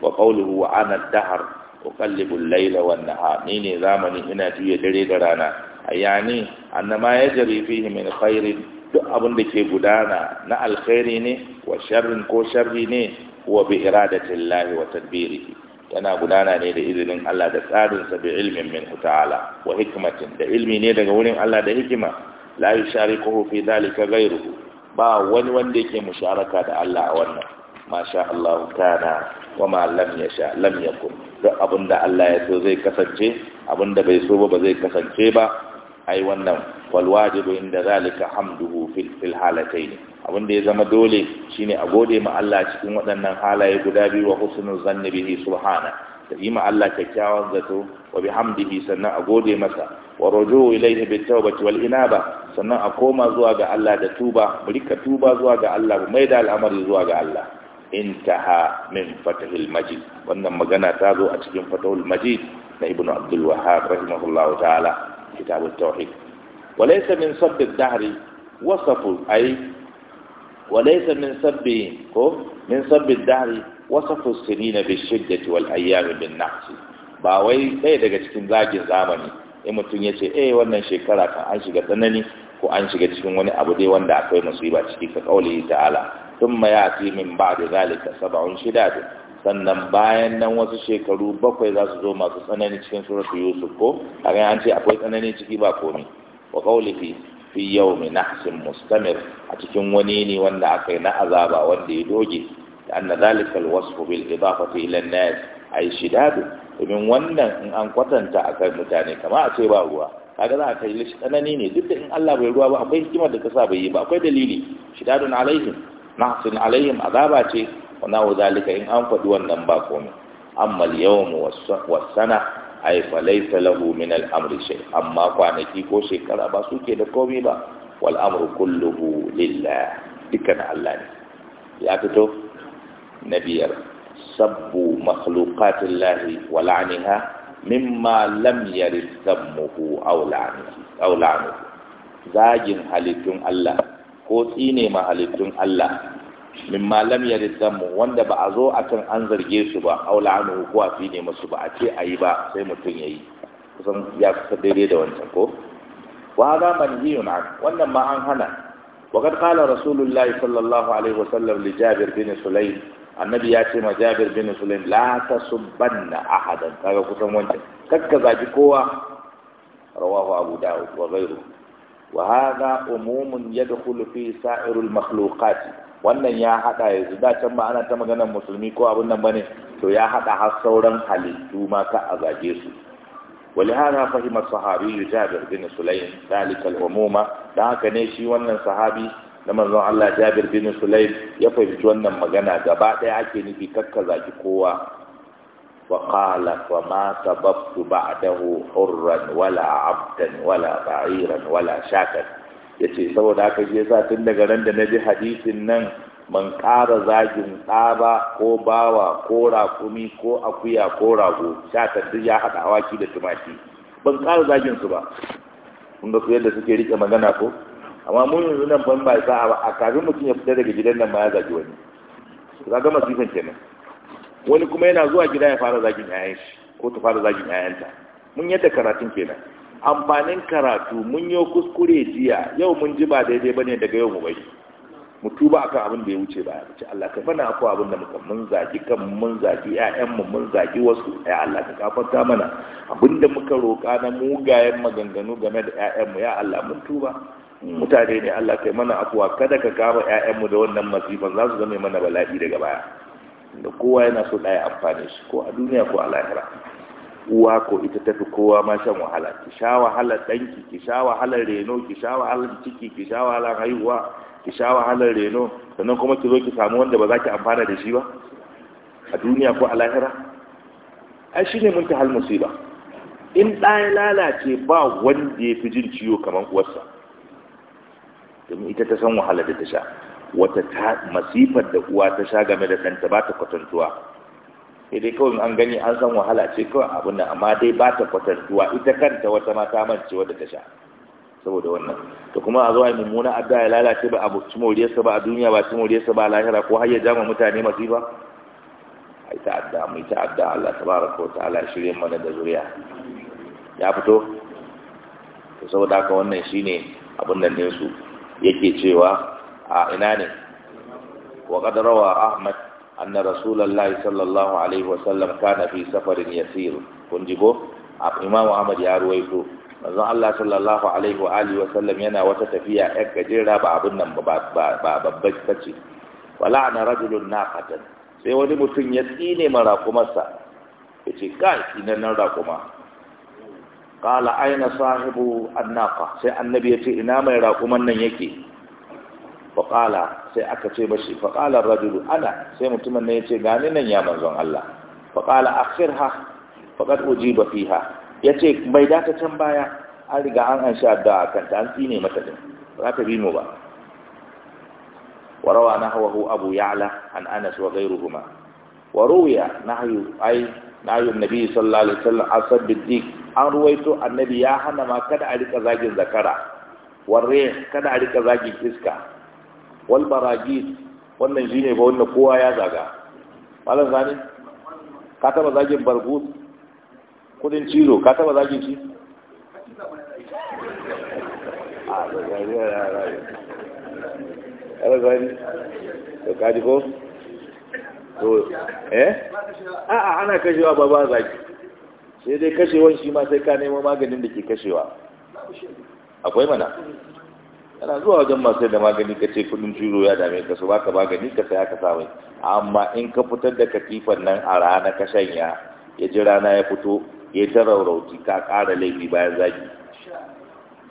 wa qawluhu wa ana dahar dahr uqallibu al-layla wan ni ne zamani ina juya dare da rana ayani annama yajri fihi min khairin duk abin da ke gudana na alkhairi ne wa sharrin ko sharri ne wa bi iradatin lahi wa tadbirihi yana gudana ne da izinin Allah da tsarin sa bi ilmin min ta'ala wa hikmatin da ilmi ne daga wurin Allah da hikima la yusharikuhu fi dhalika ghayruhu ba wani wanda yake musharaka da Allah a wannan masha Allah kana wa ma lam yasha lam yakun duk abinda Allah ya so zai kasance da bai so ba zai kasance ba ai wannan wal wajibu inda zalika hamduhu fil fil halatayn abin da ya zama dole shine a gode ma Allah cikin waɗannan halaye guda biyu wa husnul zanni bihi subhana da yi ma Allah kyakkyawan zato wa hamdihi sannan a gode masa wa rujuu ilayhi bit tawbati wal inaba sannan a koma zuwa ga Allah da tuba mu rika tuba zuwa ga Allah mu maida al'amari zuwa ga Allah intaha min fatahil majid wannan magana ta zo a cikin fatahul majid na ibnu abdul wahhab rahimahullahu ta'ala كتاب التوحيد وليس من سب الدهر وصف أي وليس من سب من سب الدهر وصف السنين بالشدة ɗaya daga cikin zagin zamani in mutum ya ce eh wannan shekara kan an shiga tsanani ko an shiga cikin wani abu dai wanda akwai musiba ciki ka kauli ta'ala thumma ya'ti min ba'di zalika sab'un shidadun sannan bayan nan wasu shekaru bakwai za su zo masu tsanani cikin suratu yusuf ko a an ce akwai tsanani ciki ba komi wa qawlihi fi yawmi nahsin mustamir a cikin wani ne wanda aka yi na azaba wanda ya doge da anna zalika alwasfu bil idafati ila an-nas ay shidadu domin wannan in an kwatanta a kan mutane kama a ce ba ruwa kaga za a kai lishi tsanani ne duk da in Allah bai ruwa ba akwai hikimar da ta bai yi ba akwai dalili shidadun alaihim nahsin alaihim azaba ce wana zalika in an faɗi wannan ba komai amma yawmu wasana ay falaysa lahu min al shai, amma kwanaki ko shekara ba suke da komai ba wal amru kulluhu lillah dukkan Allah ne ya fito na biyar sabbu makhluqatillahi wa la'niha mimma lam yarid zammuhu aw zagin halittun Allah ko tsine ma halittun Allah min malam ya mu wanda ba a zo a can an zarge su ba a wula an hukuwa fi ne musu ba a ce a yi ba sai mutum ya yi kusan ya kusa daidai da wancan ko wa hada manhiyun na. wannan ma an hana wa kad qala rasulullahi sallallahu alaihi wasallam li jabir bin sulaim annabi ya ce ma jabir bin sulaim la tasubbanna ahadan kaga kusan wancan kakka zaki kowa rawahu abu dawud wa wa وهذا عموم يدخل في سائر المخلوقات wannan ya haɗa yanzu da can ba ta maganar musulmi ko abin nan bane to ya haɗa har sauran halittu maka a zage su walihana fahimar sahabi yu jabir bin sulaim dalika al'umuma da haka ne shi wannan sahabi na manzon Allah Jabir bin Sulaim ya fahimci wannan magana gaba ɗaya ake nufi kakka zaki kowa wa qala wa ba sababtu ba'dahu hurran wala abdan wala ba'iran wala shakat ya ce saboda haka je sa tun daga ran da na ji hadisin nan man ƙara zagin tsaba ko bawa ko rakumi ko akuya ko rago sha tattu ya haɗa awaki da tumaki ban ƙara zagin su ba kun ga su yadda suke rike magana ko amma mun yanzu nan ban ba sa a kafin mutum ya fita daga gidan nan ma ya zagi wani za ga masifin kenan wani kuma yana zuwa gida ya fara zagin 'ya'yan shi ko ta fara zagin 'ya'yanta mun yadda karatun kenan amfanin karatu mun yi kuskure jiya yau mun ji ba daidai bane daga yau mu bari mu tuba akan abin da ya wuce ba ya ce Allah ka fana ko abin da muka mun zaki kan mun zaki ƴaƴan mu mun zaki wasu ya Allah ka kafarta mana abin da muka roƙa na mugayen maganganu game da ƴaƴan mu ya Allah mun tuba mutane ne Allah kai mana afuwa kada ka kama ƴaƴan mu da wannan masifan za su zama mana bala'i daga baya da kowa yana so ɗaya amfani shi ko a duniya ko a lahira uwa ko ita tafi kowa ma shan wahala ki sha wahalar danki ki sha wahalar reno ki sha wahalar ciki ki sha wahalar haihuwa ki sha wahalar reno sannan kuma ki zo ki samu wanda ba za ki amfana da shi ba a duniya ko a lahira ai shi ne munta hal musiba in ɗa ya lalace ba wanda ya fi jin ciwo kamar uwarsa domin ita ta san wahalar da ta sha wata masifar da uwa ta sha game da ɗanta ba ta kwatantuwa sai kawai an gani an san wahala ce kawai abin da amma dai ba ta kwatantuwa ita kanta wata mata mance wadda ta sha saboda wannan to kuma a zuwa mummuna adda ya lalace ba abu ci moriyarsa ba a duniya ba ci moriyarsa ba a lahira ko har ya jama mutane ba A ita adda mai ta adda Allah tabaraka wa ta'ala shirin mana da zuriya ya fito to saboda haka wannan shine abin nan ne su yake cewa a ina ne wa kadarawa rawa ahmad أن رسول الله صلى الله عليه وسلم كان في سفر يسير كنجبو إمام أحمد يا رويتو manzon Allah sallallahu alaihi wa alihi wa sallam yana wata tafiya ɗan gajera ba abin nan ba babbar bace wala ana rajulun naqatan sai wani mutum ya tsine mara kumarsa yace kai inan nan rakuma qala aina sahibu annaqa sai annabi yace ina mai rakuman nan yake faƙala sai aka ce bashi faƙalar rajulu ana sai mutumin ne ya ce gani nan ya manzon Allah faƙala akhir ha faƙad uji ba fi ha ya ce bai dace can baya an riga an an sha da kanta an tsine mata din ba ta bi mu ba warawa na hawahu abu ya'la an anas wa ghayruhuma wa ruwiya nahyu ay nahyu nabi sallallahu alaihi wasallam asad dik. an ruwaito annabi ya hana ma kada a rika zagin zakara warre kada a rika zagin iska wal baragis wannan shine ba wanda kowa ya zaga malam Zane, ka taba zagin bargus kudin cizo ka taba zagin shi a ah, zagari da kaji ko? eh? a ana kashewa ba ba zagi sai dai kashewan shi ma sai ka nemo maganin da ke kashewa akwai mana yana zuwa wajen masu da magani ka ce kudin turo ya dame ka su baka magani ka sai aka samu amma in ka fitar da katifan nan a rana ka shanya ya ji rana ya fito ya ta rauti ka ƙara laifi bayan zagi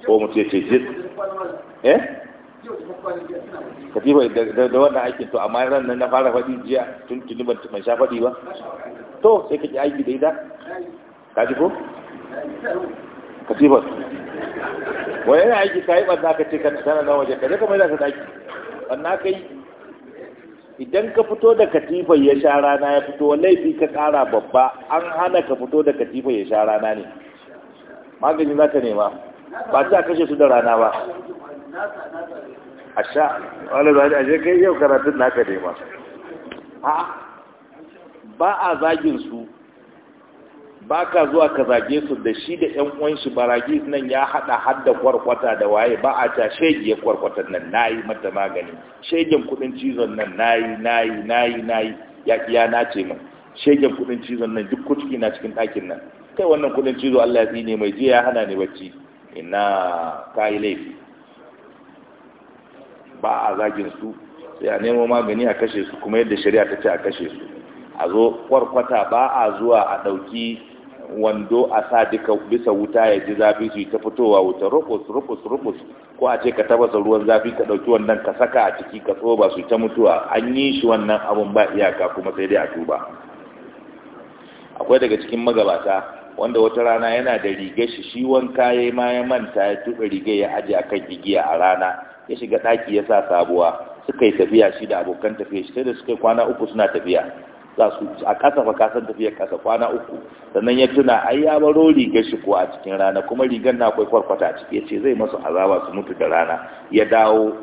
ko mu ce ce jit eh katifa da wannan aikin to amma ran nan na fara faɗi jiya tun tuni ban sha faɗi ba to sai ka ji aiki da ita ka ji ko katifar wani yana aiki ka yi ɓanna ka ce ka tana na waje ka je ka mai da daki ɓanna ka yi idan ka fito da katifar ya sha rana ya fito laifi ka ƙara babba an hana ka fito da katifar ya sha rana ne magani za ka nema ba ta kashe su da rana ba a sha wani zaɗi a je yi yau karatun naka nema ba a zagin su ba ka zuwa ka zage su da shi da ƴan uwan shi baragi nan ya haɗa hadda kwarkwata da waye ba a ta shege kwarkwatan nan nayi mata magani shegen kudin cizon nan nayi nayi nayi nayi ya kiya na ce min shegen kudin cizon nan duk kuciki na cikin ɗakin nan kai wannan kudin cizo Allah ya ne mai jiya ya hana ni bacci ina yi laifi ba a zagin su sai a nemo magani a kashe su kuma yadda shari'a ta ce a kashe su a zo kwarkwata ba a zuwa a ɗauki wando a sa duka bisa wuta ya ji zafi su yi ta fitowa wuta rufus rufus rufus ko a ce ka tabasa ruwan zafi ka ɗauki wannan ka saka a ciki ka tsoba su ta mutuwa an yi shi wannan abun ba iyaka kuma sai dai a tuba akwai daga cikin magabata wanda wata rana yana da riga shi shi wanka ya ma ya manta ya tuba riga ya aje a kan igiya a rana ya shiga ɗaki ya sa sabuwa suka yi tafiya shi da abokan tafiya shi sai da suka kwana uku suna tafiya ga su a ƙasa fa kasar tafiyar ƙasa kwana uku sannan ya tuna ai ya baro rigar shi kuwa a cikin rana kuma rigar na akwai kwarkwata a ciki ya ce zai masu azaba su mutu da rana ya dawo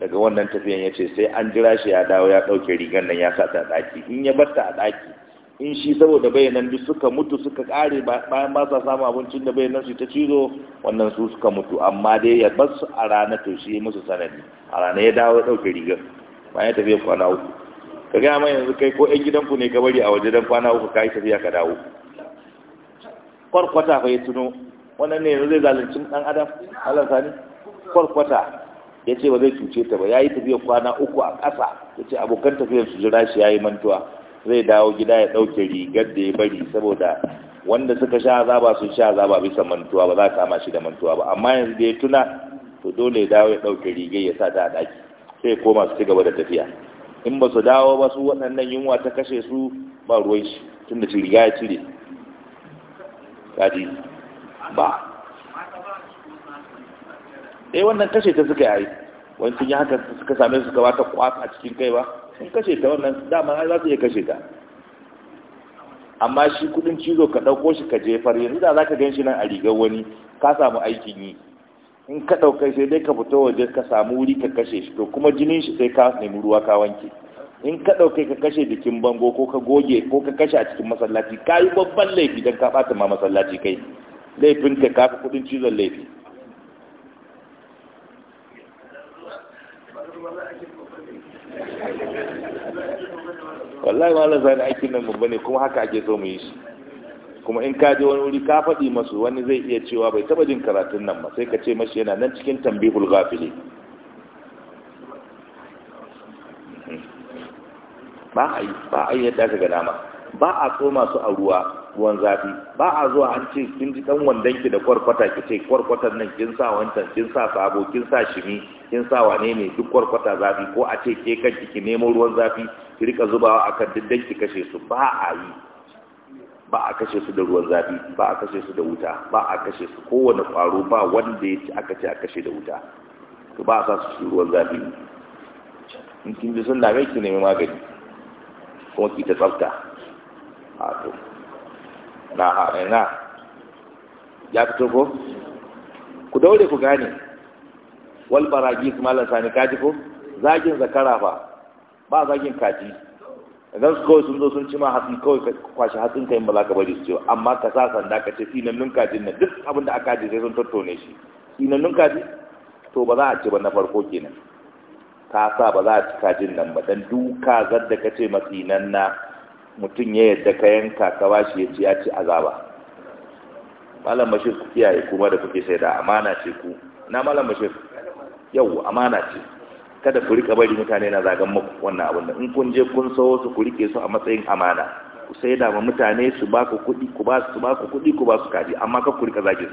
daga wannan tafiyan ya ce sai an jira shi ya dawo ya ɗauke rigar nan ya sa ta ɗaki in ya bar ta a ɗaki in shi saboda bayanan duk suka mutu suka ƙare bayan ba sa samun abincin da bayanan su ta cizo wannan su suka mutu amma dai ya bar su a rana to shi musu sanadi a rana ya dawo ya ɗauke rigar bayan tafiya kwana uku ka gaya mai yanzu kai ko ‘yan gidanku ne ka bari a waje don kwana uku ka yi tafiya ka dawo kwarkwata fa ya tuno wannan ne yanzu zai zalunci ɗan adam Allah sani kwarkwata ya ce ba zai cuce ta ba ya yi tafiya kwana uku a ƙasa ya ce abokan tafiyar su jira shi ya yi mantuwa zai dawo gida ya ɗauke rigar da ya bari saboda wanda suka sha azaba sun sha azaba bisa mantuwa ba za a kama shi da mantuwa ba amma yanzu da ya tuna to dole ya dawo ya ɗauke rigar ya sa ta a ɗaki sai ya koma su ci gaba da tafiya in ba su dawo ba su waɗannan yunwa ta kashe su ba ruwan shi tun da riga ya cire kaji ba eh wannan kashe ta suka yi wani sun yi haka suka same su gaba ta kwasa a cikin kai ba sun kashe ta wannan dama za su iya kashe ta amma shi kudin cizo ka ɗauko shi ka jefar yanzu da za ka gan shi nan a rigar wani ka samu aikin yi in ka ɗauka sai dai ka fito waje ka samu wuri ka kashe shi to kuma jinin shi sai ka nemi ruwa ka wanke in ka ɗauka ka kashe jikin bango ko ka goge ko ka kashe a cikin masallaci ka yi babban laifi don ka ɓata ma masallaci kai laifin ka kafa kuɗin cizon laifi wallahi ma zai aikin nan babba ne kuma haka ake so mu yi shi kuma in ka je wani wuri ka faɗi masu wani zai iya cewa bai taɓa jin karatun nan ba sai ka ce mashi yana nan cikin tambihul gafili ba a yi ba a yi yadda aka ga ba a so masu a ruwa ruwan zafi ba a zuwa an ce kin ji dan wandan ki da kwarkwata ki ce kwarkwatan nan kin sa wancan kin sa sabo kin sa shimi kin sa wane ne duk kwarkwata zafi ko a ce ke kanki ki nemo ruwan zafi ki rika zubawa akan duk ki kashe su ba a yi ba a kashe su da ruwan zafi ba a kashe su da wuta ba a kashe su kowane kwaro ba wanda ya ci aka ce a kashe da wuta to ba a sa su ruwan zafi in kin ji sun dame ki nemi magani kuma ki ta tsafta a to na ha eh, na ya fito ko ku daure ku gane wal baragi malan sani kaji ko zagin zakara fa ba zagin kaji idan su kawai sun zo sun ci ma hatsi kawai ka kwashi hatsin ka yin ba za ka bari su ce amma ka sa sanda ka ce sinannun kajin na duk abin da aka ajiye sai sun tattone shi sinannun kaji to ba za a ce ba na farko kenan ka sa ba za a ci kajin nan ba dan duka zar da ka ce matsinan na mutum ya yadda ka yanka ka bashi ya ci ya ci azaba malam bashir ku kiyaye kuma da kuke sai da amana ce ku na malam bashir yau amana ce kada ku rika bari mutane na zagan muku wannan abin da in kun je kun sawo su ku rike su a matsayin amana ku sai da ma mutane su ba ku kuɗi ku ba su ba ku kuɗi ku ba su kaji amma ka ku rika zagin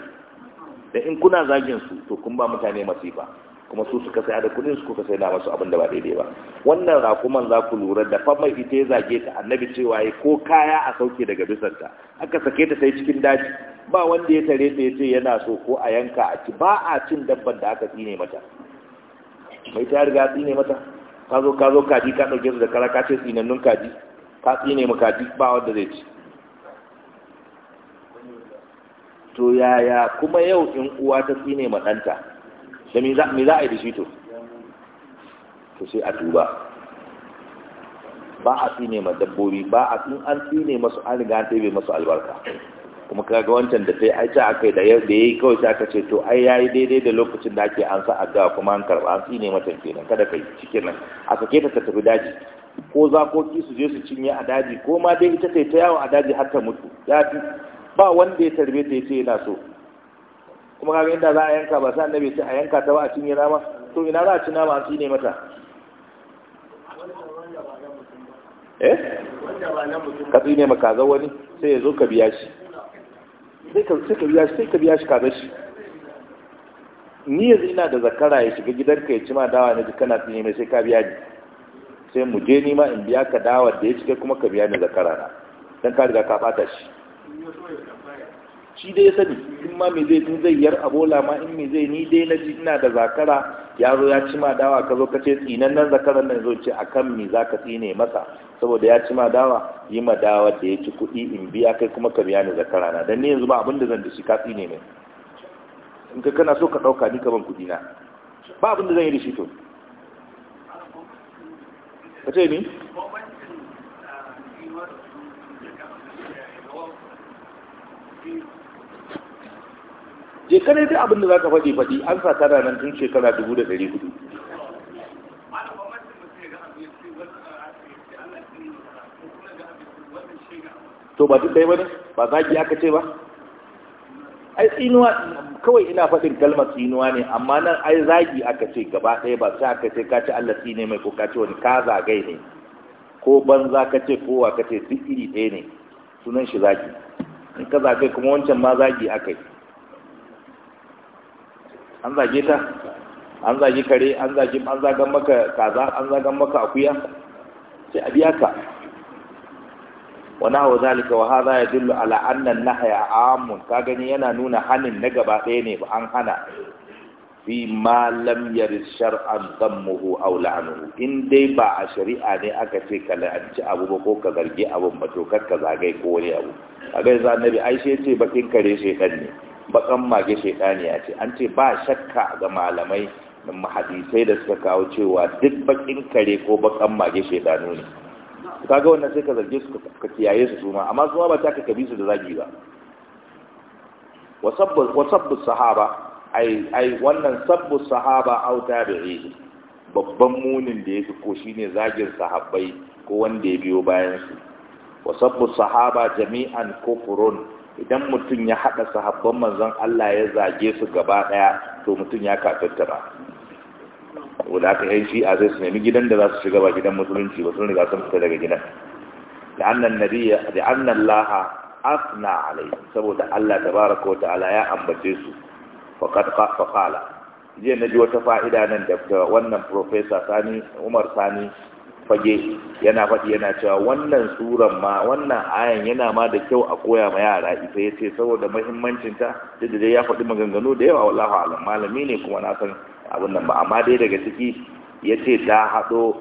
su da in kuna zagin su to kun ba mutane masifa kuma su suka saya da kuɗin su kuka sai da masu abin da ba daidai ba wannan rakuman za ku lura da fa mai ita ya zage ta annabi cewa ya ko kaya a sauke daga bisanta aka sake ta sai cikin daji ba wanda ya tare ta ya ce yana so ko a yanka a ci ba a cin dabban da aka tsine mata mai ta riga tsine mata ka zo ka zo kaji ka ɗauke su da kara ka ce tsinannun kaji ka tsine mu kaji ba wanda zai ci to yaya kuma yau in uwa ta tsine ma ɗanta da me za a yi da shi to to sai a duba ba a tsine ma dabbobi ba a in an tsine masu an riga an tebe masu albarka kuma kaga wancan da sai ai a kai da yau da yayi kawai sai aka ce to ai yayi daidai da lokacin da ake an sa addu'a kuma an karɓa an tsine mata kenan kada kai cikin nan a sake ta tafi daji ko zakoki su je su cinye a daji ko ma dai ita ta yawo a daji har ta mutu ya fi ba wanda ya tarbe ta ce yana so kuma kaga inda za a yanka ba sai annabi ce a yanka ta ba a cinye nama to ina za a ci nama an tsine mata eh ka tsine maka wani sai ya zo ka biya shi sai ka biya shi kaɓe shi ni yanzu ina da zakara ya shiga gidanka ya ci ma dawa na kana tsinye mai sai ka biya ni sai mu je nima in biya ka dawa da ya shiga kuma ka biya ni zakara na don ka riga ka fata shi shi dai sani in ma me zai tun zai yar abola ma in me zai ni dai na ji ina da zakara ya zo ya ci ma dawa ka zo ka ce tsinan nan zakaran nan zo ce akan me za ka tsine masa saboda ya ci ma dawa yi ma dawa da ya ci kuɗi in biya kai kuma ka biya ni zakara na dan ni yanzu ba abin da zan da shi ka tsine mai in ka kana so ka ɗauka ni ka ban kuɗi na ba abin da zan yi da shi to ka ce ni Thank you. je kare duk abin da zaka faɗi faɗi an sa tara nan tun shekara dubu da dari hudu to ba duk ɗaya ne ba zagi aka ce ba ai tsinuwa kawai ina faɗin kalmar tsinuwa ne amma nan ai zagi aka ce gaba ɗaya ba sai aka ce ka ce Allah tsine mai ko ka ce wani ka zagai ne ko ban za ka ce kowa ka ce duk iri ɗaya ne sunan shi zagi in ka zagai kuma wancan ma zagi aka yi an zage ta an zage kare an zage an zage maka kaza an zagan maka akuya sai a biya ka wa nahu zalika wa hadha yadullu ala anna an-nahya amun ka gani yana nuna hanin na gaba ɗaya ne ba an hana fi ma lam yarid shar'an dammuhu aw la'anuhu in dai ba a shari'a ne aka ce ka la'anci abu ba ko ka zargi abun ba to kar ka zagai ko wani abu a ga annabi ai sai ce bakin kare shedan ne bakan mage ya ce an ce ba shakka ga malamai da mahadisai da suka kawo cewa duk bakin kare ko bakan mage shaidanu ne kaga wannan sai ka zarge su ka kiyaye su suma amma su ba ta ka kabi su da zagi ba wasabbu sahaba ai wannan sabbu sahaba au tabi'i babban munin da yake ko shine zagin sahabbai ko wanda ya biyo bayan su sabbu sahaba jami'an kufrun idan mutum ya haɗa sahabban manzon Allah ya zage su gaba ɗaya to mutum ya kafirtara ba wanda aka yi shi a zai su nemi gidan da za su shiga ba gidan musulunci ba sun riga sun fita daga gidan da annan nabiyya da annan laha afna alai saboda Allah tabaraka ta'ala ya ambace su faqad qala na naji wata fa'ida nan da wannan professor Sani Umar Sani fage yana faɗi yana cewa wannan suran ma wannan ayan yana ma da kyau a koya ma yara ita ya ce saboda mahimmancin ta duk da dai ya faɗi maganganu da yawa wallahu alam malami ne kuma na san abin nan ba amma dai daga ciki ya ce ta haɗo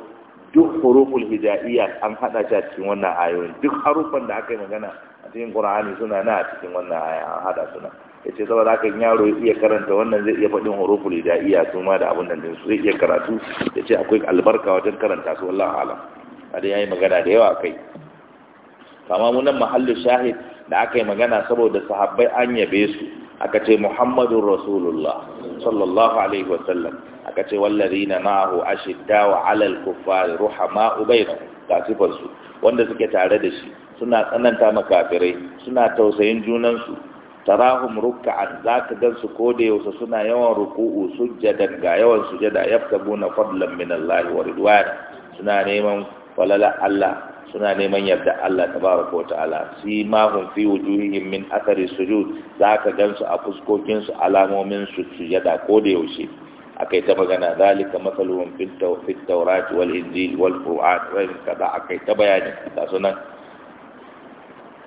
duk huruful hijaiya an haɗa shi a cikin wannan ayoyin duk harufan da aka yi magana a cikin qur'ani suna na a cikin wannan aya an haɗa suna ya ce saboda haka yaro ya iya karanta wannan zai iya faɗin huruful hidayya su ma da abin nan su zai iya karatu ya ce akwai albarka wajen karanta su wallahi alam a dai yayi magana da yawa kai kama mu nan mahallu shahid da aka yi magana saboda sahabbai an yabe su aka ce muhammadun rasulullah sallallahu alaihi wasallam aka ce wallazina ma'ahu ashidda wa alal kuffari ruhama bainahum ga sifarsu wanda suke tare da shi suna tsananta makafirai suna tausayin junansu tarahum ruk'an zaka gansu ko da yau suna yawan ruku'u sujjadan ga yawan sujada yaftabuna fadlan min Allah wa ridwan suna neman falala Allah suna neman yarda Allah tabaraka wa ta'ala si ma hum fi wujuhihim min athari sujud zaka gansu a fuskokin su alamomin su sujada ko da yaushe akai ta magana zalika masaluhum fit tawrat wal injil wal qur'an wa kaza akai ta bayani ta sunan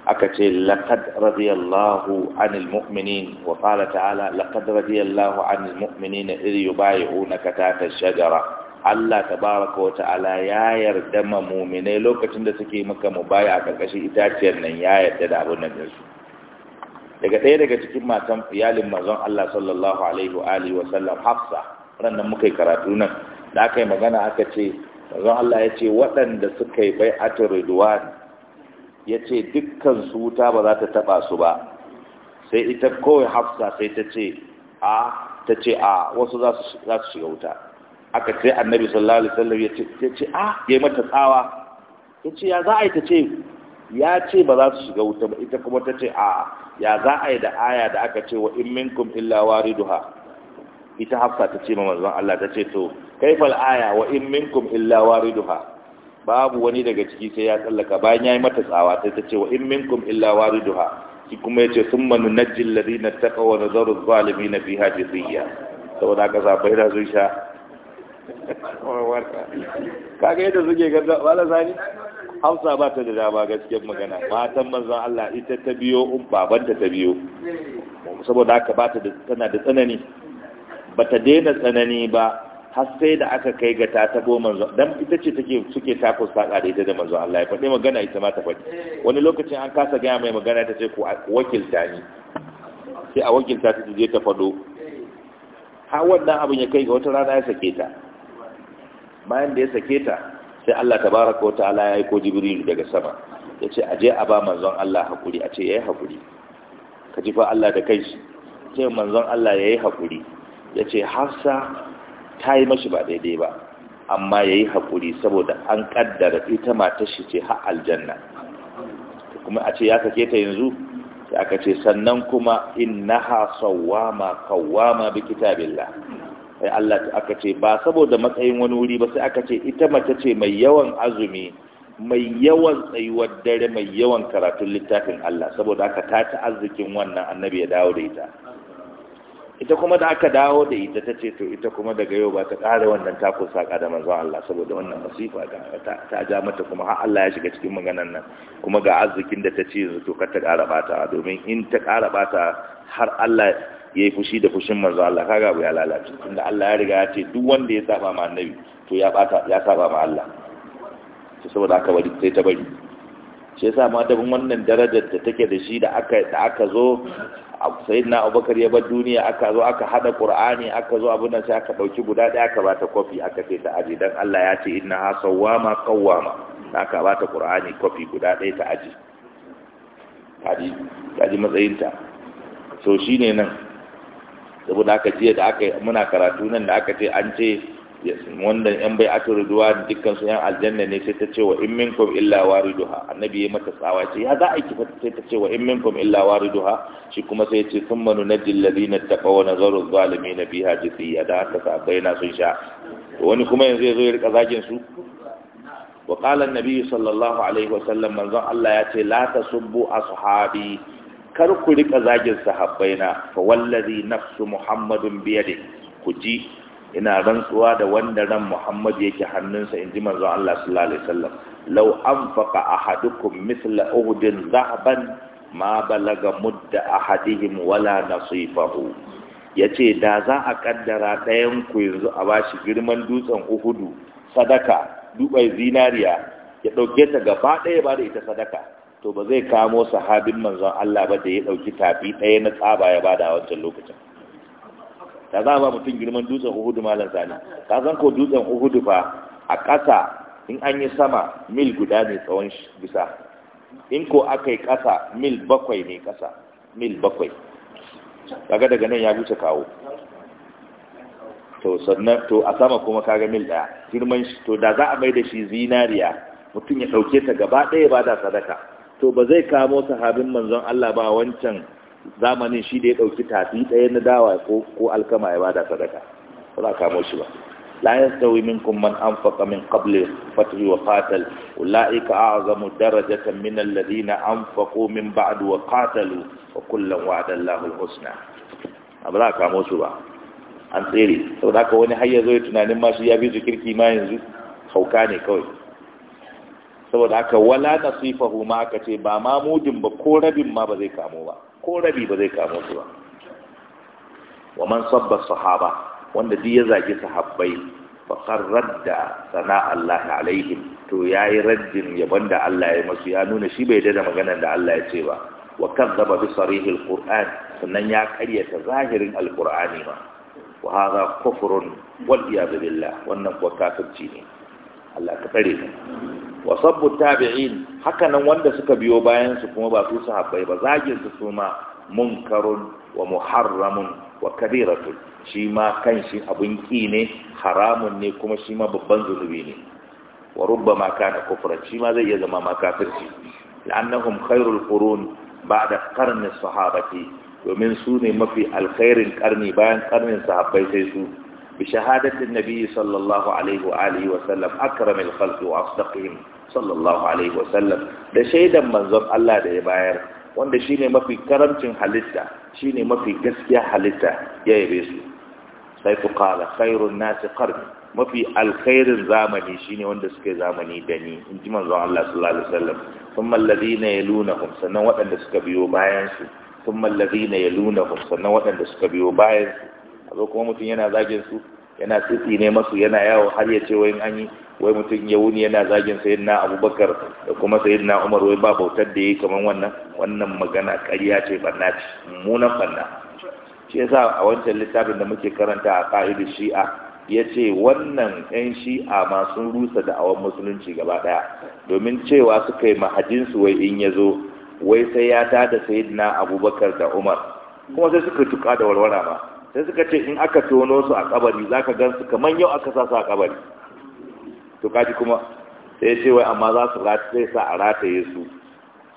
aka ce laqad radiyallahu anil mu'minin wa qala ta'ala laqad radiyallahu anil mu'minina idh yubayyi'unaka tahta ash shagara. Allah ka wa ta'ala ya yarda ma mu'minai lokacin da suke maka mubaya a ƙarƙashin itaciyar nan ya yarda da abin nan su daga ɗaya daga cikin matan iyalin mazan Allah sallallahu alaihi wa alihi wa sallam Hafsa wannan muka yi karatu nan da aka yi magana aka ce mazan Allah ya ce waɗanda suka yi bai'atul ridwan ya ce dukkan su wuta ba za ta taba su ba sai ita kawai hafsa sai ta ce a ta ce a wasu za su shiga wuta aka ce annabi sallallahu alaihi wasallam ya ce a ya yi mata tsawa ya ce ya za a yi ta ce ya ce ba za su shiga wuta ba ita kuma ta ce a ya za a yi da aya da aka ce wa in minkum illa wariduha ita hafsa ta ce ma manzon Allah ta ce to kaifal aya wa in minkum illa wariduha babu wani daga ciki sai ya tsallaka bayan ya yi mata tsawa sai ta ce wa in minkum illa wariduha shi kuma yace thumma nunajji na taqaw wa nadharu adh fi fiha jithiya saboda haka sabai da sun sha kaga yadda suke gaza wala zani hausa ba ta da dama gaskiyar magana matan manzon Allah ita ta biyo in um, babanta ta biyo saboda aka ba ta da tana da tsanani ba ta daina tsanani ba har sai da aka kai ga ta tabo manzo dan ita ce take suke tako saka da ita da manzo Allah ya faɗi magana ita ma ta faɗi wani lokacin an kasa gaya mai magana ta ce ku wakilta ni sai a wakilta ta je ta faɗo har wannan abin ya kai ga wata rana ya sake ta bayan da ya sake ta sai Allah tabaraka wa ta'ala ya aika Jibril daga sama ce aje a ba manzon Allah hakuri a ce yayi hakuri ka ji fa Allah da kai sai manzon Allah yayi hakuri ce hafsa ta yi mashi ba daidai ba amma ya yi haƙuri saboda an ƙaddara ita mata shi ce ha aljanna kuma a ce ya sake ta yanzu sai aka ce sannan kuma in na ma kawwa ma bi kitabillah sai Allah ta aka ce ba saboda matsayin wani wuri ba sai aka ce ita mace ce mai yawan azumi mai yawan tsayuwar dare mai yawan karatun littafin Allah saboda aka ta ta arzikin wannan annabi ya dawo da ita ita kuma da aka dawo da ita ta ce to ita kuma daga yau ba ta ƙara wannan tako saƙa da manzon Allah saboda wannan masifa ta ja mata kuma har Allah ya shiga cikin maganan nan kuma ga arzikin da ta ce yanzu to kar ta ƙara bata domin in ta ƙara bata har Allah ya yi fushi da fushin manzon Allah kaga abu ya lalace tunda Allah ya riga ya ce duk wanda ya saba ma annabi to ya bata ya saba ma Allah to saboda haka bari sai ta bari shi yasa ma da wannan darajar da take da shi da aka da aka zo sayyidina abubakar ya bar duniya aka zo aka hada qur'ani aka zo abin nan sai aka dauki guda daya aka bata kofi aka kai ta aji dan Allah ya ce inna hasawama qawama aka bata qur'ani kofi guda daya ta aji kaji kaji matsayin ta so shine nan saboda aka ji da aka muna karatu nan da aka ce an ce Wannan yan bai ata ruduwa da dukkan su yan aljanna ne sai ta ce wa in minkum illa wariduha annabi ya mata tsawa ce ya za a ki sai ta ce wa in minkum illa wariduha shi kuma sai ya ce thumma nunajji alladhina taqaw wa nazaru zalimin biha jithiya da haka sahabbai na sun sha wani kuma yanzu ya zo ya rika zagin su wa qala annabi sallallahu alaihi wa sallam manzon Allah ya ce la tasubbu ashabi kar ku rika zagin sahabbaina fa wallazi nafsu muhammadun biyadihi ku ji ina rantsuwa da wanda ran Muhammad yake hannunsa in ji manzo Allah sallallahu alaihi wasallam law anfaqa ahadukum mithla uhdin dhahaban ma balaga mudda ahadihim wala nasifahu yace da za a kaddara ɗayan ku yanzu a bashi girman dutsen Uhudu sadaka dubai zinariya ya dauke ta gaba ɗaya ba da ita sadaka to ba zai kamo sahabin manzon Allah ba da ya dauki tafi ɗaya na tsaba ya bada a wancan lokacin da za a ba mutum girman dutsen uhudu malam sani ka san ko dutsen uhudu fa a ƙasa in an yi sama mil guda ne tsawon bisa in ko aka yi ƙasa mil bakwai ne ƙasa mil bakwai kaga daga nan ya wuce kawo to sannan to a sama kuma kaga mil ɗaya girman shi to da za a mai da shi zinariya mutum ya ɗauke ta gaba ɗaya ba da sadaka to ba zai kamo sahabin manzon Allah ba wancan zamanin shi da ya ɗauki tafi ɗaya na dawa ko alkama ya bada sadaka ba za kamo shi ba la yastawi minkum man anfaqa min qabli fatri wa qatal ulaika a'zamu darajatan min alladhina anfaqu min ba'd wa fatalu wa kullum wa'ada Allahu husna ba za kamo shi ba an tsere saboda haka wani har ya zo tunanin ma shi ya bi su kirki ma yanzu hauka ne kawai saboda haka wala nasifahu ma aka ce ba ma mudin ba ko rabin ma ba zai kamo ba ko rabi ba zai kamo su ba wa man sabba sahaba wanda duk ya zagi sahabbai faqad radda sana Allah alaihim to yayi raddin yabon da Allah ya masu ya nuna shi bai da maganar da Allah ya ce ba wa kadzaba bi sarihil qur'an sannan ya karyata zahirin alqur'ani ma wa hadha kufrun wal iyad billah wannan kuwa kafirci ne Allah ka tsare mu wa sabbu tabi'in haka nan wanda suka biyo bayan su kuma ba su sahabbai ba zagin su suma munkarun wa muharramun wa kabiratun shi ma kanshi abin ki ne haramun ne kuma shi ma babban zunubi ne wa rubbama kana kufran shi ma zai iya zama ma kafirci la'annahum khairul qurun ba'da qarni sahabati domin su ne mafi alkhairin karni bayan karnin sahabbai sai su بشهادة النبي صلى الله عليه وآله وسلم أكرم الخلق وأصدقهم صلى الله عليه وسلم ده شيدا الله ده يباير wanda shine mafi karamcin halitta shine mafi gaskiya halitta ya yabe su sai ku kala khairun nasi qarni mafi alkhairin zamani shine wanda suke zamani da ni Inji ji manzon Allah sallallahu alaihi wasallam thumma alladhina yalunhum waɗanda suka biyo bayan a zo kuma mutum yana zagin su yana tsitsi ne masu yana yawo har ya ce wayin an yi wai mutum ya wuni yana zagin na abubakar da kuma na umar wai ba bautar da yi kamar wannan wannan magana ƙarya ce banna ce mummunan banna shi yasa a wancan littafin da muke karanta a ƙa'idu shi'a ya ce wannan 'yan shi'a ma sun rusa awon musulunci gaba ɗaya domin cewa suka yi mahajinsu wai in ya zo wai sai ya tada na abubakar da umar kuma sai suka tuka da warwara ba sai suka ce in aka tono su a kabari za ka gan su kamar yau aka sa su a kabari to kaji kuma sai ce wai amma za su rataye sa a rataye su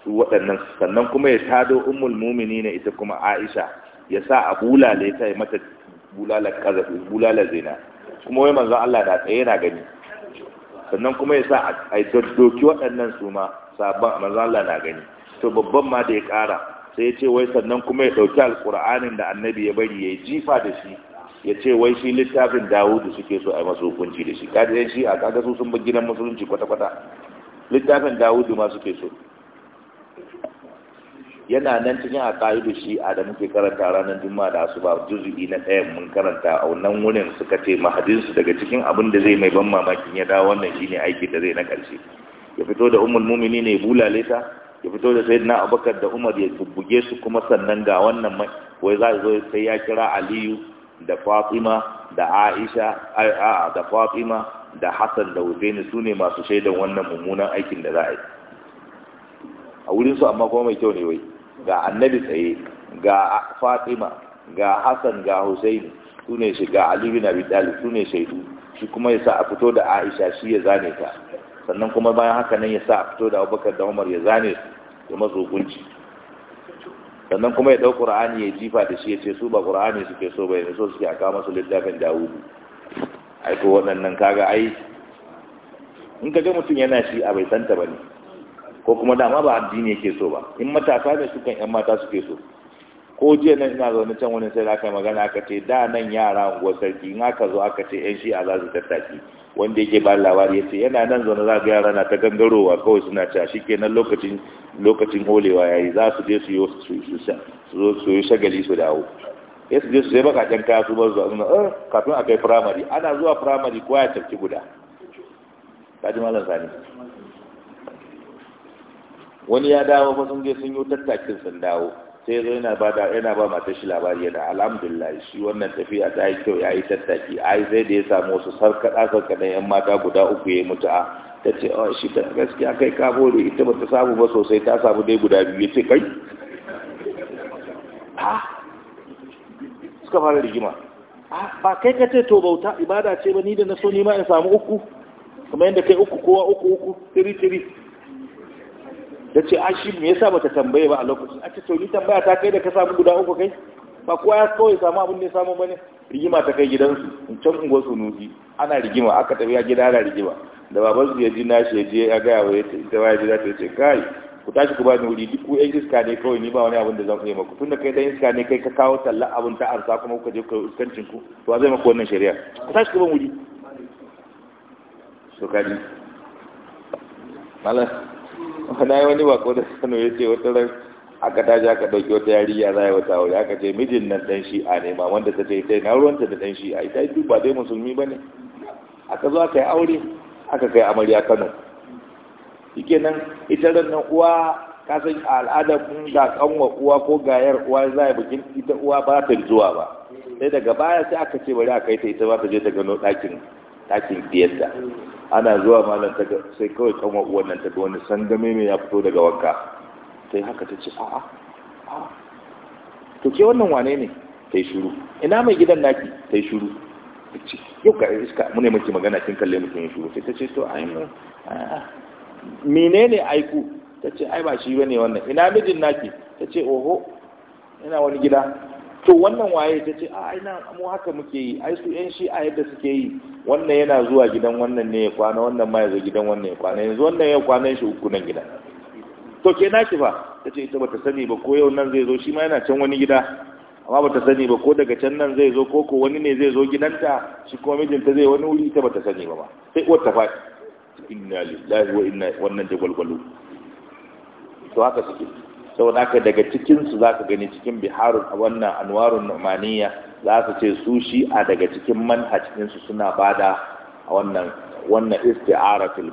su waɗannan sannan kuma ya tado umul mumini ne ita kuma aisha ya sa a bulale ta yi mata bulalar kazafi bulalar zina kuma wai manzon Allah da tsaye na gani sannan kuma ya sa a doki waɗannan su ma sabon manzon Allah na gani to babban ma da ya ƙara sai ya ce wai sannan kuma ya ɗauki alƙur'anin da annabi ya bari ya jifa da shi ya ce wai shi littafin dawudu suke so a yi masu hukunci da shi kaji yan a kaga su sun bugi gidan musulunci kwata-kwata littafin dawudu ma suke so yana nan cikin a da shi a da muke karanta ranar juma'a da asuba juzu'i na ɗayan mun karanta a wannan wurin suka ce mahadinsu daga cikin abin da zai mai ban mamakin ya dawo wannan shine aiki da zai na ƙarshe ya fito da umul mumini ne bula ta ya fito da na abubakar da umar ya buge su kuma sannan ga wannan mai wai za zo sai ya kira aliyu da fatima da aisha a da fatima da hassan da husaini su ne masu shaidan wannan mummunan aikin da za a yi a wurinsu amma kuma mai kyau ne wai ga annabi tsaye ga fatima ga hassan ga hussaini su ne shi ga aliyu na bidali su ne shaidu shi kuma ya sa a fito da aisha shi ya zane ta sannan kuma bayan haka nan ya sa a fito da abubakar da umar ya zane su da mazogunci sannan kuma ya ɗau ƙura'ani ya jifa da shi ya ce su ba ƙura'ani suke so bai so suke a kawo masu littafin dawudu aiko waɗannan kaga ai in ka ga mutum yana shi a bai santa ba ne ko kuma dama ba addini yake so ba in matasa ne su kan 'yan mata suke so ko jiya nan ina zaune can wani sai aka yi magana aka ce da nan yara unguwar sarki in aka zo aka ce 'yan a za su tattaki wanda yake ba labari ya ce yana nan zaune za ga yara na ta gangarowa kawai suna cewa shi kenan lokacin lokacin holewa yayi za su je su yi su yi shagali su dawo ya su je su sai bakaken kaya su bar zuwa suna eh kafin a kai firamare ana zuwa firamare ko ya tafki guda ji malam sani wani ya dawo ba sun je sun yi tattakin sun dawo sai zo yana ba da yana ba mata shi labari yana alhamdulillah shi wannan tafiya ta yi kyau ya yi tattaki ai sai da ya samu wasu sarkaɗa sarkaɗan yan mata guda uku ya mutu a ah, ta ce oh shi ta gaskiya kai ka bore ita ba ta samu ba sosai ta samu dai guda biyu ya ce kai suka fara rigima ah, ba kai ka ce to bauta ibada ce ba ni da na so ni ma in samu uku kuma yadda kai uku kowa uku uku tiri tiri da ce an shi me yasa bata tambaye ba a lokacin a cikin to tambaya ta kai da ka samu guda uku kai ba kuwa ya kawai samu abin da ya samu bane rigima ta kai gidansu in can ungo su nufi ana rigima aka tafi gida ana rigima da baban su ya ji na shi ya je ya gaya wa ya ta waya ji za ta ce kai ku tashi ku ba ni wuri duk yan iska ne kawai ni ba wani abin da zan iya maku tunda kai dan iska ne kai ka kawo talla abin ta arsa kuma kuka je ku uskancin ku to zai maku wannan shari'a ku tashi ku ba wuri to kaji malam na yi wani bako da sano ya ce wata ran aka tashi aka dauki wata yariya za a wata aure aka ce mijin nan ɗan shi'a ne ma wanda ta ce ta na ruwanta da ɗan shi'a ita yi ba dai musulmi ba ne aka zo aka yi aure aka kai amarya kano shike nan ita ran nan uwa ka san al'ada kun ga kanwa uwa ko gayar uwa za a bikin ita uwa ba ta zuwa ba sai daga baya sai aka ce bari a kai ta ita ba ta je ta gano ɗakin ɗakin ɗiyarta ana zuwa malam ta sai kawai kanwa uwan nan ta ga wani sangame mai ya fito daga wanka ta yi haka ta ce a'a to ke wannan wane ne ta yi shuru ina mai gidan naki ta yi shuru Ta ce yau ka iska mune maki magana kin kalle mutum ya shuru sai ta ce to ai mine menene aiku ta ce ai ba shi bane wannan ina mijin naki ta ce oho ina wani gida to wannan waye ta ce a ina mu haka muke yi ai su yan shi a yadda suke yi wannan yana zuwa gidan wannan ne ya kwana wannan ma ya zo gidan wannan ya kwana yanzu wannan ya kwana shi uku nan gida to ke na ki ba ta ce ita bata sani ba ko yau nan zai zo shi ma yana can wani gida amma bata sani ba ko daga can nan zai zo ko ko wani ne zai zo gidanta shi kuma mijinta zai wani wuri ita bata sani ba ba sai uwar ta faɗi inna lillahi wa inna wannan jagwalgwalo to haka suke saboda haka daga cikinsu za ka gani cikin biharun a wannan anwarun numaniya za su ce su shi a daga cikin manhajinsu suna bada a wannan wannan isti'ara fil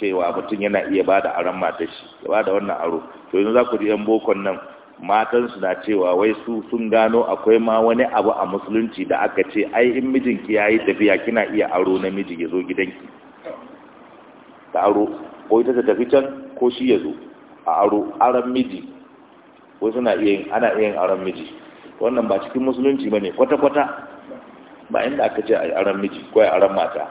cewa mutum yana iya bada aran matar shi ya bada wannan aro to yanzu za ku ji yan bokon nan matansu na cewa wai su sun gano akwai ma wani abu a musulunci da aka ce ai in mijinki ya yi tafiya kina iya aro na miji ya zo gidanki ta aro ko ita ta tafi can ko shi ya zo a aro aran miji ko suna iya ana iya yin aran miji wannan ba cikin musulunci bane kwata-kwata ba inda aka ce a aran miji ko a aran mata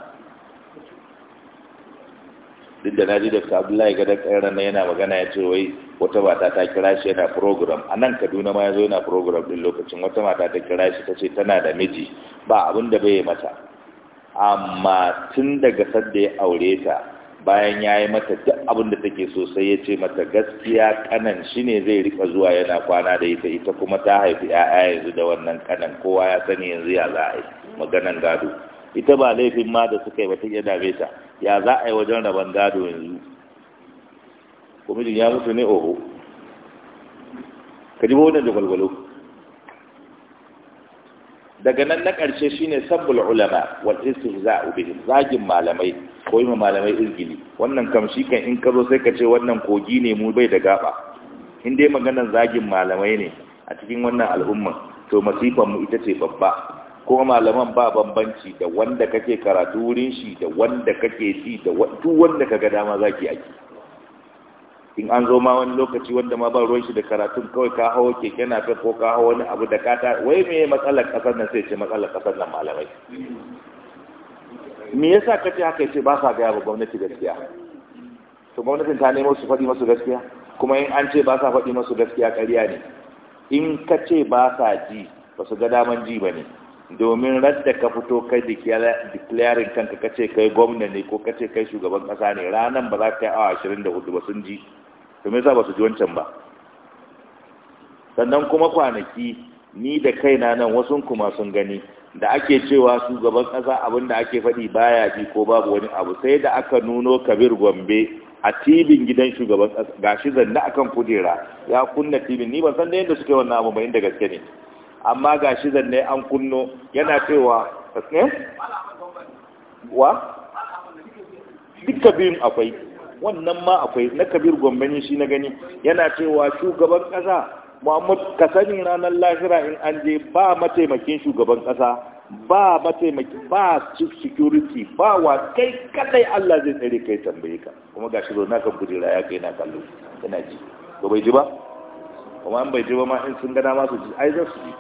duk da na ji da abdullahi ga da kayan yana magana ya ce wai wata mata ta kira shi yana program a nan kaduna ma ya zo yana program din lokacin wata mata ta kira shi ta ce tana da miji ba abin da bai mata amma tun daga sadda ya aure ta bayan ya yi mata duk abin da take so sai ya ce mata gaskiya kanan shi ne zai rika zuwa yana kwana da ita ita kuma ta haifi ya'ya yanzu da wannan kanan kowa ya sani yanzu ya za a yi maganan gado ita ba laifin ma da suka yi ba ta iya dame ta ya za a yi wajen rabon gado yanzu kwamitin ya mutu ne oho ka ji wannan da gwalgwalo daga nan na ƙarshe shine sabbul ulama wal istihza'u bihim zagin malamai ko yi malamai izgili wannan kam shi kan in ka zo sai ka ce wannan kogi ne mu bai da gaba in dai maganar zagin malamai ne a cikin wannan al'umma to masifan mu ita ce babba ko malaman ba bambanci da wanda kake karatu wurin shi da wanda kake ji da duk wanda kaga dama zaki aiki in an zo ma wani lokaci wanda ma ba ruwan shi da karatun kawai ka hawo keke na ko ka hawo wani abu da kata wai me matsalar kasar nan sai ce matsalar kasar nan malamai me yasa ce haka yace ba sa gaya ba gwamnati gaskiya to gwamnatin ta nemo su faɗi masu gaskiya kuma in an ce ba sa faɗi masu gaskiya ƙarya ne in ka ce ba sa ji ba su ga daman ji ba ne domin radda ka fito kai declaring kanka ka ce kai gwamna ne ko ka ce kai shugaban kasa ne ranan ba za ka yi awa 24 ba sun ji to me yasa ba su ji wancan ba sannan kuma kwanaki ni da kaina nan wasun kuma sun gani da ake cewa shugaban ƙasa abin da ake faɗi baya ji ko babu wani abu sai da aka nuno kabir gombe a tibin gidan shugaban ƙasa gashi zanne akan kujera ya kunna tibin ni ban san da yadda suke wannan abu ba inda gaske ne amma gashi zanne an kunno yana cewa gaske eh? wa dukkan biyun akwai wannan ma akwai na kabir gombani shi na gani yana cewa shugaban kasa muhammad ka sani ranar lahira in an je ba mataimakin shugaban kasa ba mataimaki ba chief security ba wa kai kadai Allah zai tsare kai tambaye ka kuma gashi zo na kan kujera ya kai na kallo yana ji ko bai ji ba kuma an bai ji ba ma in sun gana ma su ji ai su ji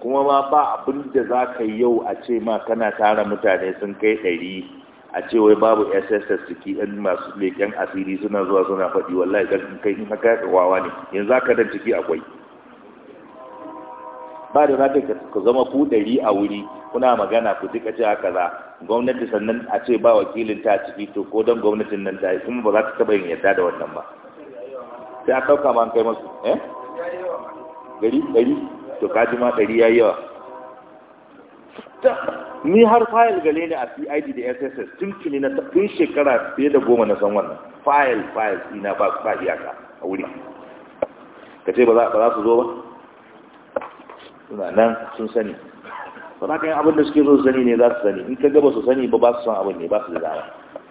kuma ma ba abin da za ka yi yau a ce ma kana tara mutane sun kai ɗari a ce wai babu sss ciki yan masu leƙen asiri suna zuwa suna faɗi wallahi ɗan kai in haka ka kawawa ne yanzu aka dan ciki akwai ba da zaka ka zama ku ɗari a wuri kuna magana ku duka ce haka za gwamnati sannan a ce ba wakilin ta ciki to ko don gwamnatin nan ta yi kuma ba za ta taɓa yin yadda da wannan ba sai a ɗauka ma an kai masu eh gari gari to kaji ma ɗari ya yawa ni har fayil gale ne a CID da SSS tun tuni na tun shekara fiye da goma na san wannan fayil fayil ina ba ba ka a wuri ka ce ba za su zo ba suna nan sun sani ba za ka yi abin da suke zo sani ne za su sani in ka gaba su sani ba ba su san abin ne ba su da dama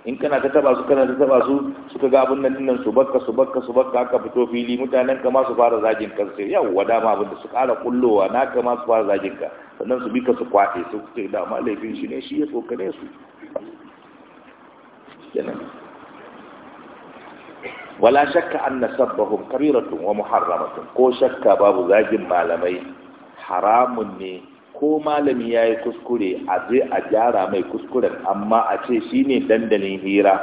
in kana ta taba su kana ta taba su suka ga abin nan nan su bakka su bakka su bakka aka fito fili mutanen ka ma su fara zagin kan sai yawa dama abin da su kara kullowa na ka ma su fara zagin ka sannan su bi ka su kwaɗe su ce da ma laifin shi ne shi ya tsokane su wala shakka anna sabbahum kabiratun wa muharramatun ko shakka babu zagin malamai haramun ne ko malami ya yi kuskure a je a gyara mai kuskuren amma a ce shi ne dandalin hira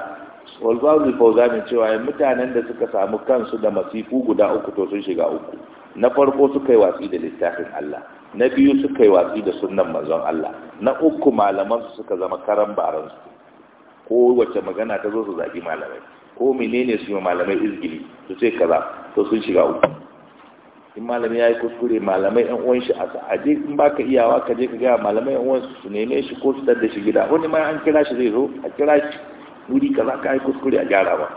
walbazu fauzamin cewa yin mutanen da suka samu kansu da masifu guda uku to sun shiga uku na farko suka yi watsi da littafin Allah na biyu suka yi watsi da sunan manzon Allah na uku malaman su suka zama karan baran su ko wacce magana ta zo su zaɓi malamai ko menene su yi malamai izgili su ce kaza to sun shiga uku in malamai ya yi kuskure malamai yan uwan shi a sa'adi in baka iyawa ka je ka gaya malamai yan uwan su neme shi ko su da shi gida wani ma an kira shi zai zo a kira shi wuri ka za ka yi kuskure a gyara ba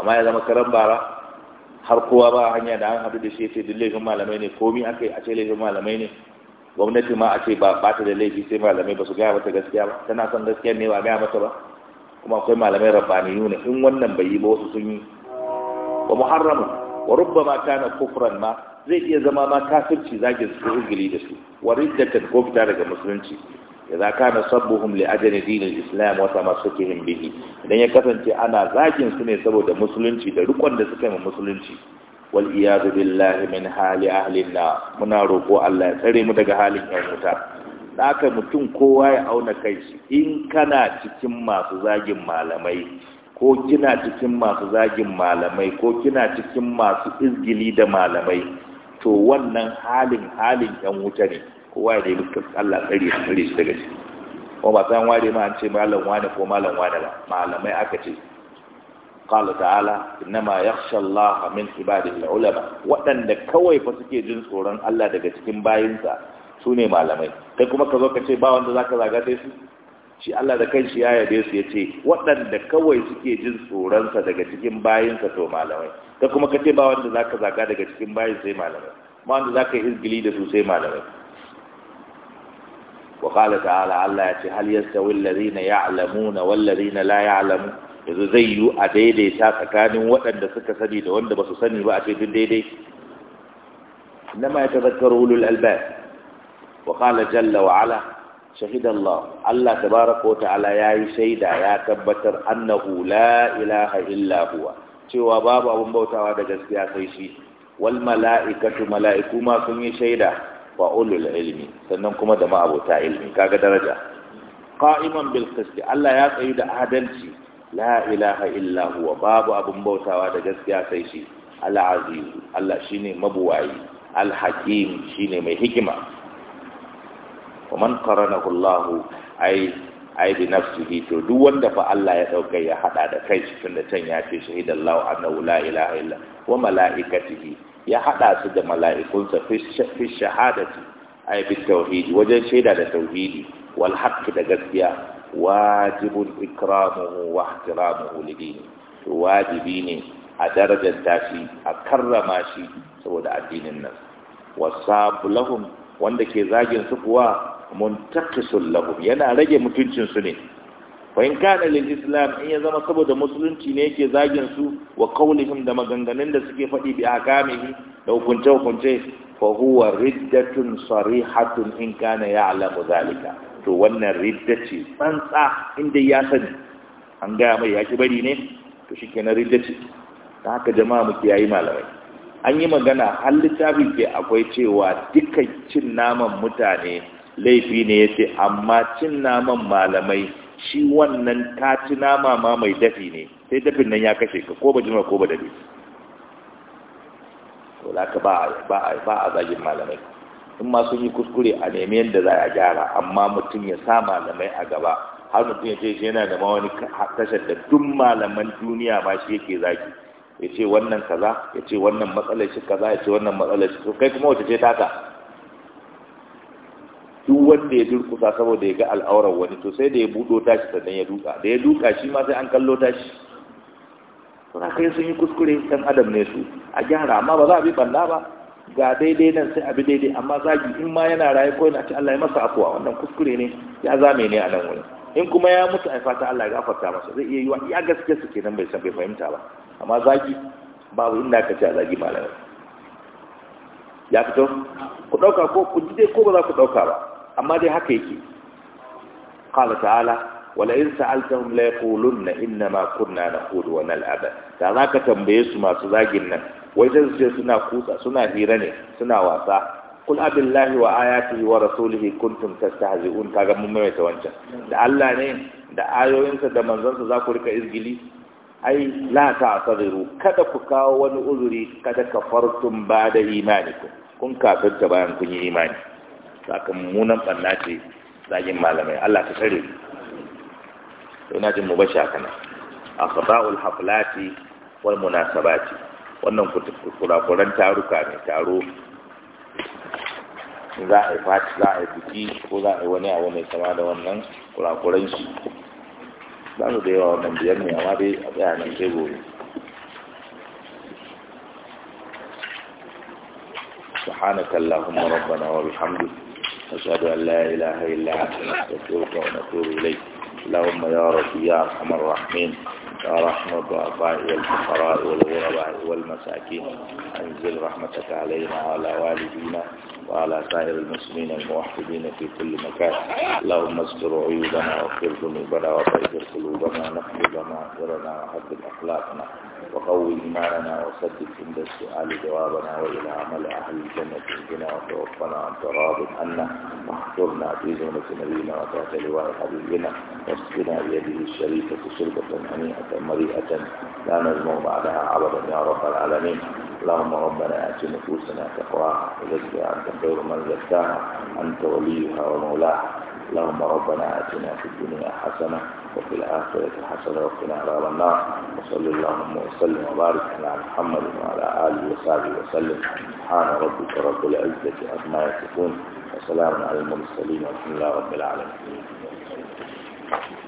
amma ya zama karan bara har kowa ba hanya da an haɗu da shi ya ce duk laifin malamai ne komi aka yi a ce laifin malamai ne gwamnati ma a ce ba ba ta da laifi sai malamai ba su gaya mata gaskiya ba tana son gaskiya ne ba gaya mata ba kuma akwai malamai rabbaniyu ne in wannan bai yi ba wasu sun yi wa muharramu wa rubbama kana kufran ma zai iya zama ma kafirci zagin su izgili da su wa riddatan ko fita daga musulunci idza kana sabbuhum li ajli dinil islam wa tamassukihim bihi idan ya kasance ana zagin su ne saboda musulunci da rukun da suka yi musulunci wal iyadu billahi min hali ahli na muna roko Allah ya tsare mu daga halin yan wuta da aka mutum kowa ya auna kai shi in kana cikin masu zagin malamai ko kina cikin masu zagin malamai ko kina cikin masu izgili da malamai to wannan halin halin yan wuta ne kowa ya da duka Allah tsari a tsari daga shi Ko ba san ware ma an ce malam wani ko malam wani ba malamai aka ce qala ta'ala innama yakhsha Allah min ibadihi al-ulama wadanda kawai fa suke jin tsoron Allah daga cikin bayinsa sune malamai kai kuma ka zo ka ce ba wanda zaka zaga sai su shi Allah da kanshi ya yabe su ce, waɗanda kawai suke jin tsoronsa daga cikin bayinsa to malamai ka kuma kace ba wanda zaka zaka daga cikin bayin sai malamai ma wanda zaka izgili da su sai malamai wa qala ta'ala Allah ya ce hal yastawi alladhina na wal ladina la ya'lamu yanzu zai yi a daidaita tsakanin waɗanda suka sani da wanda ba su sani ba a ce duk daidai nama ya tazakkaru ulul albab wa qala jalla wa ala shahidallah Allah tabaraka wa ta'ala yayi shaida ya tabbatar annahu la ilaha illa huwa cewa babu abun bautawa da gaskiya sai shi wal mala'ikatu mala'iku ma yi shaida wa ulul ilmi sannan kuma da ma'abota ilimi kaga daraja qa'iman bil Allah ya tsayu da adalci la ilaha illa huwa babu abun bautawa da gaskiya sai shi al mabuwayi al hakim shine mai hikima wa man qaranahu Allah ai ai bi nafsihi to duk wanda fa Allah ya dauka ya hada da kai tunda can ya ce shahidallahu annahu la ilaha illa wa malaikatihi ya hada su da mala'ikunsa fi shahadati ai bi tauhidi wajen shaida da tauhidi wal haqqi da gaskiya wajibun ikramuhu wa ihtiramuhu lidini to wajibi ne a darajanta shi a karrama shi saboda addinin nan wasabu lahum wanda ke zagin su kuwa muntaqisul lahum yana rage mutuncin su ne fa in kana in ya zama saboda musulunci ne yake zagin su wa qawlihim da maganganun da suke faɗi bi akamihi da hukunce hukunce fa huwa riddatun sarihatun in kana ya'lamu zalika to wannan riddaci, tsantsa inda ya sani an gaya mai ya ki bari ne to shikenan ridda ce ta haka jama'a mu kiyayi malamai an yi magana har littafi ke akwai cewa dukkan cin naman mutane laifi ne ya ce amma cin naman malamai shi wannan ta ci nama ma mai dafi ne sai dafin nan ya kashe ka ko ba jima ko ba dafi to da ka ba a zagin malamai in ma sun yi kuskure a nemi yadda za a gyara amma mutum ya sa malamai a gaba har mutum ya ce shi yana da wani tashar da duk malaman duniya ma shi yake zagi ya ce wannan kaza ya ce wannan matsalar shi kaza ya ce wannan matsalar shi kai kuma wace ce taka duk wanda ya durkusa saboda ya ga al'aurar wani to sai da ya buɗo tashi sannan ya duka da ya duka shi ma sai an kallo tashi to na kai sun yi kuskure dan adam ne su a gyara amma ba za a bi balla ba ga daidai nan sai abi daidai amma zagi in ma yana raye ko yana ci Allah ya masa afuwa wannan kuskure ne ya zame ne a nan wurin in kuma ya mutu a fata Allah ya gafarta masa zai iya wa iya gaske su kenan bai san bai fahimta ba amma zagi babu inda ka ci a zagi malamai ya fito ku ɗauka ko ku ji dai ko ba za ku ɗauka ba amma dai haka yake qala ta'ala wala in sa'altahum la yaqulunna inna ma kunna naqulu wa nal'ab da zaka tambaye su masu zagin nan wai sai su suna kusa suna hira ne suna wasa kul abillahi wa ayatihi wa rasulihi kuntum tastahzi'un kaga mun maimaita wancan da Allah ne da ayoyinsa da manzansa za ku rika izgili ai la ta'tadiru kada ku kawo wani uzuri kada kafartum ba da imani kun kafirta bayan kun yi imani Sakan mummunan ɓanna ce zagin malamai Allah ta tsare to ina jin mu bashi haka nan akhba'ul haflati wal munasabati wannan kurakuran taruka ne taro za a yi fati za a yi biki ko za a yi wani abu mai sama da wannan kurakuran shi za su da yawa wannan biyar ne amma dai a tsaya nan sai gobe سبحانك اللهم ربنا وبحمدك أشهد أن لا إله إلا أنت نستغفرك ونتوب إليك اللهم يا رب يا أرحم الراحمين يا رحمة الضعفاء والفقراء والغرباء والمساكين أنزل رحمتك علينا وعلى والدينا وعلى سائر المسلمين الموحدين في كل مكان اللهم استر عيوبنا واغفر ذنوبنا وطهر قلوبنا نحفظ ضمائرنا وحدد أخلاقنا وقوي إيماننا وسدد عند السؤال جوابنا وإلى عمل أهل الجنة بنا وتوفنا عن تراب عنا واحفظنا في زمرة نبينا وتحت لواء حبيبنا واسقنا بيده الشريفة شربة هنيئة مريئة لا نزمو بعدها عبدا يا رب العالمين اللهم ربنا آت نفوسنا تقواها وزكها أنت خير من زكاها أنت وليها ومولاها اللهم ربنا آتنا في الدنيا حسنة وفي الآخرة حسنة وقنا عذاب النار وصل اللهم وسلم وبارك على محمد وعلى آله وصحبه وسلم سبحان ربك رب العزة عما يصفون وسلام على المرسلين والحمد لله رب العالمين